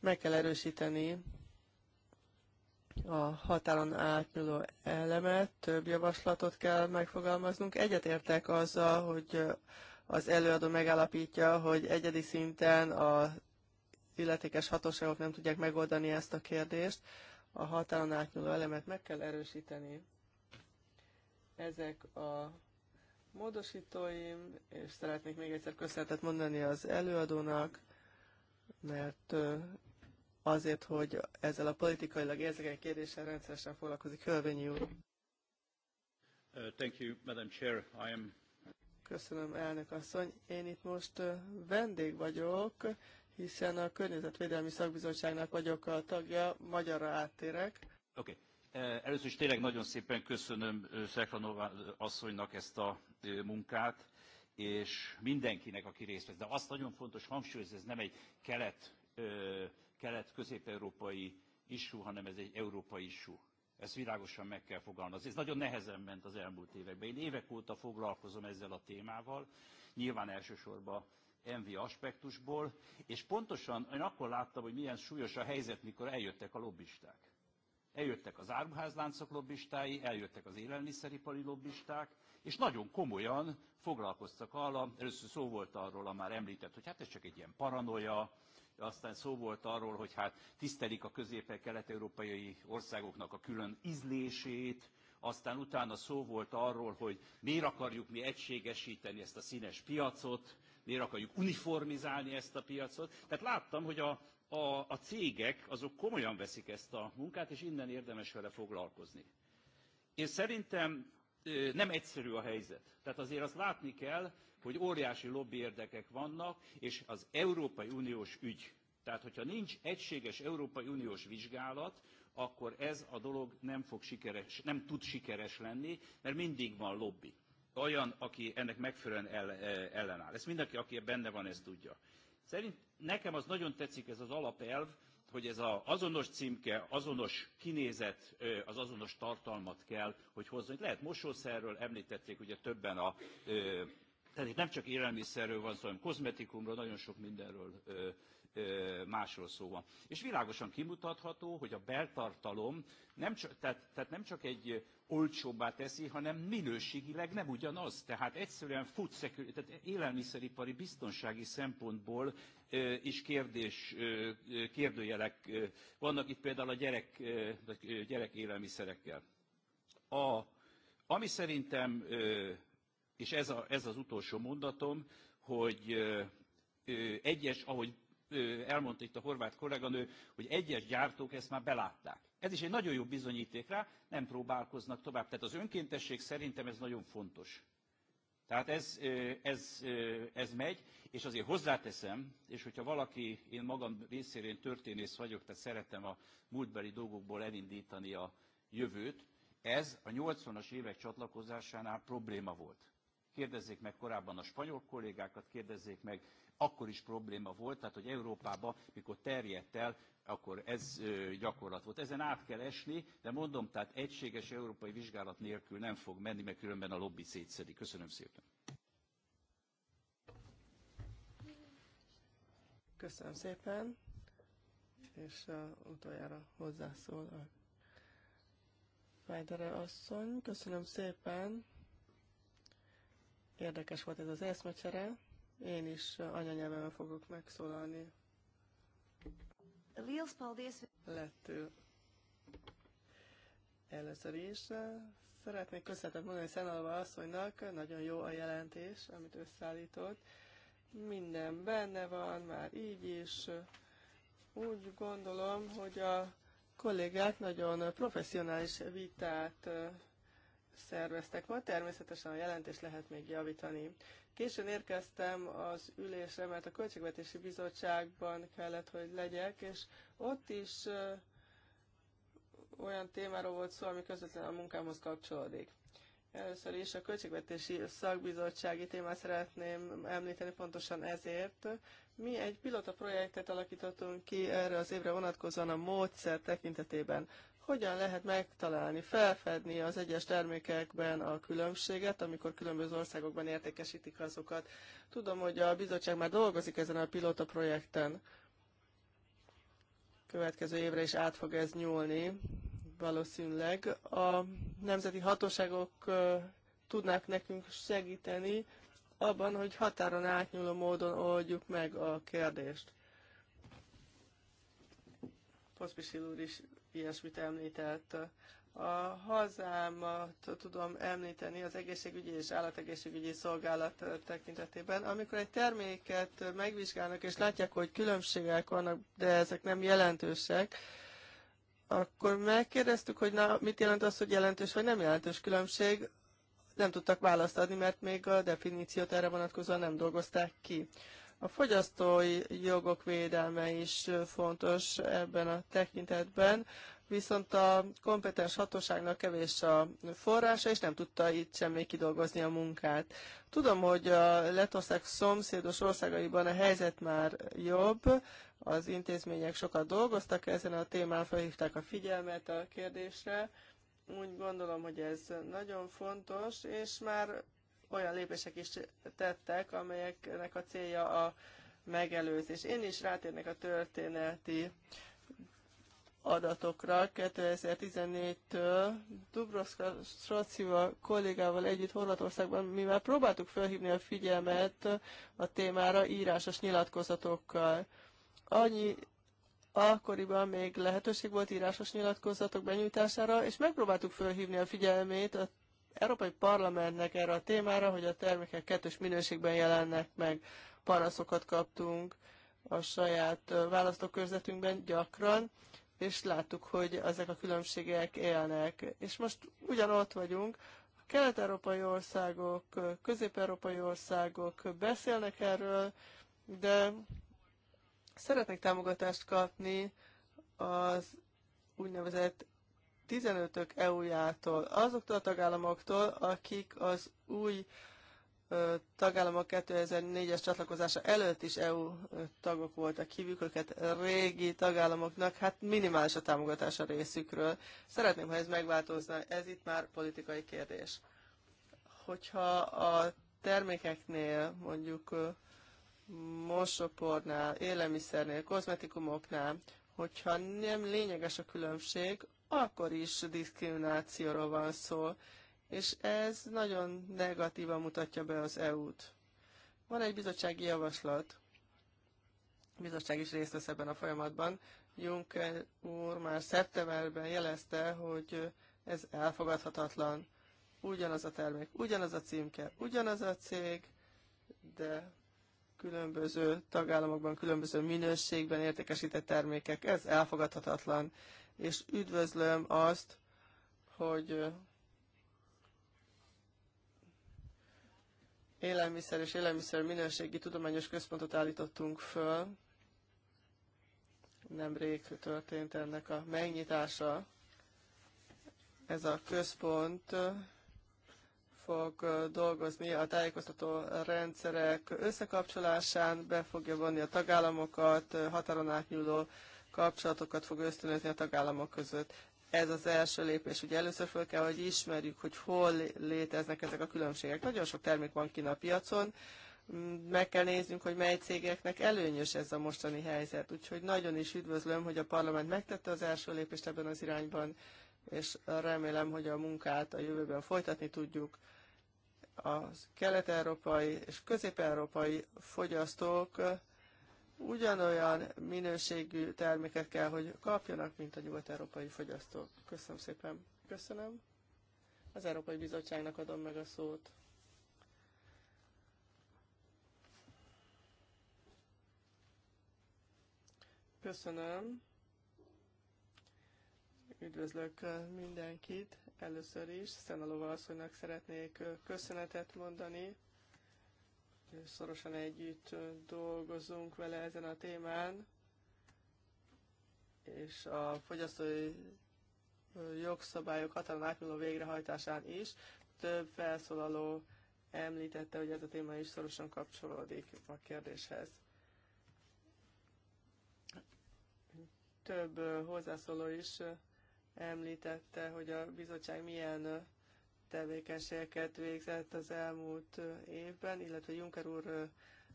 Meg kell erősíteni a határon átnyúló elemet, több javaslatot kell megfogalmaznunk. Egyetértek azzal, hogy az előadó megállapítja, hogy egyedi szinten a illetékes hatóságok nem tudják megoldani ezt a kérdést, a határon átnyúló elemet meg kell erősíteni. Ezek a módosítóim, és szeretnék még egyszer köszönetet mondani az előadónak, mert azért, hogy ezzel a politikailag érzékeny kérdéssel rendszeresen foglalkozik Hölvényi úr. Uh, thank you, Madam Chair. I am... Köszönöm, elnök asszony. Én itt most vendég vagyok, hiszen a Környezetvédelmi Szakbizottságnak vagyok a tagja, magyarra áttérek. Oké. Okay. Eh, először is tényleg nagyon szépen köszönöm eh, Szekranova eh, asszonynak ezt a munkát, és mindenkinek, aki részt vesz. De azt nagyon fontos hangsúlyozni, ez nem egy kelet, kelet-közép-európai issú, hanem ez egy európai issú. Ezt világosan meg kell fogalmazni. Ez nagyon nehezen ment az elmúlt években. Én évek óta foglalkozom ezzel a témával, nyilván elsősorban envi aspektusból, és pontosan én akkor láttam, hogy milyen súlyos a helyzet, mikor eljöttek a lobbisták. Eljöttek az áruházláncok lobbistái, eljöttek az élelmiszeripari lobbisták, és nagyon komolyan foglalkoztak arra, először szó volt arról a már említett, hogy hát ez csak egy ilyen paranoia, aztán szó volt arról, hogy hát tisztelik a közép-kelet-európai országoknak a külön ízlését, aztán utána szó volt arról, hogy miért akarjuk mi egységesíteni ezt a színes piacot, miért akarjuk uniformizálni ezt a piacot. Tehát láttam, hogy a, a, a cégek azok komolyan veszik ezt a munkát, és innen érdemes vele foglalkozni. Én szerintem nem egyszerű a helyzet. Tehát azért azt látni kell, hogy óriási érdekek vannak, és az Európai Uniós ügy. Tehát, hogyha nincs egységes Európai Uniós vizsgálat, akkor ez a dolog nem, fog sikeres, nem tud sikeres lenni, mert mindig van lobby olyan, aki ennek megfelelően e, ellenáll. Ezt mindenki, aki benne van, ezt tudja. Szerint nekem az nagyon tetszik ez az alapelv, hogy ez az azonos címke, azonos kinézet, e, az azonos tartalmat kell, hogy hozzon. Itt lehet mosószerről, említették ugye többen a... E, tehát itt nem csak élelmiszerről van szó, hanem kozmetikumról, nagyon sok mindenről másról szó van. És világosan kimutatható, hogy a beltartalom nem csak, tehát, tehát nem csak egy olcsóbbá teszi, hanem minőségileg nem ugyanaz. Tehát egyszerűen food security, tehát élelmiszeripari biztonsági szempontból is kérdés, kérdőjelek vannak itt például a gyerek, gyerek élelmiszerekkel. A, ami szerintem, és ez, a, ez az utolsó mondatom, hogy egyes, ahogy elmondta itt a horvát kolléganő, hogy egyes gyártók ezt már belátták. Ez is egy nagyon jó bizonyíték rá, nem próbálkoznak tovább. Tehát az önkéntesség szerintem ez nagyon fontos. Tehát ez, ez, ez megy, és azért hozzáteszem, és hogyha valaki, én magam részéről történész vagyok, tehát szeretem a múltbeli dolgokból elindítani a jövőt, ez a 80-as évek csatlakozásánál probléma volt. Kérdezzék meg korábban a spanyol kollégákat, kérdezzék meg, akkor is probléma volt, tehát hogy Európában, mikor terjedt el, akkor ez gyakorlat volt. Ezen át kell esni, de mondom, tehát egységes európai vizsgálat nélkül nem fog menni, mert különben a lobby szétszedi. Köszönöm szépen. Köszönöm szépen, és a utoljára hozzászól a Fájdere asszony. Köszönöm szépen. Érdekes volt ez az eszmecsere. Én is anyanyelvemen fogok megszólalni. lettő Először is eh, szeretnék köszönetet mondani Szenalva asszonynak, nagyon jó a jelentés, amit összeállított. Minden benne van, már így is. Úgy gondolom, hogy a kollégák nagyon professzionális vitát eh, szerveztek ma. Természetesen a jelentést lehet még javítani. Későn érkeztem az ülésre, mert a Költségvetési Bizottságban kellett, hogy legyek, és ott is olyan témáról volt szó, ami közvetlenül a munkámhoz kapcsolódik. Először is a Költségvetési Szakbizottsági témát szeretném említeni pontosan ezért. Mi egy pilota projektet alakítottunk ki erre az évre vonatkozóan a módszer tekintetében hogyan lehet megtalálni, felfedni az egyes termékekben a különbséget, amikor különböző országokban értékesítik azokat. Tudom, hogy a bizottság már dolgozik ezen a pilota projekten. Következő évre is át fog ez nyúlni, valószínűleg. A nemzeti hatóságok tudnak nekünk segíteni abban, hogy határon átnyúló módon oldjuk meg a kérdést. Poszpisil úr is ilyesmit említett. A hazámat tudom említeni az egészségügyi és állategészségügyi szolgálat tekintetében. Amikor egy terméket megvizsgálnak és látják, hogy különbségek vannak, de ezek nem jelentősek, akkor megkérdeztük, hogy na, mit jelent az, hogy jelentős vagy nem jelentős különbség. Nem tudtak választ adni, mert még a definíciót erre vonatkozóan nem dolgozták ki. A fogyasztói jogok védelme is fontos ebben a tekintetben, viszont a kompetens hatóságnak kevés a forrása, és nem tudta itt semmi kidolgozni a munkát. Tudom, hogy a Letország szomszédos országaiban a helyzet már jobb, az intézmények sokat dolgoztak ezen a témán, felhívták a figyelmet a kérdésre, úgy gondolom, hogy ez nagyon fontos, és már olyan lépések is tettek, amelyeknek a célja a megelőzés. Én is rátérnek a történeti adatokra. 2014-től Dubroszka Straciva kollégával együtt Horvátországban mi már próbáltuk felhívni a figyelmet a témára írásos nyilatkozatokkal. Annyi akkoriban még lehetőség volt írásos nyilatkozatok benyújtására, és megpróbáltuk felhívni a figyelmét a Európai Parlamentnek erre a témára, hogy a termékek kettős minőségben jelennek meg. Panaszokat kaptunk a saját választókörzetünkben gyakran, és láttuk, hogy ezek a különbségek élnek. És most ugyanott vagyunk, a kelet-európai országok, közép-európai országok beszélnek erről, de szeretnék támogatást kapni az úgynevezett 15-ök EU-jától, azoktól a tagállamoktól, akik az új tagállamok 2004-es csatlakozása előtt is EU tagok voltak, hívjuk őket régi tagállamoknak, hát minimális a támogatása részükről. Szeretném, ha ez megváltozna, ez itt már politikai kérdés. Hogyha a termékeknél, mondjuk mosopornál, élelmiszernél, kozmetikumoknál, hogyha nem lényeges a különbség, akkor is diszkriminációról van szó, és ez nagyon negatívan mutatja be az EU-t. Van egy bizottsági javaslat, a bizottság is részt vesz ebben a folyamatban. Juncker úr már szeptemberben jelezte, hogy ez elfogadhatatlan. Ugyanaz a termék, ugyanaz a címke, ugyanaz a cég, de különböző tagállamokban, különböző minőségben értékesített termékek. Ez elfogadhatatlan és üdvözlöm azt, hogy élelmiszer és élelmiszer minőségi tudományos központot állítottunk föl. Nemrég történt ennek a megnyitása. Ez a központ fog dolgozni a tájékoztató rendszerek összekapcsolásán, be fogja vonni a tagállamokat, határon átnyúló kapcsolatokat fog ösztönözni a tagállamok között. Ez az első lépés. Ugye először föl kell, hogy ismerjük, hogy hol léteznek ezek a különbségek. Nagyon sok termék van kín a piacon, mm, meg kell néznünk, hogy mely cégeknek előnyös ez a mostani helyzet. Úgyhogy nagyon is üdvözlöm, hogy a parlament megtette az első lépést ebben az irányban, és remélem, hogy a munkát a jövőben folytatni tudjuk. A kelet-európai és közép-európai fogyasztók ugyanolyan minőségű terméket kell, hogy kapjanak, mint a nyugat-európai fogyasztók. Köszönöm szépen. Köszönöm. Az Európai Bizottságnak adom meg a szót. Köszönöm. Üdvözlök uh, mindenkit. Először is Szenalova asszonynak szeretnék uh, köszönetet mondani szorosan együtt dolgozunk vele ezen a témán, és a fogyasztói jogszabályok határon átnyúló végrehajtásán is több felszólaló említette, hogy ez a téma is szorosan kapcsolódik a kérdéshez. Több hozzászóló is említette, hogy a bizottság milyen tevékenységeket végzett az elmúlt évben, illetve Juncker úr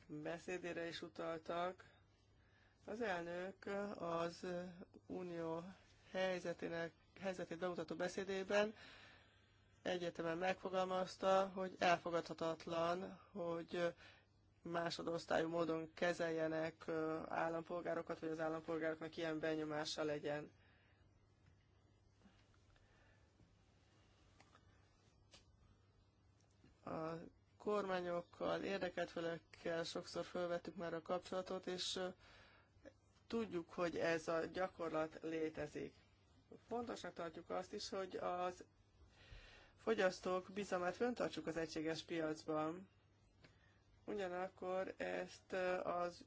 beszédére is utaltak. Az elnök az unió helyzetének, helyzetét bemutató beszédében egyetemen megfogalmazta, hogy elfogadhatatlan, hogy másodosztályú módon kezeljenek állampolgárokat, vagy az állampolgároknak ilyen benyomása legyen. a kormányokkal, érdekelt felekkel sokszor felvettük már a kapcsolatot, és tudjuk, hogy ez a gyakorlat létezik. Fontosnak tartjuk azt is, hogy az fogyasztók bizalmát föntartsuk az egységes piacban. Ugyanakkor ezt az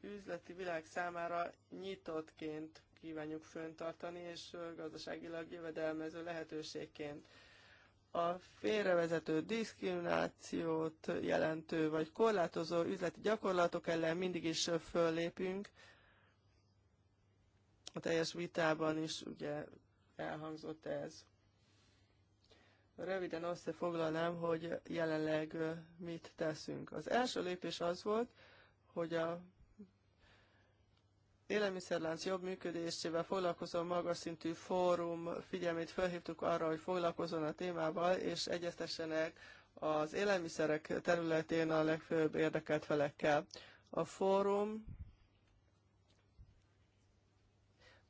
üzleti világ számára nyitottként kívánjuk föntartani, és gazdaságilag jövedelmező lehetőségként a félrevezető diszkriminációt jelentő vagy korlátozó üzleti gyakorlatok ellen mindig is föllépünk. A teljes vitában is ugye elhangzott ez. Röviden összefoglalnám, hogy jelenleg mit teszünk. Az első lépés az volt, hogy a élelmiszerlánc jobb működésével foglalkozó magas szintű fórum figyelmét felhívtuk arra, hogy foglalkozzon a témával, és egyeztessenek az élelmiszerek területén a legfőbb érdekelt felekkel. A fórum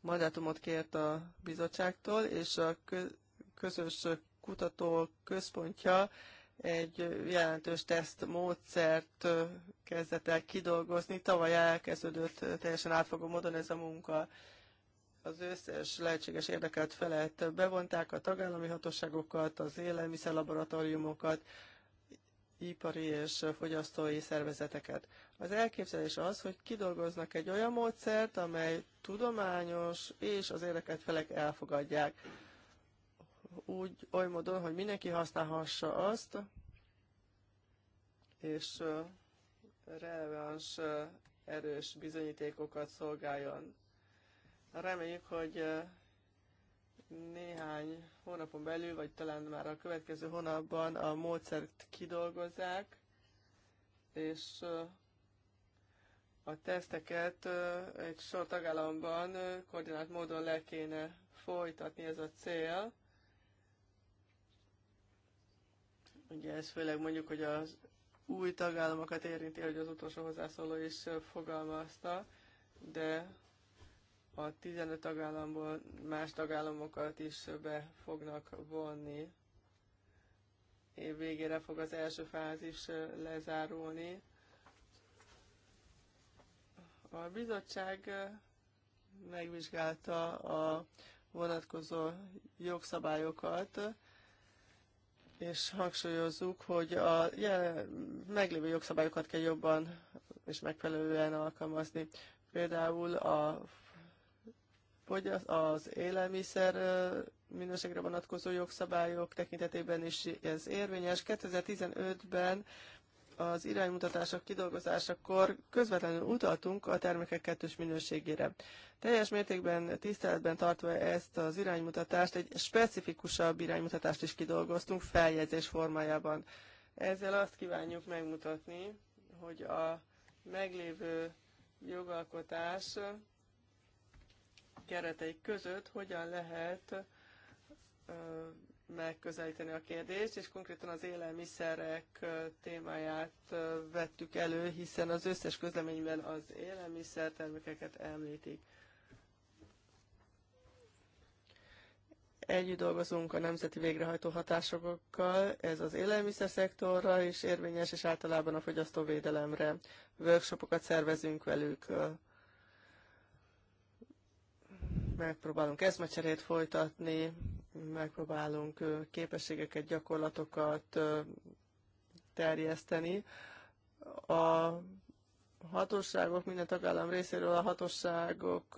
mandátumot kért a bizottságtól, és a közös kutató központja egy jelentős teszt módszert kezdett el kidolgozni. Tavaly elkezdődött teljesen átfogó módon ez a munka. Az összes lehetséges érdekelt felett bevonták a tagállami hatóságokat, az élelmiszerlaboratóriumokat, ipari és fogyasztói szervezeteket. Az elképzelés az, hogy kidolgoznak egy olyan módszert, amely tudományos és az érdekelt felek elfogadják úgy, oly módon, hogy mindenki használhassa azt, és releváns erős bizonyítékokat szolgáljon. Reméljük, hogy néhány hónapon belül, vagy talán már a következő hónapban a módszert kidolgozzák, és a teszteket egy sor tagállamban koordinált módon le kéne folytatni, ez a cél. Ugye ez főleg mondjuk, hogy az új tagállamokat érinti, hogy az utolsó hozzászóló is fogalmazta, de a 15 tagállamból más tagállamokat is be fognak vonni. Év végére fog az első fázis lezárulni. A bizottság megvizsgálta a vonatkozó jogszabályokat, és hangsúlyozzuk, hogy a meglévő jogszabályokat kell jobban és megfelelően alkalmazni. Például a az élelmiszer minőségre vonatkozó jogszabályok tekintetében is ez érvényes. 2015-ben az iránymutatások kidolgozásakor közvetlenül utaltunk a termékek kettős minőségére. Teljes mértékben tiszteletben tartva ezt az iránymutatást, egy specifikusabb iránymutatást is kidolgoztunk feljegyzés formájában. Ezzel azt kívánjuk megmutatni, hogy a meglévő jogalkotás keretei között hogyan lehet megközelíteni a kérdést, és konkrétan az élelmiszerek témáját vettük elő, hiszen az összes közleményben az élelmiszertermékeket említik. Együtt dolgozunk a nemzeti végrehajtó hatásokkal, ez az élelmiszer szektorra is érvényes, és általában a fogyasztóvédelemre. Workshopokat szervezünk velük, megpróbálunk eszmecserét folytatni, megpróbálunk képességeket, gyakorlatokat terjeszteni. A hatóságok, minden tagállam részéről a hatóságok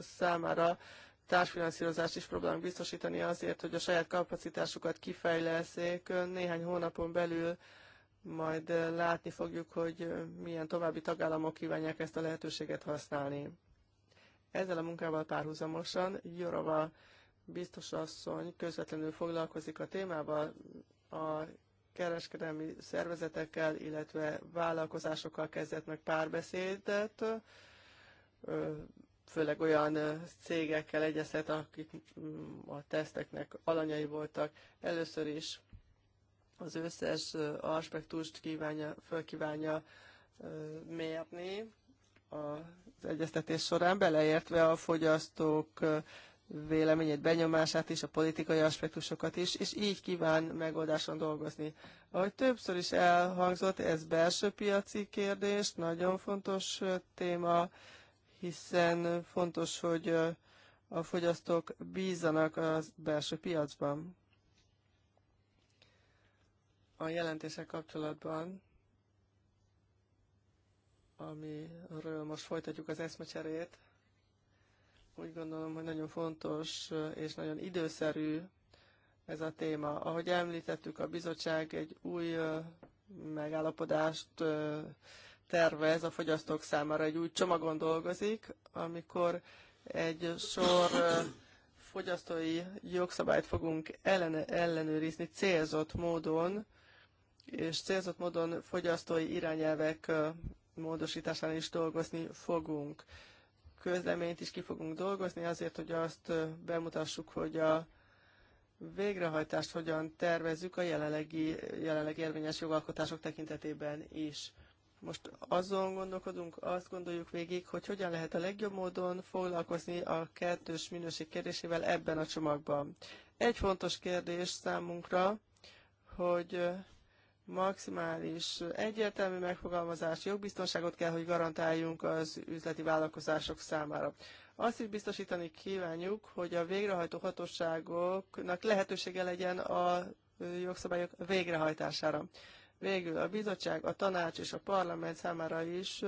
számára társfinanszírozást is próbálunk biztosítani azért, hogy a saját kapacitásukat kifejleszék. Néhány hónapon belül majd látni fogjuk, hogy milyen további tagállamok kívánják ezt a lehetőséget használni. Ezzel a munkával párhuzamosan Jorova biztos asszony közvetlenül foglalkozik a témával, a kereskedelmi szervezetekkel, illetve vállalkozásokkal kezdett meg párbeszédet, főleg olyan cégekkel egyeztet, akik mm, a teszteknek alanyai voltak. Először is az összes aspektust kívánja, fölkívánja mérni az egyeztetés során, beleértve a fogyasztók véleményét, benyomását is, a politikai aspektusokat is, és így kíván megoldáson dolgozni. Ahogy többször is elhangzott, ez belső piaci kérdés, nagyon fontos téma, hiszen fontos, hogy a fogyasztók bízzanak a belső piacban. A jelentések kapcsolatban, amiről most folytatjuk az eszmecserét, úgy gondolom, hogy nagyon fontos eh, és nagyon időszerű ez a téma. Ahogy említettük, a bizottság egy új eh, megállapodást eh, tervez a fogyasztók számára, egy új csomagon dolgozik, amikor egy sor fogyasztói jogszabályt fogunk ellene, ellenőrizni célzott módon, és célzott módon fogyasztói irányelvek módosításán is dolgozni fogunk közleményt is ki fogunk dolgozni azért, hogy azt bemutassuk, hogy a végrehajtást hogyan tervezzük a jelenlegi, jelenlegi érvényes jogalkotások tekintetében is. Most azon gondolkodunk, azt gondoljuk végig, hogy hogyan lehet a legjobb módon foglalkozni a kettős minőség kérdésével ebben a csomagban. Egy fontos kérdés számunkra, hogy maximális egyértelmű megfogalmazás, jogbiztonságot kell, hogy garantáljunk az üzleti vállalkozások számára. Azt is biztosítani kívánjuk, hogy a végrehajtó hatóságoknak lehetősége legyen a jogszabályok végrehajtására. Végül a bizottság, a tanács és a parlament számára is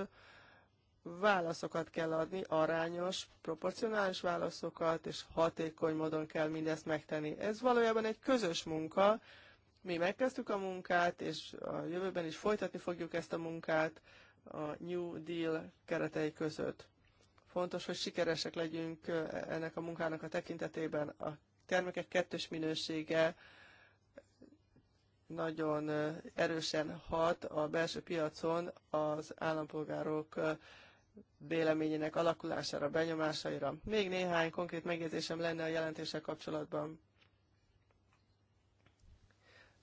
válaszokat kell adni, arányos, proporcionális válaszokat, és hatékony módon kell mindezt megtenni. Ez valójában egy közös munka, mi megkezdtük a munkát, és a jövőben is folytatni fogjuk ezt a munkát a New Deal keretei között. Fontos, hogy sikeresek legyünk ennek a munkának a tekintetében. A termékek kettős minősége nagyon erősen hat a belső piacon az állampolgárok véleményének alakulására, benyomásaira. Még néhány konkrét megjegyzésem lenne a jelentéssel kapcsolatban.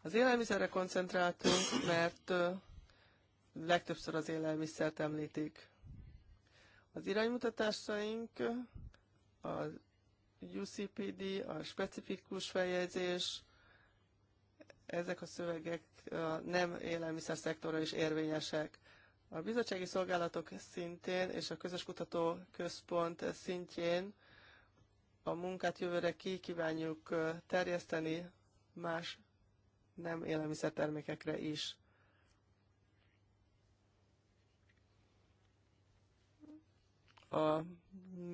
Az élelmiszerre koncentráltunk, mert legtöbbször az élelmiszert említik. Az iránymutatásaink, a UCPD, a specifikus feljegyzés, ezek a szövegek a nem élelmiszer szektorra is érvényesek. A bizottsági szolgálatok szintén és a közös kutató központ szintjén a munkát jövőre ki kívánjuk terjeszteni más nem élelmiszertermékekre is. A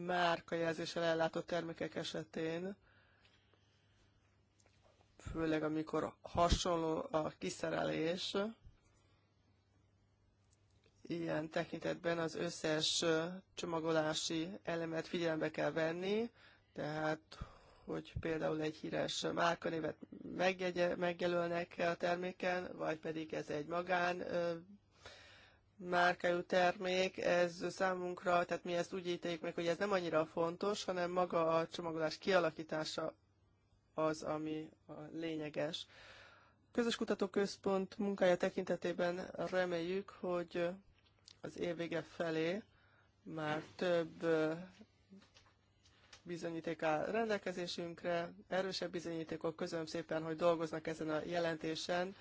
márkajelzéssel ellátott termékek esetén, főleg amikor hasonló a kiszerelés, ilyen tekintetben az összes csomagolási elemet figyelembe kell venni, tehát hogy például egy híres márkanévet megjelölnek a terméken, vagy pedig ez egy magán márkájú termék, ez számunkra, tehát mi ezt úgy ítéljük meg, hogy ez nem annyira fontos, hanem maga a csomagolás kialakítása az, ami a lényeges. A Közös Kutatóközpont munkája tekintetében reméljük, hogy az év felé már több bizonyíték áll rendelkezésünkre, erősebb bizonyítékok, közöm szépen, hogy dolgoznak ezen a jelentésen,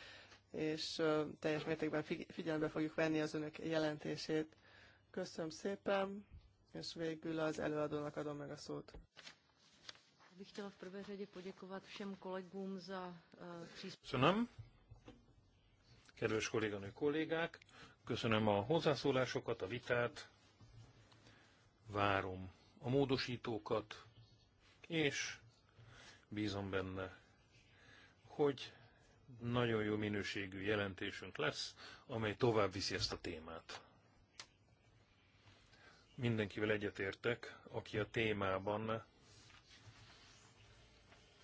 és teljes mértékben figyelembe fogjuk venni az önök jelentését. Köszönöm szépen, és végül az előadónak adom meg a szót. E, köszönöm. Kedves kolléganő kollégák, köszönöm a hozzászólásokat, a vitát. Várom a módosítókat, és bízom benne, hogy nagyon jó minőségű jelentésünk lesz, amely tovább viszi ezt a témát. Mindenkivel egyetértek, aki a témában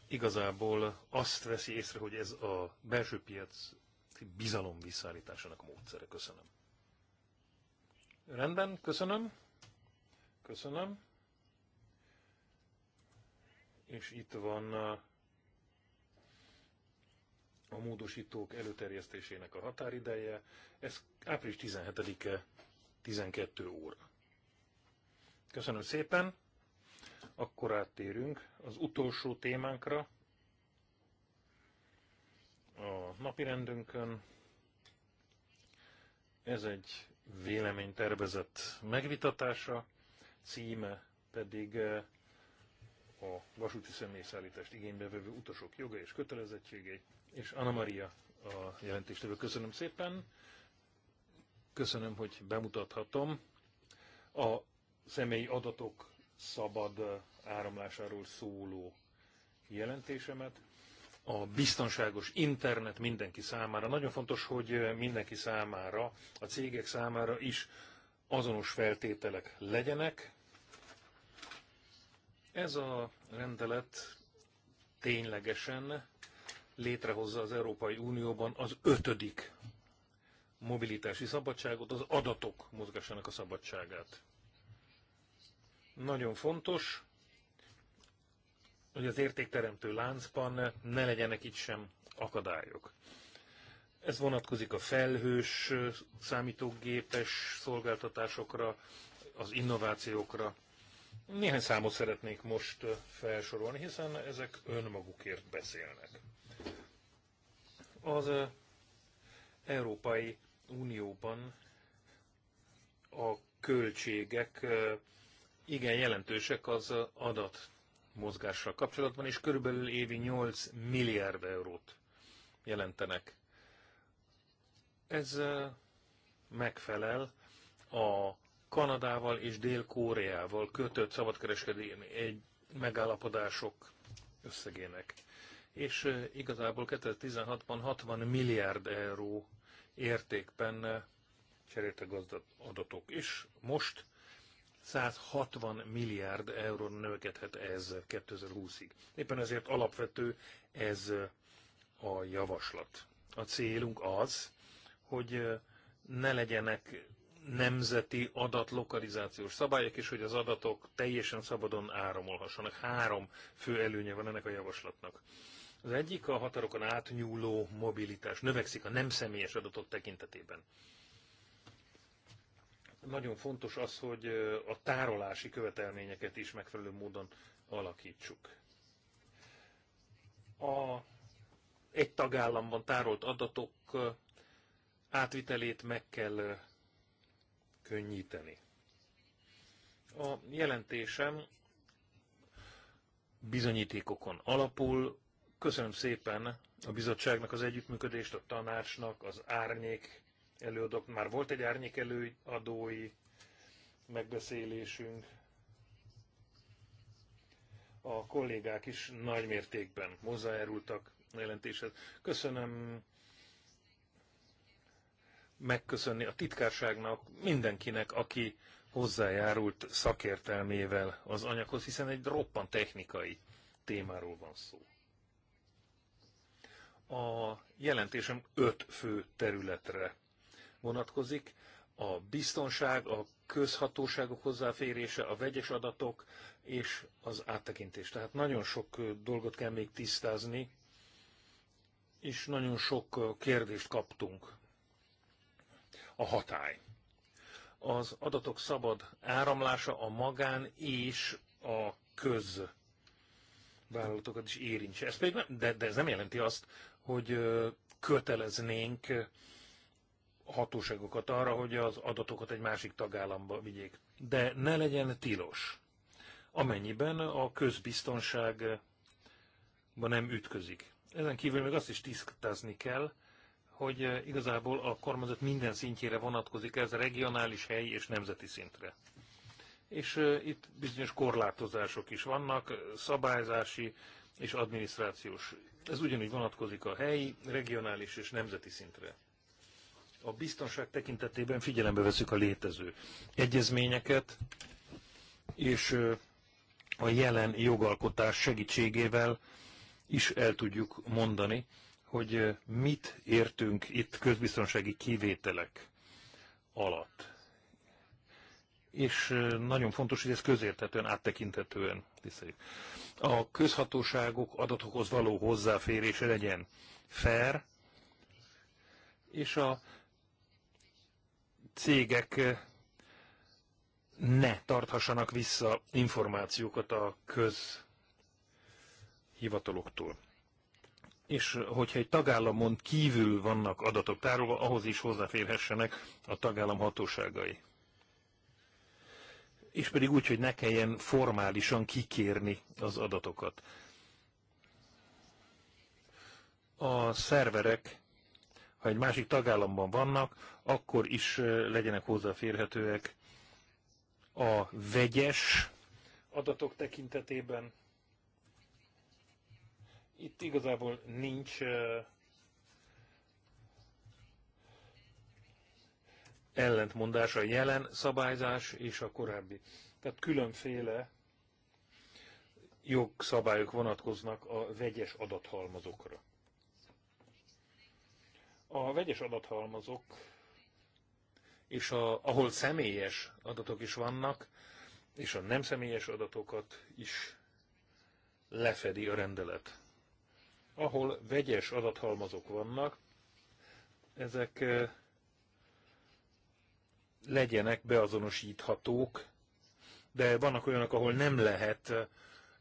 igazából azt veszi észre, hogy ez a belső piac bizalom visszaállításának a módszere. Köszönöm. Rendben, köszönöm. Köszönöm és itt van uh, a módosítók előterjesztésének a határideje, ez április 17-e 12 óra. Köszönöm szépen, akkor áttérünk az utolsó témánkra, a napirendünkön. Ez egy véleménytervezet megvitatása, címe pedig uh, a vasúti személyszállítást igénybe vevő utasok joga és kötelezettségei, és Anna Maria a jelentéstevő. Köszönöm szépen, köszönöm, hogy bemutathatom. A személyi adatok szabad áramlásáról szóló jelentésemet. A biztonságos internet mindenki számára. Nagyon fontos, hogy mindenki számára, a cégek számára is azonos feltételek legyenek, ez a rendelet ténylegesen létrehozza az Európai Unióban az ötödik mobilitási szabadságot, az adatok mozgásának a szabadságát. Nagyon fontos, hogy az értékteremtő láncban ne legyenek itt sem akadályok. Ez vonatkozik a felhős számítógépes szolgáltatásokra, az innovációkra, néhány számot szeretnék most felsorolni, hiszen ezek önmagukért beszélnek. Az Európai Unióban a költségek igen jelentősek az adat mozgással kapcsolatban, és körülbelül évi 8 milliárd eurót jelentenek. Ez megfelel a Kanadával és dél kóreával kötött szabadkereskedelmi egy megállapodások összegének. És igazából 2016-ban 60 milliárd euró értékben cseréltek adatok, és most 160 milliárd euró növekedhet ez 2020-ig. Éppen ezért alapvető ez a javaslat. A célunk az, hogy ne legyenek nemzeti adatlokalizációs szabályok, és hogy az adatok teljesen szabadon áramolhassanak. Három fő előnye van ennek a javaslatnak. Az egyik a határokon átnyúló mobilitás. Növekszik a nem személyes adatok tekintetében. Nagyon fontos az, hogy a tárolási követelményeket is megfelelő módon alakítsuk. A egy tagállamban tárolt adatok átvitelét meg kell könnyíteni. A jelentésem bizonyítékokon alapul. Köszönöm szépen a bizottságnak az együttműködést, a tanácsnak, az árnyék előadók. Már volt egy árnyék előadói megbeszélésünk. A kollégák is nagy mértékben hozzájárultak a jelentéshez. Köszönöm megköszönni a titkárságnak, mindenkinek, aki hozzájárult szakértelmével az anyaghoz, hiszen egy roppan technikai témáról van szó. A jelentésem öt fő területre vonatkozik. A biztonság, a közhatóságok hozzáférése, a vegyes adatok és az áttekintés. Tehát nagyon sok dolgot kell még tisztázni, és nagyon sok kérdést kaptunk a hatály. Az adatok szabad áramlása a magán és a köz vállalatokat is érintse. Ez pedig nem, de, de ez nem jelenti azt, hogy köteleznénk hatóságokat arra, hogy az adatokat egy másik tagállamba vigyék. De ne legyen tilos, amennyiben a közbiztonságban nem ütközik. Ezen kívül még azt is tisztázni kell, hogy eh, igazából a kormányzat minden szintjére vonatkozik ez regionális, helyi és nemzeti szintre. És eh, itt bizonyos korlátozások is vannak, eh, szabályzási és adminisztrációs. Ez ugyanúgy vonatkozik a helyi, regionális és nemzeti szintre. A biztonság tekintetében figyelembe veszük a létező egyezményeket, és a jelen jogalkotás segítségével is el tudjuk mondani, hogy mit értünk itt közbiztonsági kivételek alatt. És nagyon fontos, hogy ez közértetően, áttekintetően tiszteljük. A közhatóságok adatokhoz való hozzáférése legyen fair, és a cégek ne tarthassanak vissza információkat a közhivataloktól és hogyha egy tagállamon kívül vannak adatok tárolva, ahhoz is hozzáférhessenek a tagállam hatóságai. És pedig úgy, hogy ne kelljen formálisan kikérni az adatokat. A szerverek, ha egy másik tagállamban vannak, akkor is legyenek hozzáférhetőek a vegyes adatok tekintetében, itt igazából nincs ellentmondás a jelen szabályzás és a korábbi. Tehát különféle jogszabályok vonatkoznak a vegyes adathalmazokra. A vegyes adathalmazok, és a, ahol személyes adatok is vannak, és a nem személyes adatokat is lefedi a rendelet ahol vegyes adathalmazok vannak, ezek legyenek beazonosíthatók, de vannak olyanok, ahol nem lehet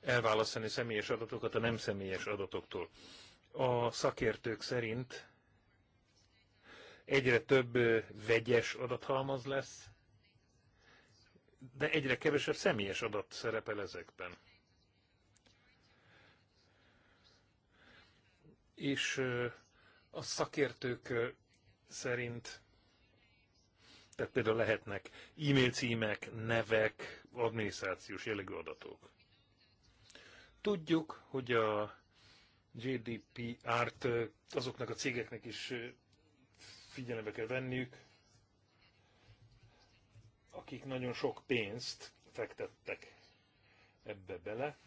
elválasztani személyes adatokat a nem személyes adatoktól. A szakértők szerint egyre több vegyes adathalmaz lesz, de egyre kevesebb személyes adat szerepel ezekben. és a szakértők szerint, tehát például lehetnek e-mail címek, nevek, adminisztrációs jellegű adatok. Tudjuk, hogy a GDPR-t azoknak a cégeknek is figyelembe kell venniük, akik nagyon sok pénzt fektettek ebbe bele,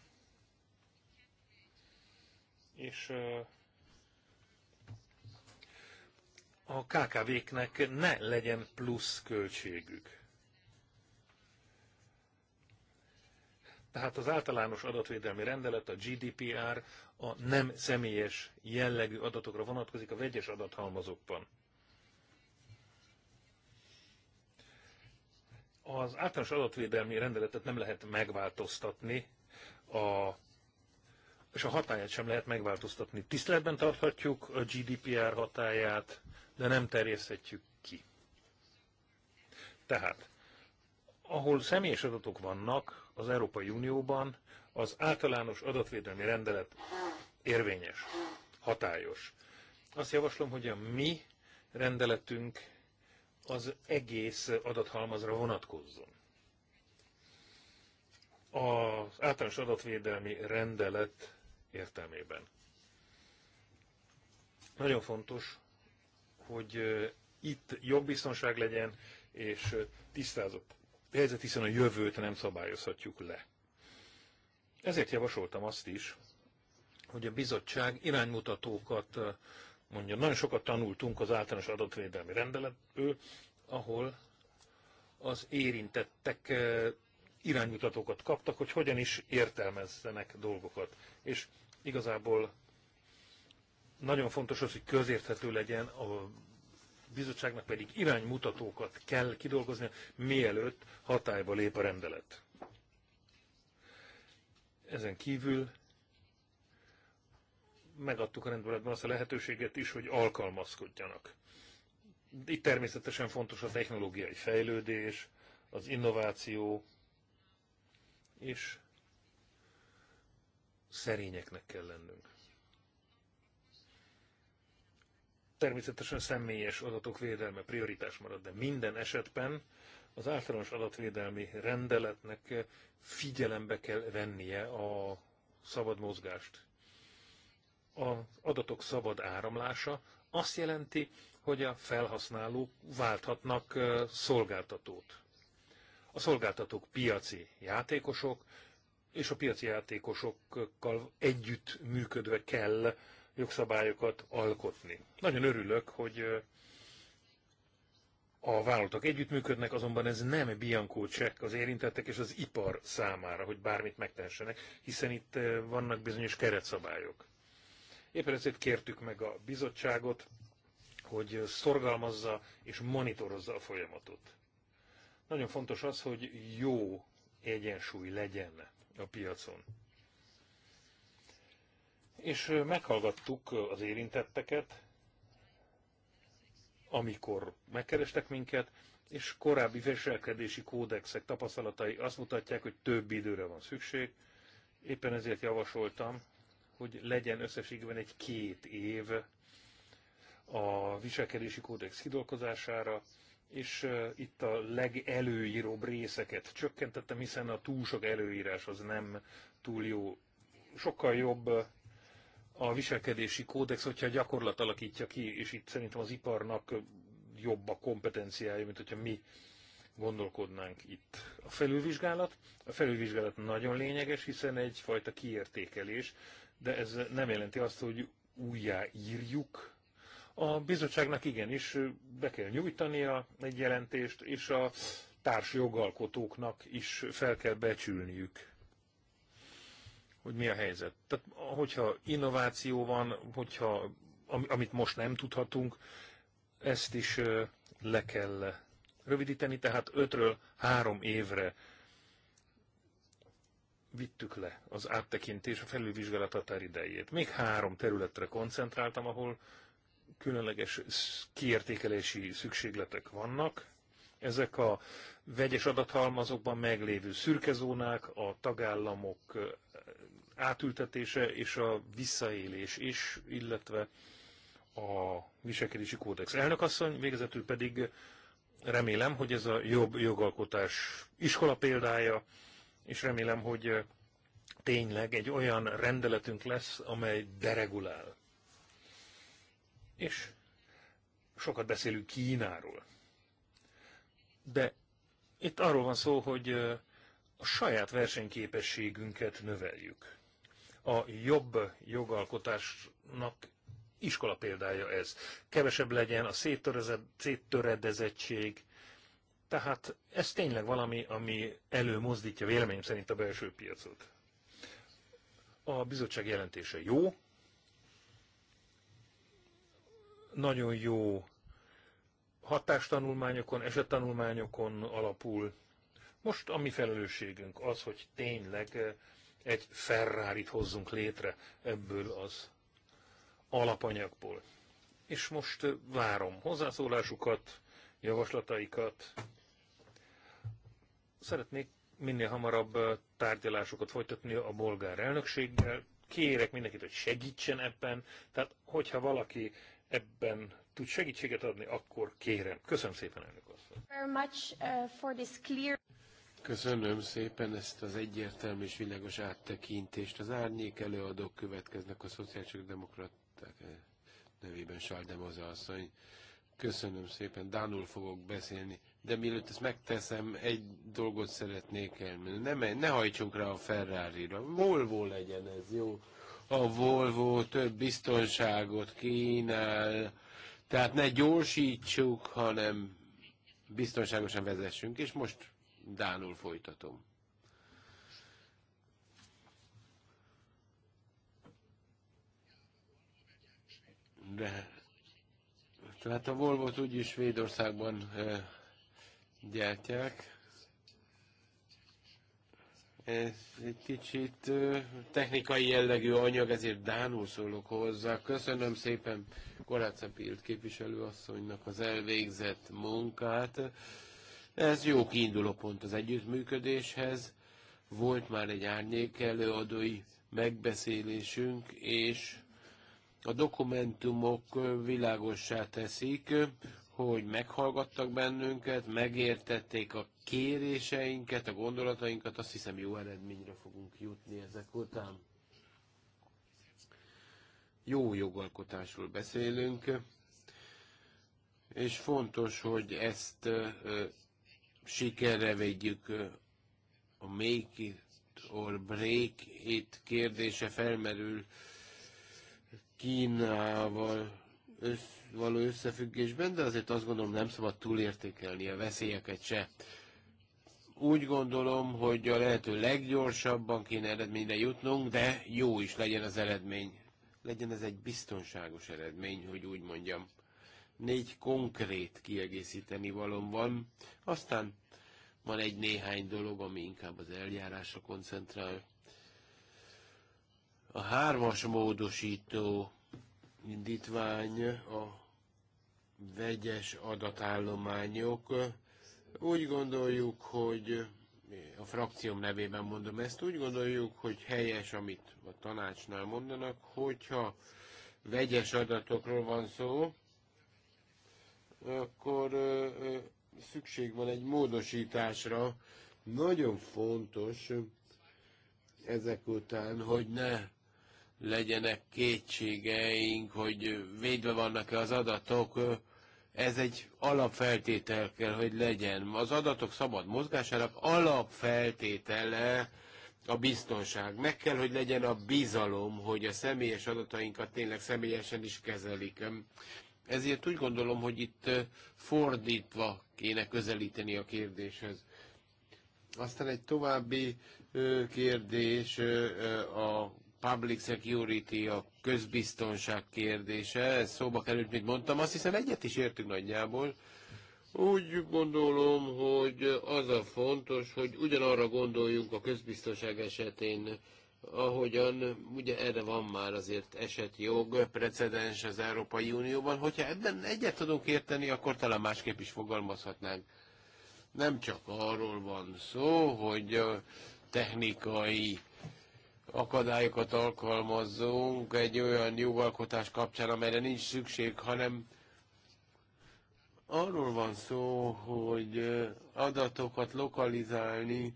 és a KKV-knek ne legyen plusz költségük. Tehát az általános adatvédelmi rendelet, a GDPR a nem személyes jellegű adatokra vonatkozik a vegyes adathalmazokban. Az általános adatvédelmi rendeletet nem lehet megváltoztatni, a, és a hatáját sem lehet megváltoztatni. Tiszteletben tarthatjuk a GDPR hatáját, de nem terjeszthetjük ki. Tehát, ahol személyes adatok vannak az Európai Unióban, az általános adatvédelmi rendelet érvényes, hatályos. Azt javaslom, hogy a mi rendeletünk az egész adathalmazra vonatkozzon. Az általános adatvédelmi rendelet értelmében. Nagyon fontos, hogy itt jogbiztonság legyen, és tisztázott helyzet, hiszen a jövőt nem szabályozhatjuk le. Ezért javasoltam azt is, hogy a bizottság iránymutatókat mondja. Nagyon sokat tanultunk az általános adatvédelmi rendeletből, ahol az érintettek iránymutatókat kaptak, hogy hogyan is értelmezzenek dolgokat. És igazából nagyon fontos az, hogy közérthető legyen, a bizottságnak pedig iránymutatókat kell kidolgozni, mielőtt hatályba lép a rendelet. Ezen kívül megadtuk a rendeletben azt a lehetőséget is, hogy alkalmazkodjanak. Itt természetesen fontos a technológiai fejlődés, az innováció, és szerényeknek kell lennünk. Természetesen személyes adatok védelme prioritás marad, de minden esetben az általános adatvédelmi rendeletnek figyelembe kell vennie a szabad mozgást. Az adatok szabad áramlása azt jelenti, hogy a felhasználók válthatnak szolgáltatót. A szolgáltatók piaci játékosok, és a piaci játékosokkal együtt működve kell jogszabályokat alkotni. Nagyon örülök, hogy a vállalatok együttműködnek, azonban ez nem Bianco csekk az érintettek és az ipar számára, hogy bármit megtehessenek, hiszen itt vannak bizonyos keretszabályok. Éppen ezért kértük meg a bizottságot, hogy szorgalmazza és monitorozza a folyamatot. Nagyon fontos az, hogy jó egyensúly legyen a piacon és meghallgattuk az érintetteket, amikor megkerestek minket, és korábbi viselkedési kódexek tapasztalatai azt mutatják, hogy több időre van szükség. Éppen ezért javasoltam, hogy legyen összességben egy két év a viselkedési kódex kidolgozására, és itt a legelőíróbb részeket csökkentettem, hiszen a túl sok előírás az nem túl jó. Sokkal jobb a viselkedési kódex, hogyha a gyakorlat alakítja ki, és itt szerintem az iparnak jobb a kompetenciája, mint hogyha mi gondolkodnánk itt. A felülvizsgálat, a felülvizsgálat nagyon lényeges, hiszen egyfajta kiértékelés, de ez nem jelenti azt, hogy újjáírjuk. A bizottságnak igenis be kell nyújtania egy jelentést, és a társjogalkotóknak is fel kell becsülniük hogy mi a helyzet. Tehát, hogyha innováció van, hogyha, amit most nem tudhatunk, ezt is le kell rövidíteni, tehát 5-ről 3 évre vittük le az áttekintés, a felülvizsgálat határidejét. Még három területre koncentráltam, ahol különleges kiértékelési szükségletek vannak. Ezek a vegyes adathalmazokban meglévő szürkezónák, a tagállamok átültetése és a visszaélés is, illetve a viselkedési kódex. Elnökasszony, végezetül pedig remélem, hogy ez a jobb jogalkotás iskola példája, és remélem, hogy tényleg egy olyan rendeletünk lesz, amely deregulál. És sokat beszélünk Kínáról. De itt arról van szó, hogy a saját versenyképességünket növeljük a jobb jogalkotásnak iskola példája ez. Kevesebb legyen a széttöredezettség, tehát ez tényleg valami, ami előmozdítja véleményem szerint a belső piacot. A bizottság jelentése jó, nagyon jó hatástanulmányokon, esettanulmányokon alapul. Most a mi felelősségünk az, hogy tényleg egy ferrari hozzunk létre ebből az alapanyagból. És most várom hozzászólásukat, javaslataikat. Szeretnék minél hamarabb tárgyalásokat folytatni a bolgár elnökséggel. Kérek mindenkit, hogy segítsen ebben. Tehát, hogyha valaki ebben tud segítséget adni, akkor kérem. Köszönöm szépen, elnök asszony. Köszönöm szépen ezt az egyértelmű és világos áttekintést. Az árnyék előadók következnek a szociális demokraták nevében Saldemoza asszony. Köszönöm szépen, Dánul fogok beszélni, de mielőtt ezt megteszem, egy dolgot szeretnék elmenni. Ne, ne hajtsunk rá a Ferrari-ra, Volvo legyen ez, jó? A Volvo több biztonságot kínál, tehát ne gyorsítsuk, hanem biztonságosan vezessünk, és most Dánul folytatom. De tehát a Volvo-t úgyis Svédországban e, gyártják. Ez egy kicsit e, technikai jellegű anyag, ezért Dánul szólok hozzá. Köszönöm szépen Koráca Pilt képviselőasszonynak az elvégzett munkát. Ez jó kiinduló pont az együttműködéshez. Volt már egy árnyék előadói megbeszélésünk, és a dokumentumok világossá teszik, hogy meghallgattak bennünket, megértették a kéréseinket, a gondolatainkat, azt hiszem jó eredményre fogunk jutni ezek után. Jó jogalkotásról beszélünk, és fontos, hogy ezt sikerre vigyük a make it or break it kérdése felmerül Kínával össz, való összefüggésben, de azért azt gondolom nem szabad túlértékelni a veszélyeket se. Úgy gondolom, hogy a lehető leggyorsabban kéne eredményre jutnunk, de jó is legyen az eredmény. Legyen ez egy biztonságos eredmény, hogy úgy mondjam négy konkrét kiegészíteni valom van, aztán van egy néhány dolog, ami inkább az eljárásra koncentrál. A hármas módosító indítvány a vegyes adatállományok. Úgy gondoljuk, hogy a frakcióm nevében mondom ezt, úgy gondoljuk, hogy helyes, amit a tanácsnál mondanak, hogyha vegyes adatokról van szó, akkor szükség van egy módosításra. Nagyon fontos ezek után, hogy ne legyenek kétségeink, hogy védve vannak-e az adatok, ez egy alapfeltétel kell, hogy legyen. Az adatok szabad mozgásának alapfeltétele a biztonság. Meg kell, hogy legyen a bizalom, hogy a személyes adatainkat tényleg személyesen is kezelik. Ezért úgy gondolom, hogy itt fordítva kéne közelíteni a kérdéshez. Aztán egy további kérdés a public security, a közbiztonság kérdése, ez szóba került, mint mondtam, azt hiszem egyet is értünk nagyjából. Úgy gondolom, hogy az a fontos, hogy ugyanarra gondoljunk a közbiztonság esetén, ahogyan ugye erre van már azért esetjog, precedens az Európai Unióban, hogyha ebben egyet tudunk érteni, akkor talán másképp is fogalmazhatnánk. Nem csak arról van szó, hogy technikai akadályokat alkalmazzunk egy olyan jogalkotás kapcsán, amelyre nincs szükség, hanem arról van szó, hogy adatokat lokalizálni,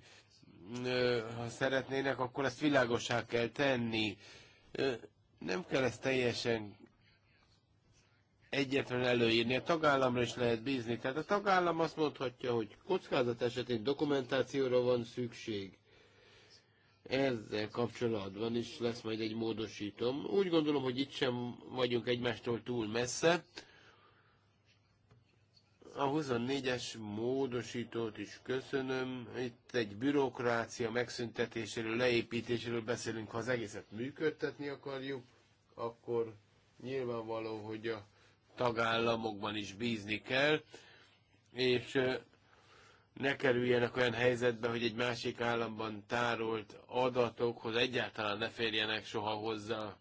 ha szeretnének, akkor ezt világosá kell tenni. Nem kell ezt teljesen egyetlen előírni, a tagállamra is lehet bízni. Tehát a tagállam azt mondhatja, hogy kockázat esetén dokumentációra van szükség. Ezzel kapcsolatban is lesz majd egy módosítom. Úgy gondolom, hogy itt sem vagyunk egymástól túl messze. A 24-es módosítót is köszönöm. Itt egy bürokrácia megszüntetéséről, leépítéséről beszélünk. Ha az egészet működtetni akarjuk, akkor nyilvánvaló, hogy a tagállamokban is bízni kell, és ne kerüljenek olyan helyzetbe, hogy egy másik államban tárolt adatokhoz egyáltalán ne férjenek soha hozzá.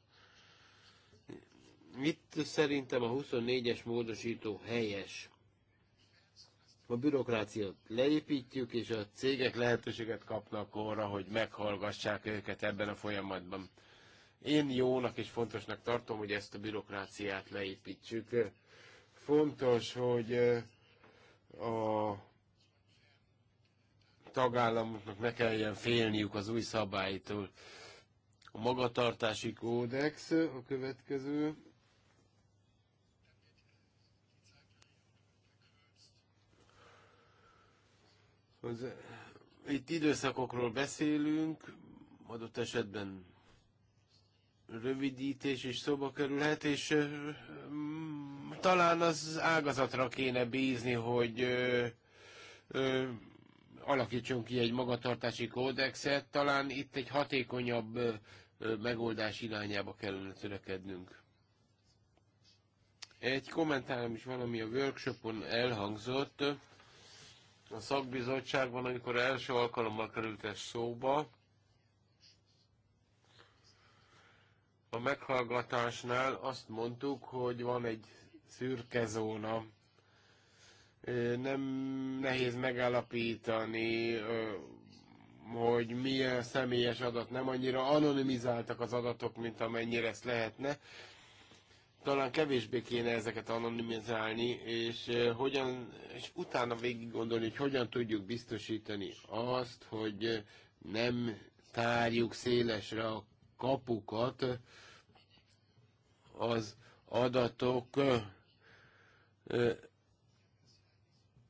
Itt szerintem a 24-es módosító helyes a bürokráciát leépítjük, és a cégek lehetőséget kapnak arra, hogy meghallgassák őket ebben a folyamatban. Én jónak és fontosnak tartom, hogy ezt a bürokráciát leépítsük. Fontos, hogy eh, a tagállamoknak ne kelljen félniük az új szabálytól. A magatartási kódex a következő Az, itt időszakokról beszélünk, adott esetben rövidítés is szóba kerülhet, és talán az ágazatra kéne bízni, hogy ö, ö, alakítson ki egy magatartási kódexet, talán itt egy hatékonyabb ö, megoldás irányába kellene törekednünk. Egy kommentárom is valami a workshopon elhangzott a szakbizottságban, amikor első alkalommal került ez szóba, a meghallgatásnál azt mondtuk, hogy van egy szürke zóna. Nem nehéz megállapítani, hogy milyen személyes adat. Nem annyira anonimizáltak az adatok, mint amennyire ezt lehetne talán kevésbé kéne ezeket anonimizálni, és hogyan, és utána végig gondolni, hogy hogyan tudjuk biztosítani azt, hogy nem tárjuk szélesre a kapukat az adatok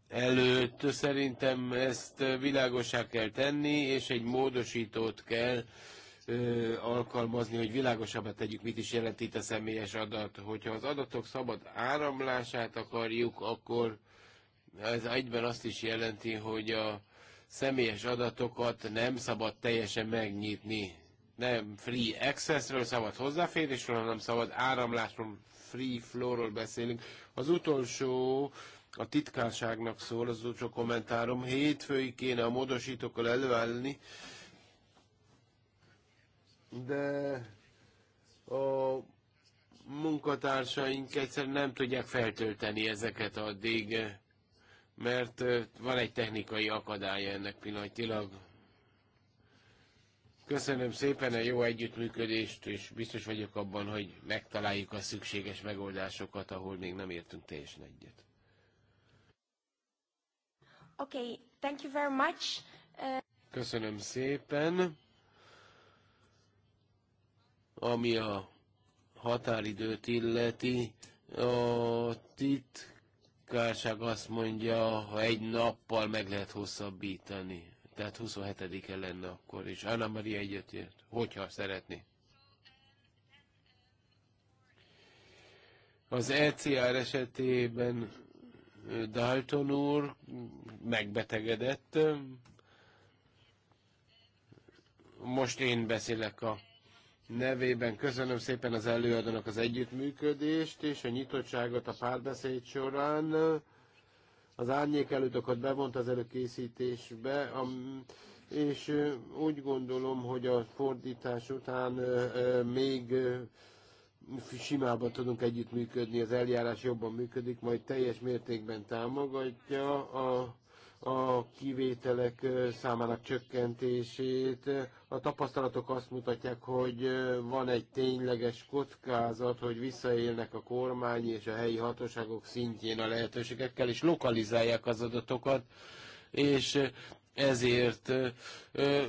előtt. Szerintem ezt világosá kell tenni, és egy módosítót kell ö, alkalmazni, hogy világosabbat tegyük, mit is jelent itt a személyes adat. Hogyha az adatok szabad áramlását akarjuk, akkor ez egyben azt is jelenti, hogy a személyes adatokat nem szabad teljesen megnyitni. Nem free accessről, szabad hozzáférésről, hanem szabad áramlásról, free flowról beszélünk. Az utolsó a titkárságnak szól, az utolsó kommentárom. hétfői kéne a módosítókkal előállni, de a munkatársaink egyszerűen nem tudják feltölteni ezeket addig, mert van egy technikai akadály ennek pillanatilag. Köszönöm szépen a jó együttműködést, és biztos vagyok abban, hogy megtaláljuk a szükséges megoldásokat, ahol még nem értünk teljesen egyet. Okay, thank you very much. Uh... Köszönöm szépen. Ami a határidőt illeti, a titkárság azt mondja, ha egy nappal meg lehet hosszabbítani. Tehát 27-e lenne akkor, is. Anna Maria egyetért, hogyha szeretné. Az ECR esetében Dalton úr megbetegedett. Most én beszélek a nevében köszönöm szépen az előadónak az együttműködést és a nyitottságot a párbeszéd során. Az árnyék előtöket bevont az előkészítésbe, és úgy gondolom, hogy a fordítás után még simában tudunk együttműködni, az eljárás jobban működik, majd teljes mértékben támogatja a a kivételek számának csökkentését. A tapasztalatok azt mutatják, hogy van egy tényleges kockázat, hogy visszaélnek a kormány és a helyi hatóságok szintjén a lehetőségekkel, és lokalizálják az adatokat, és ezért ö, ö,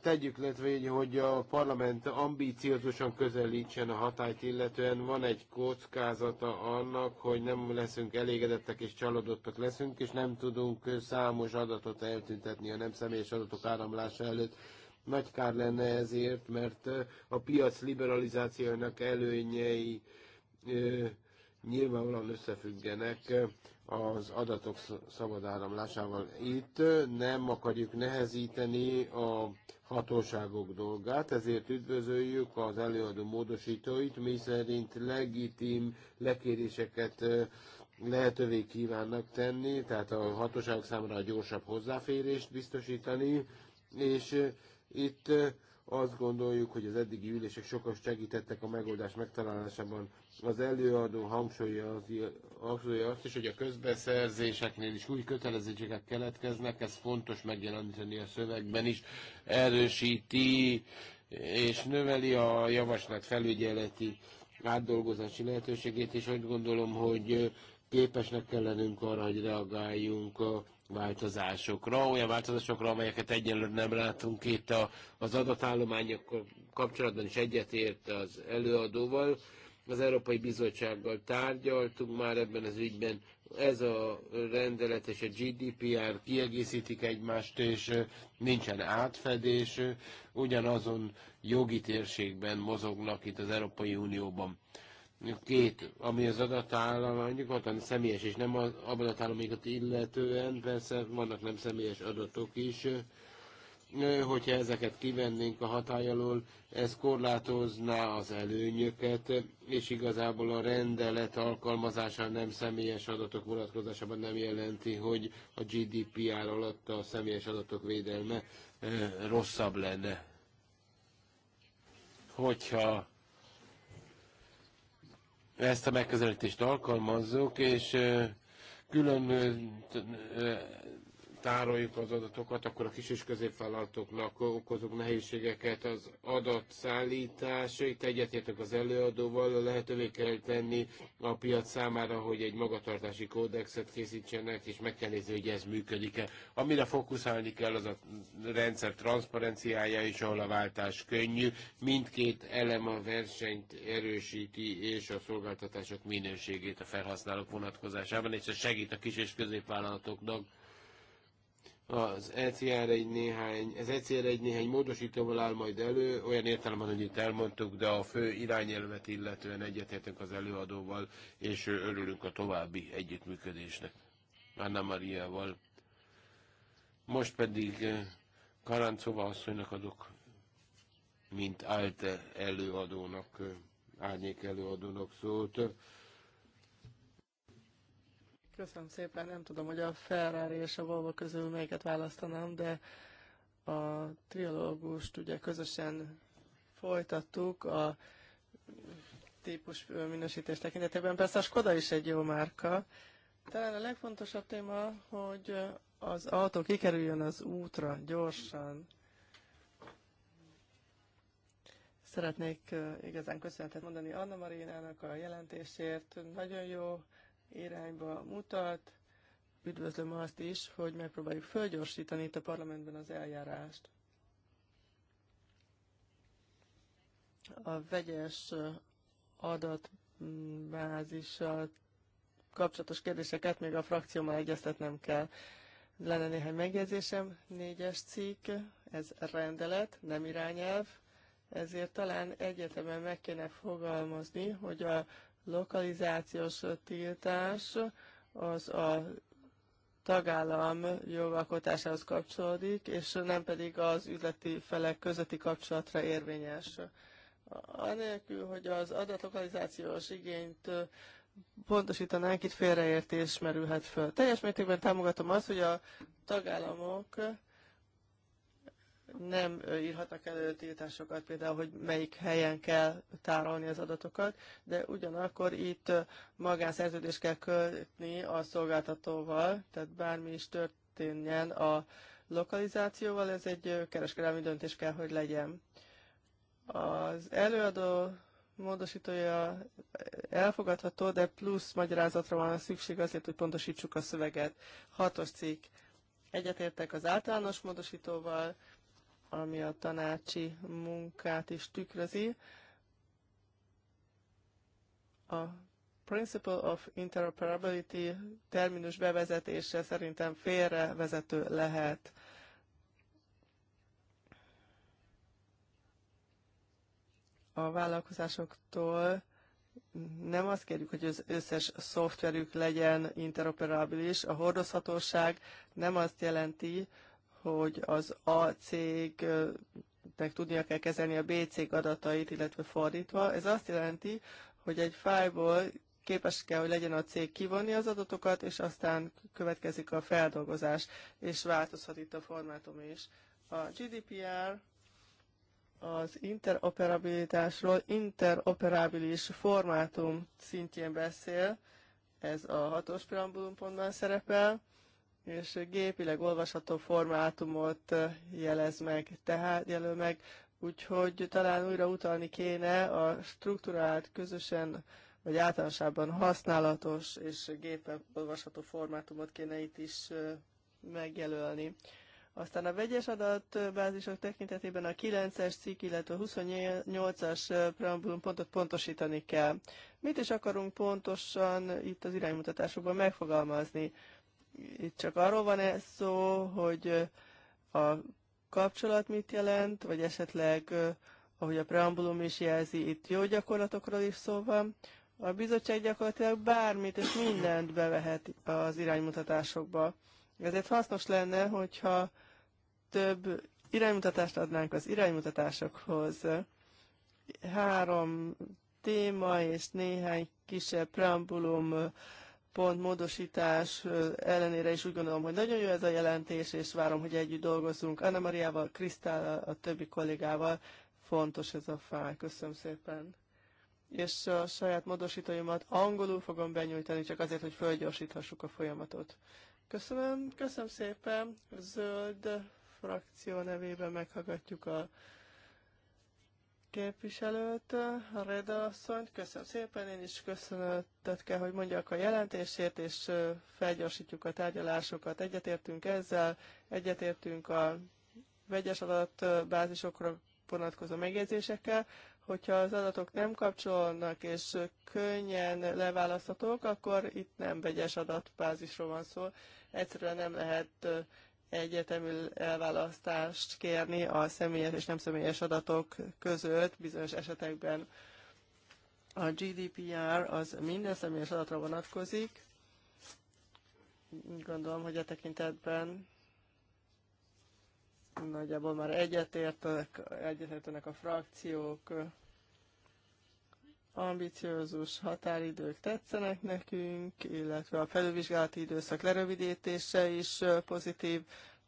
tegyük letvény, hogy a parlament ambíciózusan közelítsen a hatályt, illetően van egy kockázata annak, hogy nem leszünk elégedettek és csalódottak leszünk, és nem tudunk számos adatot eltüntetni a nem személyes adatok áramlása előtt. Nagy kár lenne ezért, mert a piac liberalizációnak előnyei nyilvánvalóan összefüggenek az adatok szabad áramlásával. Itt nem akarjuk nehezíteni a hatóságok dolgát, ezért üdvözöljük az előadó módosítóit, mi szerint legitim lekéréseket lehetővé kívánnak tenni, tehát a hatóság számára a gyorsabb hozzáférést biztosítani, és itt azt gondoljuk, hogy az eddigi ülések sokat segítettek a megoldás megtalálásában az előadó hangsúlya, az, hangsúlya azt is, hogy a közbeszerzéseknél is új kötelezettségek keletkeznek, ez fontos megjeleníteni a szövegben is, erősíti és növeli a javaslat felügyeleti átdolgozási lehetőségét, és úgy gondolom, hogy képesnek kell lennünk arra, hogy reagáljunk a változásokra, olyan változásokra, amelyeket egyelőre nem látunk itt a, az adatállományokkal kapcsolatban is egyetért az előadóval, az Európai Bizottsággal tárgyaltunk már ebben az ügyben. Ez a rendelet és a GDPR kiegészítik egymást, és nincsen átfedés, ugyanazon jogi térségben mozognak itt az Európai Unióban. Két, ami az adatállományokat, a személyes és nem az adatállományokat illetően, persze vannak nem személyes adatok is, hogyha ezeket kivennénk a hatály alól, ez korlátozná az előnyöket, és igazából a rendelet alkalmazása nem személyes adatok vonatkozásában nem jelenti, hogy a GDPR alatt a személyes adatok védelme rosszabb lenne. Hogyha ezt a megközelítést alkalmazzuk, és külön tároljuk az adatokat, akkor a kis és középvállalatoknak okozunk nehézségeket az adatszállítás. Itt egyetértek az előadóval, lehetővé kell tenni a piac számára, hogy egy magatartási kódexet készítsenek, és meg kell nézni, hogy ez működik-e. Amire fókuszálni kell, az a rendszer transzparenciája, és ahol a váltás könnyű. Mindkét elem a versenyt erősíti, és a szolgáltatások minőségét a felhasználók vonatkozásában, és ez segít a kis és középvállalatoknak az ECR egy néhány, az ECR egy néhány módosítóval áll majd elő, olyan értelemben, hogy itt elmondtuk, de a fő irányelvet illetően egyetértünk az előadóval, és örülünk a további együttműködésnek. Anna Mariával. Most pedig eh, Karáncova asszonynak adok, mint állt előadónak, eh, árnyék előadónak szólt. Köszönöm szépen. Nem tudom, hogy a Ferrari és a Volvo közül melyiket választanám, de a triológust ugye közösen folytattuk a típus minősítés tekintetében. Persze a Skoda is egy jó márka. Talán a legfontosabb téma, hogy az autó kikerüljön az útra gyorsan. Szeretnék eh, igazán köszönetet mondani Anna Marinának a jelentésért. Nagyon jó irányba mutat. Üdvözlöm azt is, hogy megpróbáljuk fölgyorsítani itt a parlamentben az eljárást. A vegyes adatbázissal kapcsolatos kérdéseket még a frakciómmal egyeztetnem kell. Lenne néhány megjegyzésem, négyes cikk, ez rendelet, nem irányelv, ezért talán egyetemen meg kéne fogalmazni, hogy a lokalizációs tiltás az a tagállam jogalkotásához kapcsolódik, és nem pedig az üzleti felek közötti kapcsolatra érvényes. Anélkül, hogy az adatlokalizációs igényt pontosítanánk, itt félreértés merülhet föl. Teljes mértékben támogatom azt, hogy a tagállamok nem írhatnak elő tiltásokat, például, hogy melyik helyen kell tárolni az adatokat, de ugyanakkor itt magánszerződést kell kötni a szolgáltatóval, tehát bármi is történjen a lokalizációval, ez egy kereskedelmi döntés kell, hogy legyen. Az előadó módosítója elfogadható, de plusz magyarázatra van szükség azért, hogy pontosítsuk a szöveget. Hatos cikk. Egyetértek az általános módosítóval, ami a tanácsi munkát is tükrözi. A Principle of Interoperability terminus bevezetése szerintem félrevezető lehet. A vállalkozásoktól nem azt kérjük, hogy az összes szoftverük legyen interoperabilis. A hordozhatóság nem azt jelenti, hogy az A cégnek tudnia kell kezelni a B cég adatait, illetve fordítva. Ez azt jelenti, hogy egy fájból képes kell, hogy legyen a cég kivonni az adatokat, és aztán következik a feldolgozás, és változhat itt a formátum is. A GDPR az interoperabilitásról interoperabilis formátum szintjén beszél, ez a hatos preambulum pontban szerepel, és gépileg olvasható formátumot jelez meg, tehát jelöl meg, úgyhogy talán újra utalni kéne a struktúrált közösen vagy általánosában használatos és gépen olvasható formátumot kéne itt is megjelölni. Aztán a vegyes adatbázisok tekintetében a 9-es cikk, illetve a 28-as preambulum pontot pontosítani kell. Mit is akarunk pontosan itt az iránymutatásokban megfogalmazni? Itt csak arról van ez szó, hogy a kapcsolat mit jelent, vagy esetleg, ahogy a preambulum is jelzi, itt jó gyakorlatokról is szó van. A bizottság gyakorlatilag bármit és mindent bevehet az iránymutatásokba. Ezért hasznos lenne, hogyha több iránymutatást adnánk az iránymutatásokhoz. Három téma és néhány kisebb preambulum pont módosítás ellenére is úgy gondolom, hogy nagyon jó ez a jelentés, és várom, hogy együtt dolgozzunk. Anna Mariával, Krisztál, a többi kollégával. Fontos ez a fáj. Köszönöm szépen. És a saját módosítóimat angolul fogom benyújtani, csak azért, hogy fölgyorsíthassuk a folyamatot. Köszönöm, köszönöm szépen. Zöld frakció nevében meghallgatjuk a képviselőt, a Reda asszonyt. Köszönöm szépen, én is köszönetet kell, hogy mondjak a jelentését, és felgyorsítjuk a tárgyalásokat. Egyetértünk ezzel, egyetértünk a vegyes adatbázisokra vonatkozó megjegyzésekkel, hogyha az adatok nem kapcsolnak és könnyen leválaszthatók, akkor itt nem vegyes adatbázisról van szó. Egyszerűen nem lehet egyetemű elválasztást kérni a személyes és nem személyes adatok között bizonyos esetekben. A GDPR az minden személyes adatra vonatkozik. gondolom, hogy a tekintetben nagyjából már egyetértenek, egyetértenek a frakciók, ambiciózus határidők tetszenek nekünk, illetve a felülvizsgálati időszak lerövidítése is pozitív.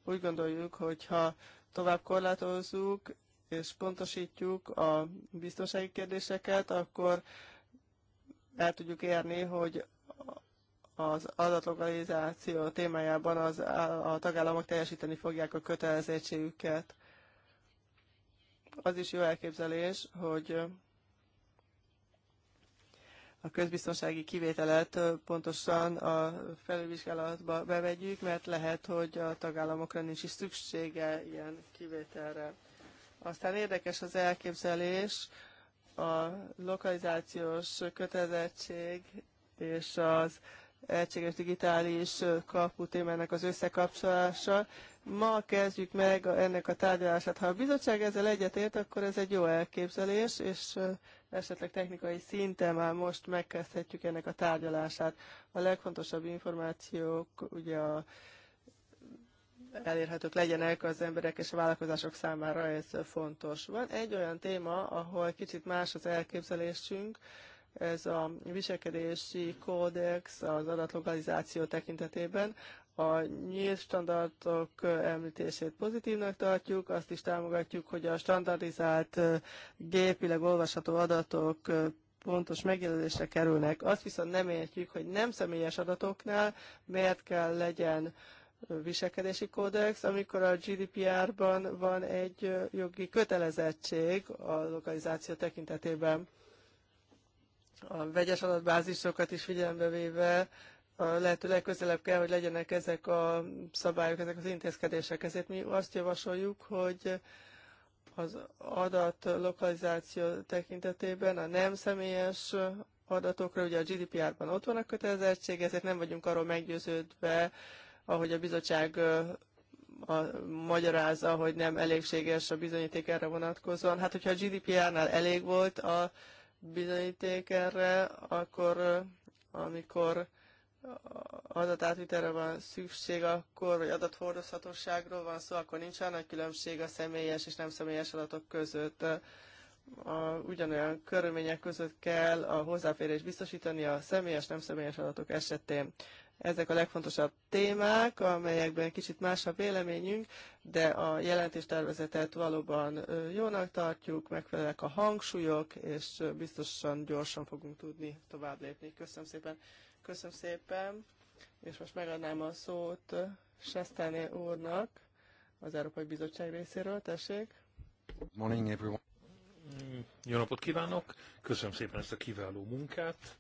Úgy gondoljuk, hogyha tovább korlátozzuk és pontosítjuk a biztonsági kérdéseket, akkor el tudjuk érni, hogy az adatlokalizáció témájában az, a tagállamok teljesíteni fogják a kötelezettségüket. Az is jó elképzelés, hogy a közbiztonsági kivételet pontosan a felülvizsgálatba bevegyük, mert lehet, hogy a tagállamokra nincs is szüksége ilyen kivételre. Aztán érdekes az elképzelés, a lokalizációs kötelezettség és az egységes digitális kapu témának az összekapcsolása. Ma kezdjük meg ennek a tárgyalását. Ha a bizottság ezzel egyetért, akkor ez egy jó elképzelés, és esetleg technikai szinten már most megkezdhetjük ennek a tárgyalását. A legfontosabb információk ugye a elérhetők legyenek az emberek és a vállalkozások számára, ez fontos. Van egy olyan téma, ahol kicsit más az elképzelésünk, ez a viselkedési kódex az adatlokalizáció tekintetében. A nyílt standardok említését pozitívnak tartjuk, azt is támogatjuk, hogy a standardizált gépileg olvasható adatok pontos megjelölésre kerülnek. Azt viszont nem értjük, hogy nem személyes adatoknál miért kell legyen viselkedési kódex, amikor a GDPR-ban van egy jogi kötelezettség a lokalizáció tekintetében. A vegyes adatbázisokat is figyelembe véve a lehető legközelebb kell, hogy legyenek ezek a szabályok, ezek az intézkedések. Ezért mi azt javasoljuk, hogy az adat lokalizáció tekintetében a nem személyes adatokra, ugye a GDPR-ban ott van a kötelezettség, ezért nem vagyunk arról meggyőződve, ahogy a bizottság a, magyarázza, hogy nem elégséges a bizonyíték erre vonatkozóan. Hát, hogyha a GDPR-nál elég volt a bizonyíték erre, akkor amikor adatátvitelre van szükség, akkor, vagy adathordozhatóságról van szó, akkor nincs nagy különbség a személyes és nem személyes adatok között. A, ugyanolyan körülmények között kell a hozzáférés biztosítani a személyes, nem személyes adatok esetén. Ezek a legfontosabb témák, amelyekben kicsit más a véleményünk, de a jelentéstervezetet valóban jónak tartjuk, megfelelnek a hangsúlyok, és biztosan gyorsan fogunk tudni tovább lépni. Köszönöm szépen! Köszönöm szépen, és most megadnám a szót Sestani úrnak az Európai Bizottság részéről. Tessék! Morning, everyone. Mm, jó napot kívánok! Köszönöm szépen ezt a kiváló munkát,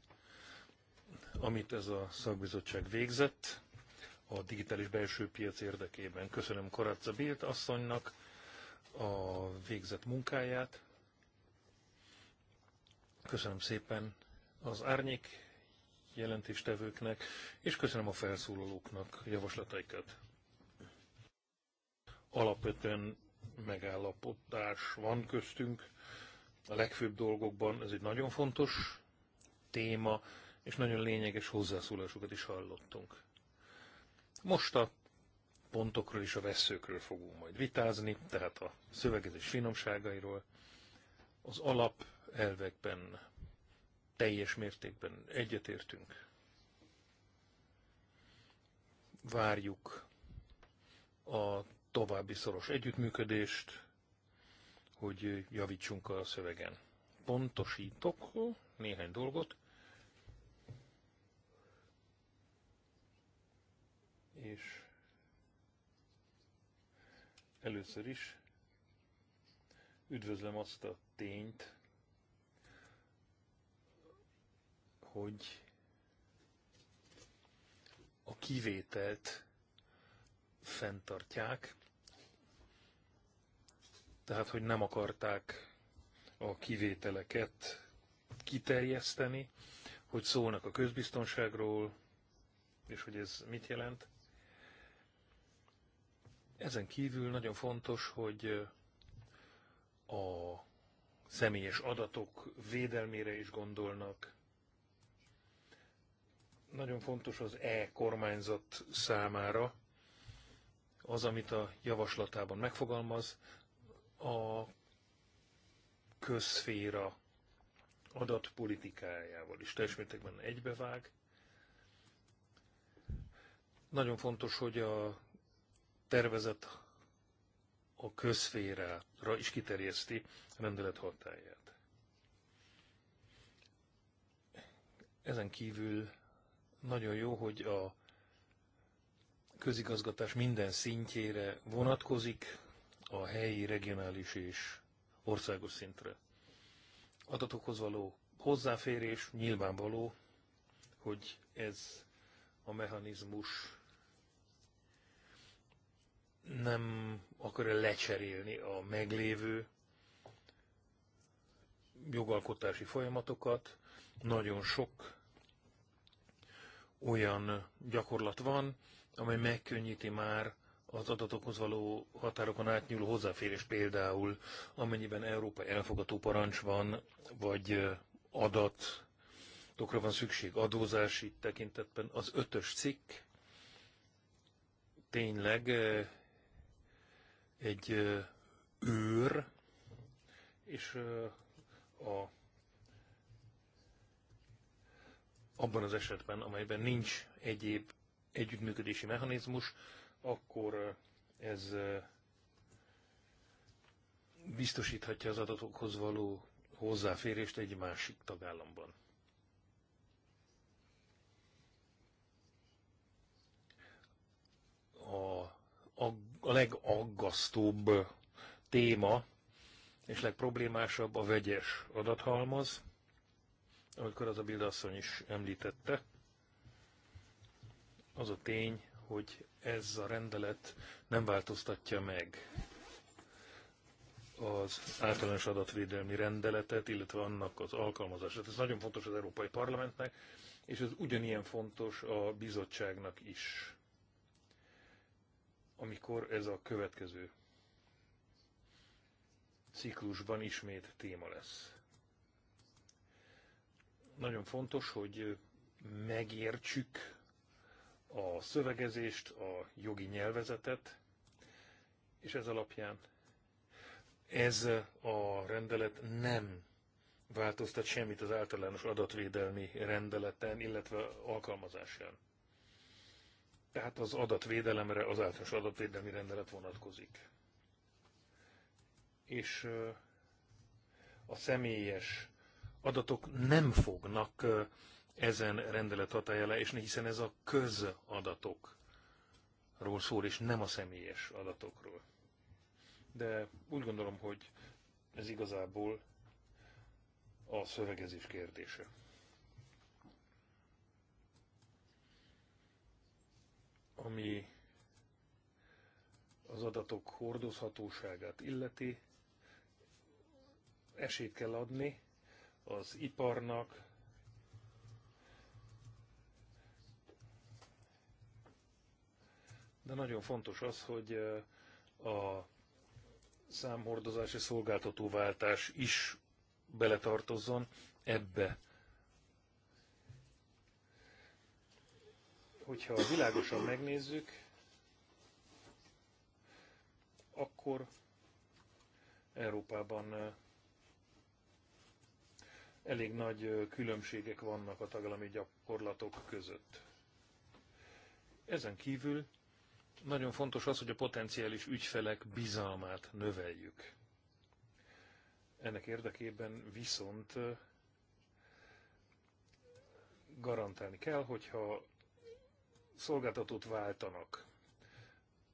amit ez a szakbizottság végzett a digitális belső piac érdekében. Köszönöm Karadza Bilt asszonynak a végzett munkáját. Köszönöm szépen az árnyék jelentéstevőknek, és köszönöm a felszólalóknak javaslataikat. Alapvetően megállapodás van köztünk a legfőbb dolgokban, ez egy nagyon fontos téma, és nagyon lényeges hozzászólásokat is hallottunk. Most a pontokról és a veszőkről fogunk majd vitázni, tehát a szövegezés finomságairól. Az alap elvekben teljes mértékben egyetértünk. Várjuk a további szoros együttműködést, hogy javítsunk a szövegen. Pontosítok néhány dolgot, és először is üdvözlöm azt a tényt, hogy a kivételt fenntartják, tehát hogy nem akarták a kivételeket kiterjeszteni, hogy szólnak a közbiztonságról, és hogy ez mit jelent. Ezen kívül nagyon fontos, hogy a személyes adatok védelmére is gondolnak, nagyon fontos az e-kormányzat számára az, amit a javaslatában megfogalmaz, a közszféra adatpolitikájával is teljes mértékben egybevág. Nagyon fontos, hogy a tervezet a közszférára is kiterjeszti a rendelet hatáját. Ezen kívül nagyon jó, hogy a közigazgatás minden szintjére vonatkozik, a helyi, regionális és országos szintre. Adatokhoz való hozzáférés nyilvánvaló, hogy ez a mechanizmus nem -e lecserélni a meglévő jogalkotási folyamatokat. Nagyon sok olyan gyakorlat van, amely megkönnyíti már az adatokhoz való határokon átnyúló hozzáférés például, amennyiben európai elfogató parancs van, vagy adatokra van szükség adózási tekintetben. Az ötös cikk tényleg egy őr, és a abban az esetben, amelyben nincs egyéb együttműködési mechanizmus, akkor ez biztosíthatja az adatokhoz való hozzáférést egy másik tagállamban. A, a, a legaggasztóbb téma és legproblémásabb a vegyes adathalmaz, ahogy a Bildasszony is említette, az a tény, hogy ez a rendelet nem változtatja meg az általános adatvédelmi rendeletet, illetve annak az alkalmazását. Ez nagyon fontos az Európai Parlamentnek, és ez ugyanilyen fontos a bizottságnak is, amikor ez a következő ciklusban ismét téma lesz. Nagyon fontos, hogy megértsük a szövegezést, a jogi nyelvezetet, és ez alapján ez a rendelet nem változtat semmit az általános adatvédelmi rendeleten, illetve alkalmazásán. Tehát az adatvédelemre az általános adatvédelmi rendelet vonatkozik. És a személyes adatok nem fognak ezen rendelet hatája esni, hiszen ez a közadatokról szól, és nem a személyes adatokról. De úgy gondolom, hogy ez igazából a szövegezés kérdése. Ami az adatok hordozhatóságát illeti, esélyt kell adni az iparnak, de nagyon fontos az, hogy eh, a számhordozási szolgáltatóváltás is beletartozzon ebbe. Hogyha világosan megnézzük, akkor Európában eh, elég nagy különbségek vannak a tagállami gyakorlatok között. Ezen kívül nagyon fontos az, hogy a potenciális ügyfelek bizalmát növeljük. Ennek érdekében viszont garantálni kell, hogyha szolgáltatót váltanak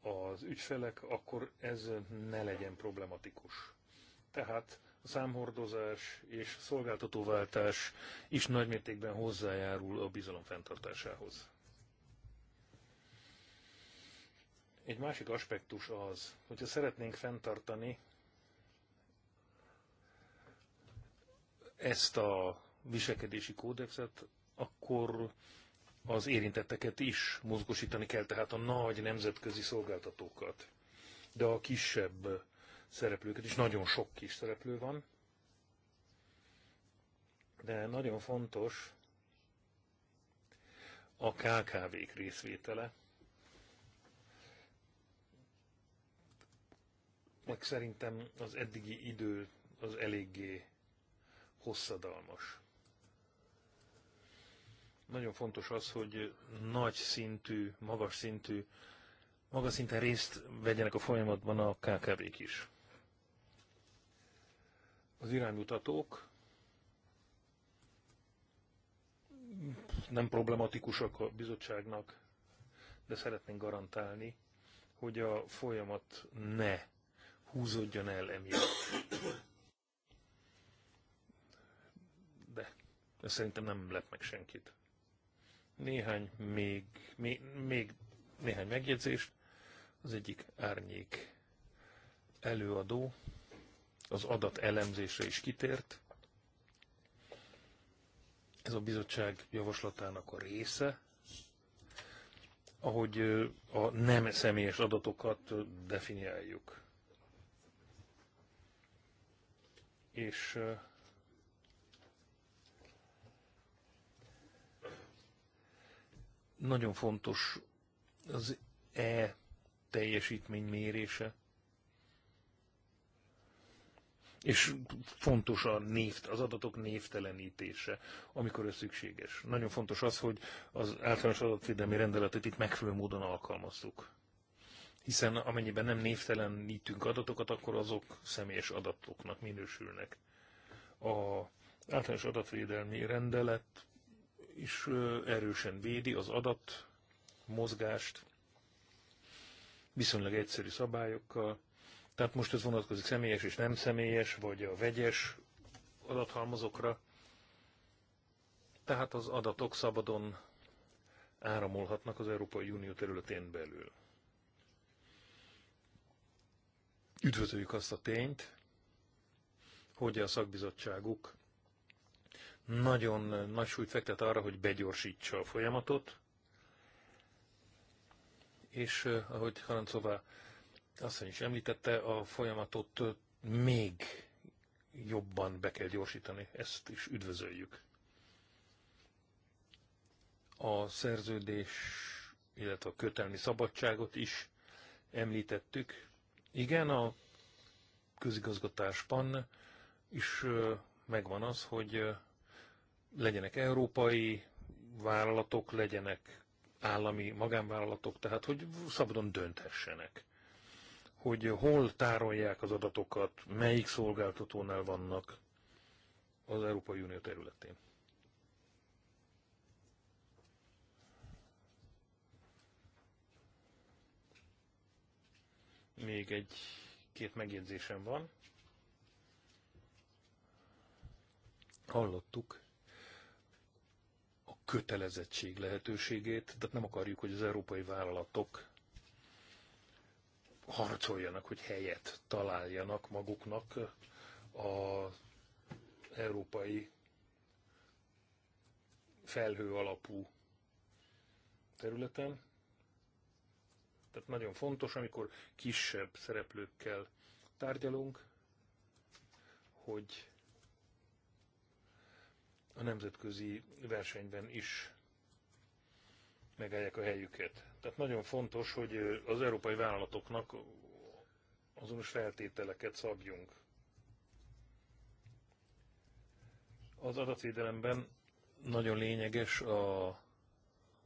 az ügyfelek, akkor ez ne legyen problematikus. Tehát a számhordozás és szolgáltatóváltás is nagymértékben hozzájárul a bizalom fenntartásához. Egy másik aspektus az, hogyha szeretnénk fenntartani ezt a viselkedési kódexet, akkor az érintetteket is mozgosítani kell, tehát a nagy nemzetközi szolgáltatókat. De a kisebb szereplőket, és nagyon sok kis szereplő van. De nagyon fontos a KKV-k részvétele. Meg szerintem az eddigi idő az eléggé hosszadalmas. Nagyon fontos az, hogy nagy szintű, magas szintű, magas szinten részt vegyenek a folyamatban a KKV-k is az iránymutatók nem problematikusak a bizottságnak, de szeretnénk garantálni, hogy a folyamat ne húzódjon el emiatt. De ez szerintem nem lep meg senkit. Néhány még, még, még néhány megjegyzést. Az egyik árnyék előadó az adat elemzésre is kitért. Ez a bizottság javaslatának a része, ahogy a nem személyes adatokat definiáljuk. És nagyon fontos az E teljesítmény mérése, És fontos a névt, az adatok névtelenítése, amikor ez szükséges. Nagyon fontos az, hogy az általános adatvédelmi rendeletet itt megfelelő módon alkalmazzuk. Hiszen amennyiben nem névtelenítünk adatokat, akkor azok személyes adatoknak minősülnek. A általános adatvédelmi rendelet is erősen védi az adat mozgást, viszonylag egyszerű szabályokkal, tehát most ez vonatkozik személyes és nem személyes, vagy a vegyes adathalmazokra. Tehát az adatok szabadon áramolhatnak az Európai Unió területén belül. Üdvözöljük azt a tényt, hogy a szakbizottságuk nagyon nagy súlyt fektet arra, hogy begyorsítsa a folyamatot, és eh, ahogy Harancová azt is említette, a folyamatot még jobban be kell gyorsítani, ezt is üdvözöljük. A szerződés, illetve a kötelmi szabadságot is említettük. Igen, a közigazgatásban is megvan az, hogy legyenek európai vállalatok, legyenek állami magánvállalatok, tehát hogy szabadon dönthessenek hogy hol tárolják az adatokat, melyik szolgáltatónál vannak az Európai Unió területén. Még egy-két megjegyzésem van. Hallottuk a kötelezettség lehetőségét, de nem akarjuk, hogy az európai vállalatok harcoljanak, hogy helyet találjanak maguknak az európai felhő alapú területen. Tehát nagyon fontos, amikor kisebb szereplőkkel tárgyalunk, hogy a nemzetközi versenyben is megállják a helyüket. Tehát nagyon fontos, hogy az európai vállalatoknak azonos feltételeket szabjunk. Az adatvédelemben nagyon lényeges a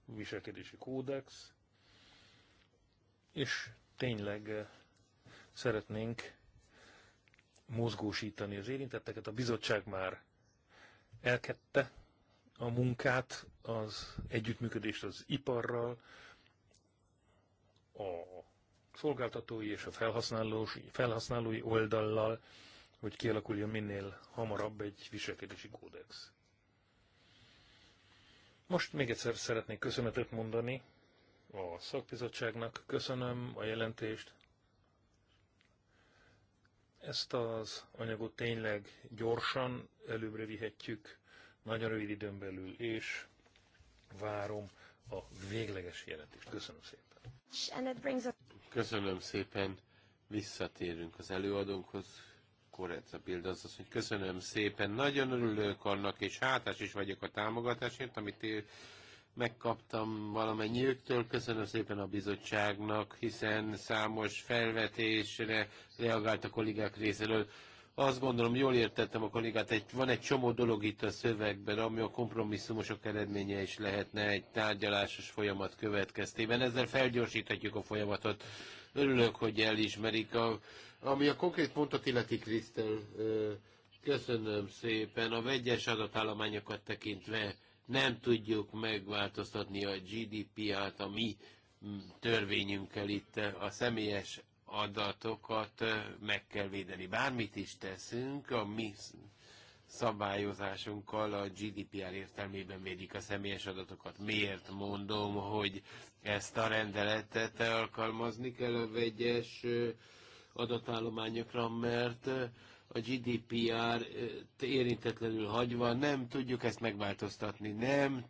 viselkedési kódex, és tényleg szeretnénk mozgósítani az érintetteket. A bizottság már elkette a munkát, az együttműködést az iparral, a szolgáltatói és a felhasználói oldallal, hogy kialakuljon minél hamarabb egy viselkedési kódex. Most még egyszer szeretnék köszönetet mondani a szakbizottságnak. Köszönöm a jelentést. Ezt az anyagot tényleg gyorsan előbbre vihetjük, nagyon rövid időn belül, és várom a végleges jelentést. Köszönöm szépen. Köszönöm szépen. Visszatérünk az előadónkhoz. Koretza Bild az hogy köszönöm szépen. Nagyon örülök annak, és hátás is vagyok a támogatásért, amit én megkaptam valamennyiüktől. Köszönöm szépen a bizottságnak, hiszen számos felvetésre reagált a kollégák részéről. Azt gondolom, jól értettem a kollégát, egy, van egy csomó dolog itt a szövegben, ami a kompromisszumosok eredménye is lehetne egy tárgyalásos folyamat következtében. Ezzel felgyorsíthatjuk a folyamatot. Örülök, hogy elismerik. A, ami a konkrét pontot illeti, Krisztel, köszönöm szépen. A vegyes adatállományokat tekintve nem tudjuk megváltoztatni a GDP-át, a mi törvényünkkel itt a személyes adatokat eh, meg kell védeni. Bármit is teszünk, a mi szabályozásunkkal a GDPR értelmében védik a személyes adatokat. Miért mondom, hogy ezt a rendeletet alkalmazni kell a vegyes eh, adatállományokra, mert eh, a GDPR érintetlenül hagyva nem tudjuk ezt megváltoztatni, nem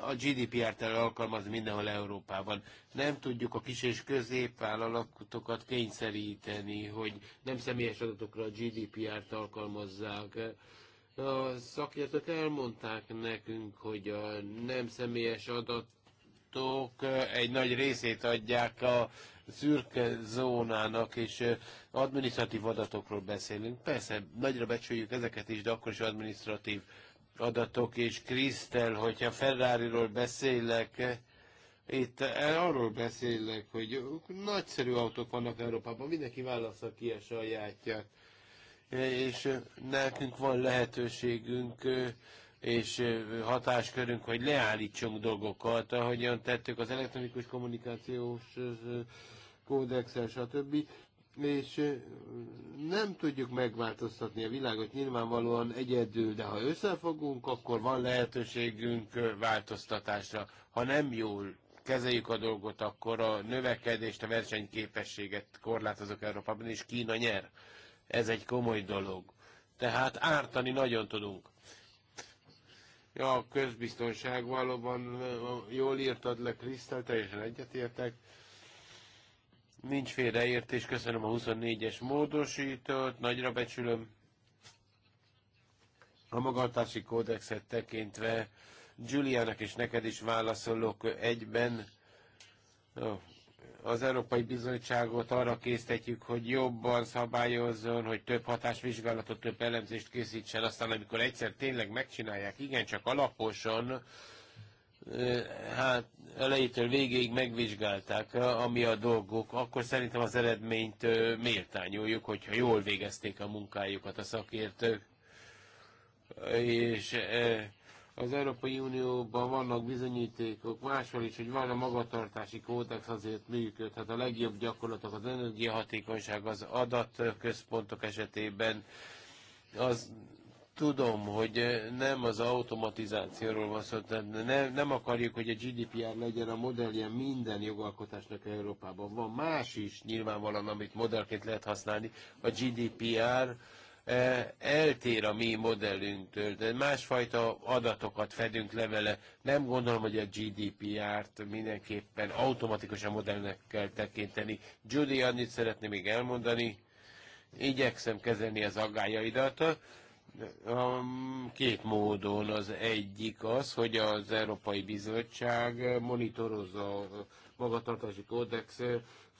a GDPR-tel alkalmazni mindenhol Európában. Nem tudjuk a kis és középvállalatokat kényszeríteni, hogy nem személyes adatokra a GDPR-t alkalmazzák. A szakértők elmondták nekünk, hogy a nem személyes adatok egy nagy részét adják a szürke zónának, és administratív adatokról beszélünk. Persze, nagyra becsüljük ezeket is, de akkor is administratív adatok, és Krisztel, hogyha Ferrari-ról beszélek, itt eh, arról beszélek, hogy nagyszerű autók vannak Európában, mindenki válassza ki a sajátját. És eh, nekünk van lehetőségünk eh, és hatáskörünk, hogy leállítsunk dolgokat, ahogyan tettük az elektronikus kommunikációs kódexel, stb és nem tudjuk megváltoztatni a világot nyilvánvalóan egyedül, de ha összefogunk, akkor van lehetőségünk változtatásra. Ha nem jól kezeljük a dolgot, akkor a növekedést, a versenyképességet korlátozok Európában, és Kína nyer. Ez egy komoly dolog. Tehát ártani nagyon tudunk. Ja, a közbiztonság valóban jól írtad le, Krisztel, teljesen egyetértek. Nincs félreértés, köszönöm a 24-es módosítót, nagyra becsülöm. A magatási kódexet tekintve Juliának és neked is válaszolok egyben. Az Európai Bizottságot arra késztetjük, hogy jobban szabályozzon, hogy több hatásvizsgálatot, több elemzést készítsen, aztán amikor egyszer tényleg megcsinálják, igen csak alaposan, hát elejétől végéig megvizsgálták, eh, ami a dolgok, akkor szerintem az eredményt eh, méltányoljuk, hogyha jól végezték a munkájukat a szakértők. És eh, az Európai Unióban vannak bizonyítékok, máshol is, hogy van a magatartási kódex azért működhet. A legjobb gyakorlatok az energiahatékonyság az adatközpontok esetében, az Tudom, hogy eh, nem az automatizációról van szó, tehát ne, nem akarjuk, hogy a GDPR legyen a modellje minden jogalkotásnak Európában. Van más is nyilvánvalóan, amit modellként lehet használni. A GDPR eh, eltér a mi modellünktől, de másfajta adatokat fedünk le vele. Nem gondolom, hogy a GDPR-t mindenképpen automatikus a modellnek kell tekinteni. Judy, annyit szeretném még elmondani, igyekszem kezelni az aggájaidat Um, két módon. Az egyik az, hogy az Európai Bizottság monitorozza a magatartási kódex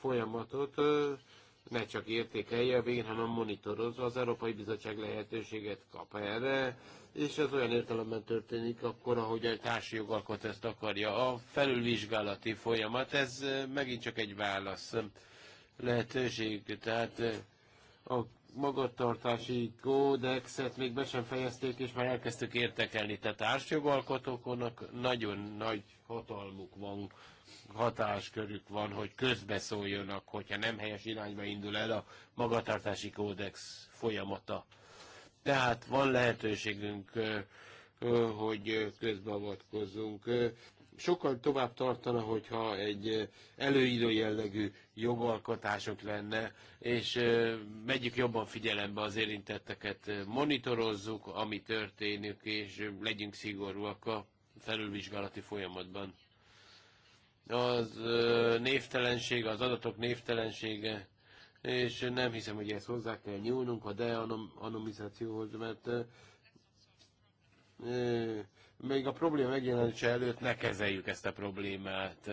folyamatot, ne csak értékelje a végén, hanem monitorozza. Az Európai Bizottság lehetőséget kap erre, és ez olyan értelemben történik akkor, ahogy a társi jogalkot ezt akarja. A felülvizsgálati folyamat, ez megint csak egy válasz lehetőség. Tehát a magatartási kódexet még be sem fejezték, és már elkezdtük értekelni. Tehát társjogalkotóknak nagyon nagy hatalmuk van, hatáskörük van, hogy közbeszóljanak, hogyha nem helyes irányba indul el a magatartási kódex folyamata. Tehát van lehetőségünk, hogy közbeavatkozzunk sokkal tovább tartana, hogyha egy előíró jellegű jogalkotások lenne, és megyük jobban figyelembe az érintetteket, monitorozzuk, ami történik, és legyünk szigorúak a felülvizsgálati folyamatban. Az névtelenség, az adatok névtelensége, és nem hiszem, hogy ezt hozzá kell nyúlnunk a deanomizációhoz, mert még a probléma megjelenése előtt ne kezeljük ezt a problémát.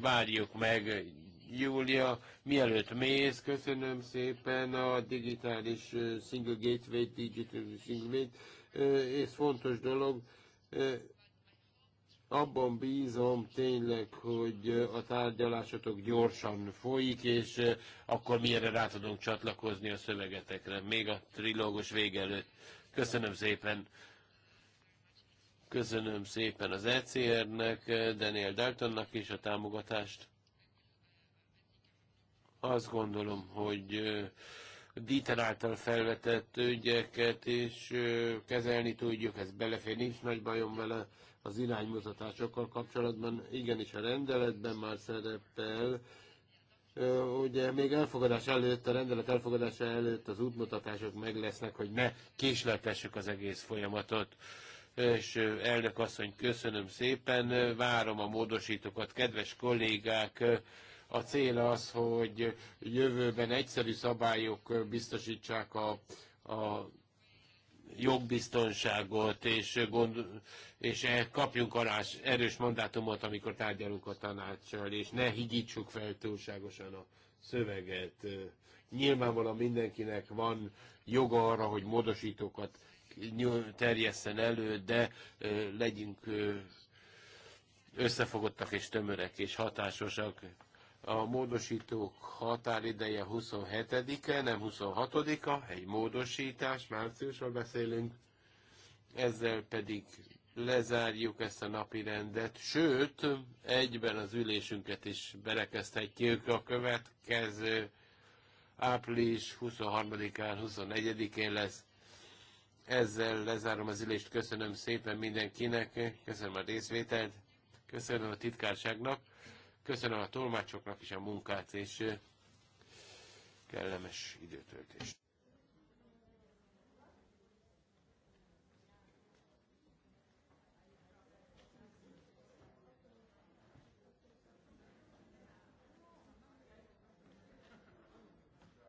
Várjuk meg, Júlia, mielőtt mész, köszönöm szépen a digitális single gateway, digital single gateway, ez fontos dolog. Abban bízom tényleg, hogy a tárgyalásotok gyorsan folyik, és akkor mi erre rá tudunk csatlakozni a szövegetekre, még a trilógus vége előtt. Köszönöm szépen! Köszönöm szépen az ECR-nek, Daniel Daltonnak is a támogatást. Azt gondolom, hogy Dieter által felvetett ügyeket is kezelni tudjuk, ez belefér, nincs nagy bajom vele az iránymutatásokkal kapcsolatban. Igenis a rendeletben már szerepel, ugye még elfogadás előtt, a rendelet elfogadása előtt az útmutatások meg lesznek, hogy ne késletessük az egész folyamatot és elnök asszony, köszönöm szépen, várom a módosítókat, kedves kollégák, a cél az, hogy jövőben egyszerű szabályok biztosítsák a, a jogbiztonságot, és, gond, és e, kapjunk alás erős mandátumot, amikor tárgyalunk a tanácssal, és ne higítsuk fel túlságosan a szöveget. Nyilvánvalóan mindenkinek van joga arra, hogy módosítókat terjesszen elő, de legyünk összefogottak és tömörek és hatásosak. A módosítók határideje 27-e, nem 26-a, egy módosítás, márciusról beszélünk. Ezzel pedig lezárjuk ezt a napi rendet, sőt, egyben az ülésünket is berekezthetjük a következő április 23-án, 24-én lesz ezzel lezárom az ülést, köszönöm szépen mindenkinek, köszönöm a részvételt, köszönöm a titkárságnak, köszönöm a tolmácsoknak is a munkát, és kellemes időtöltést.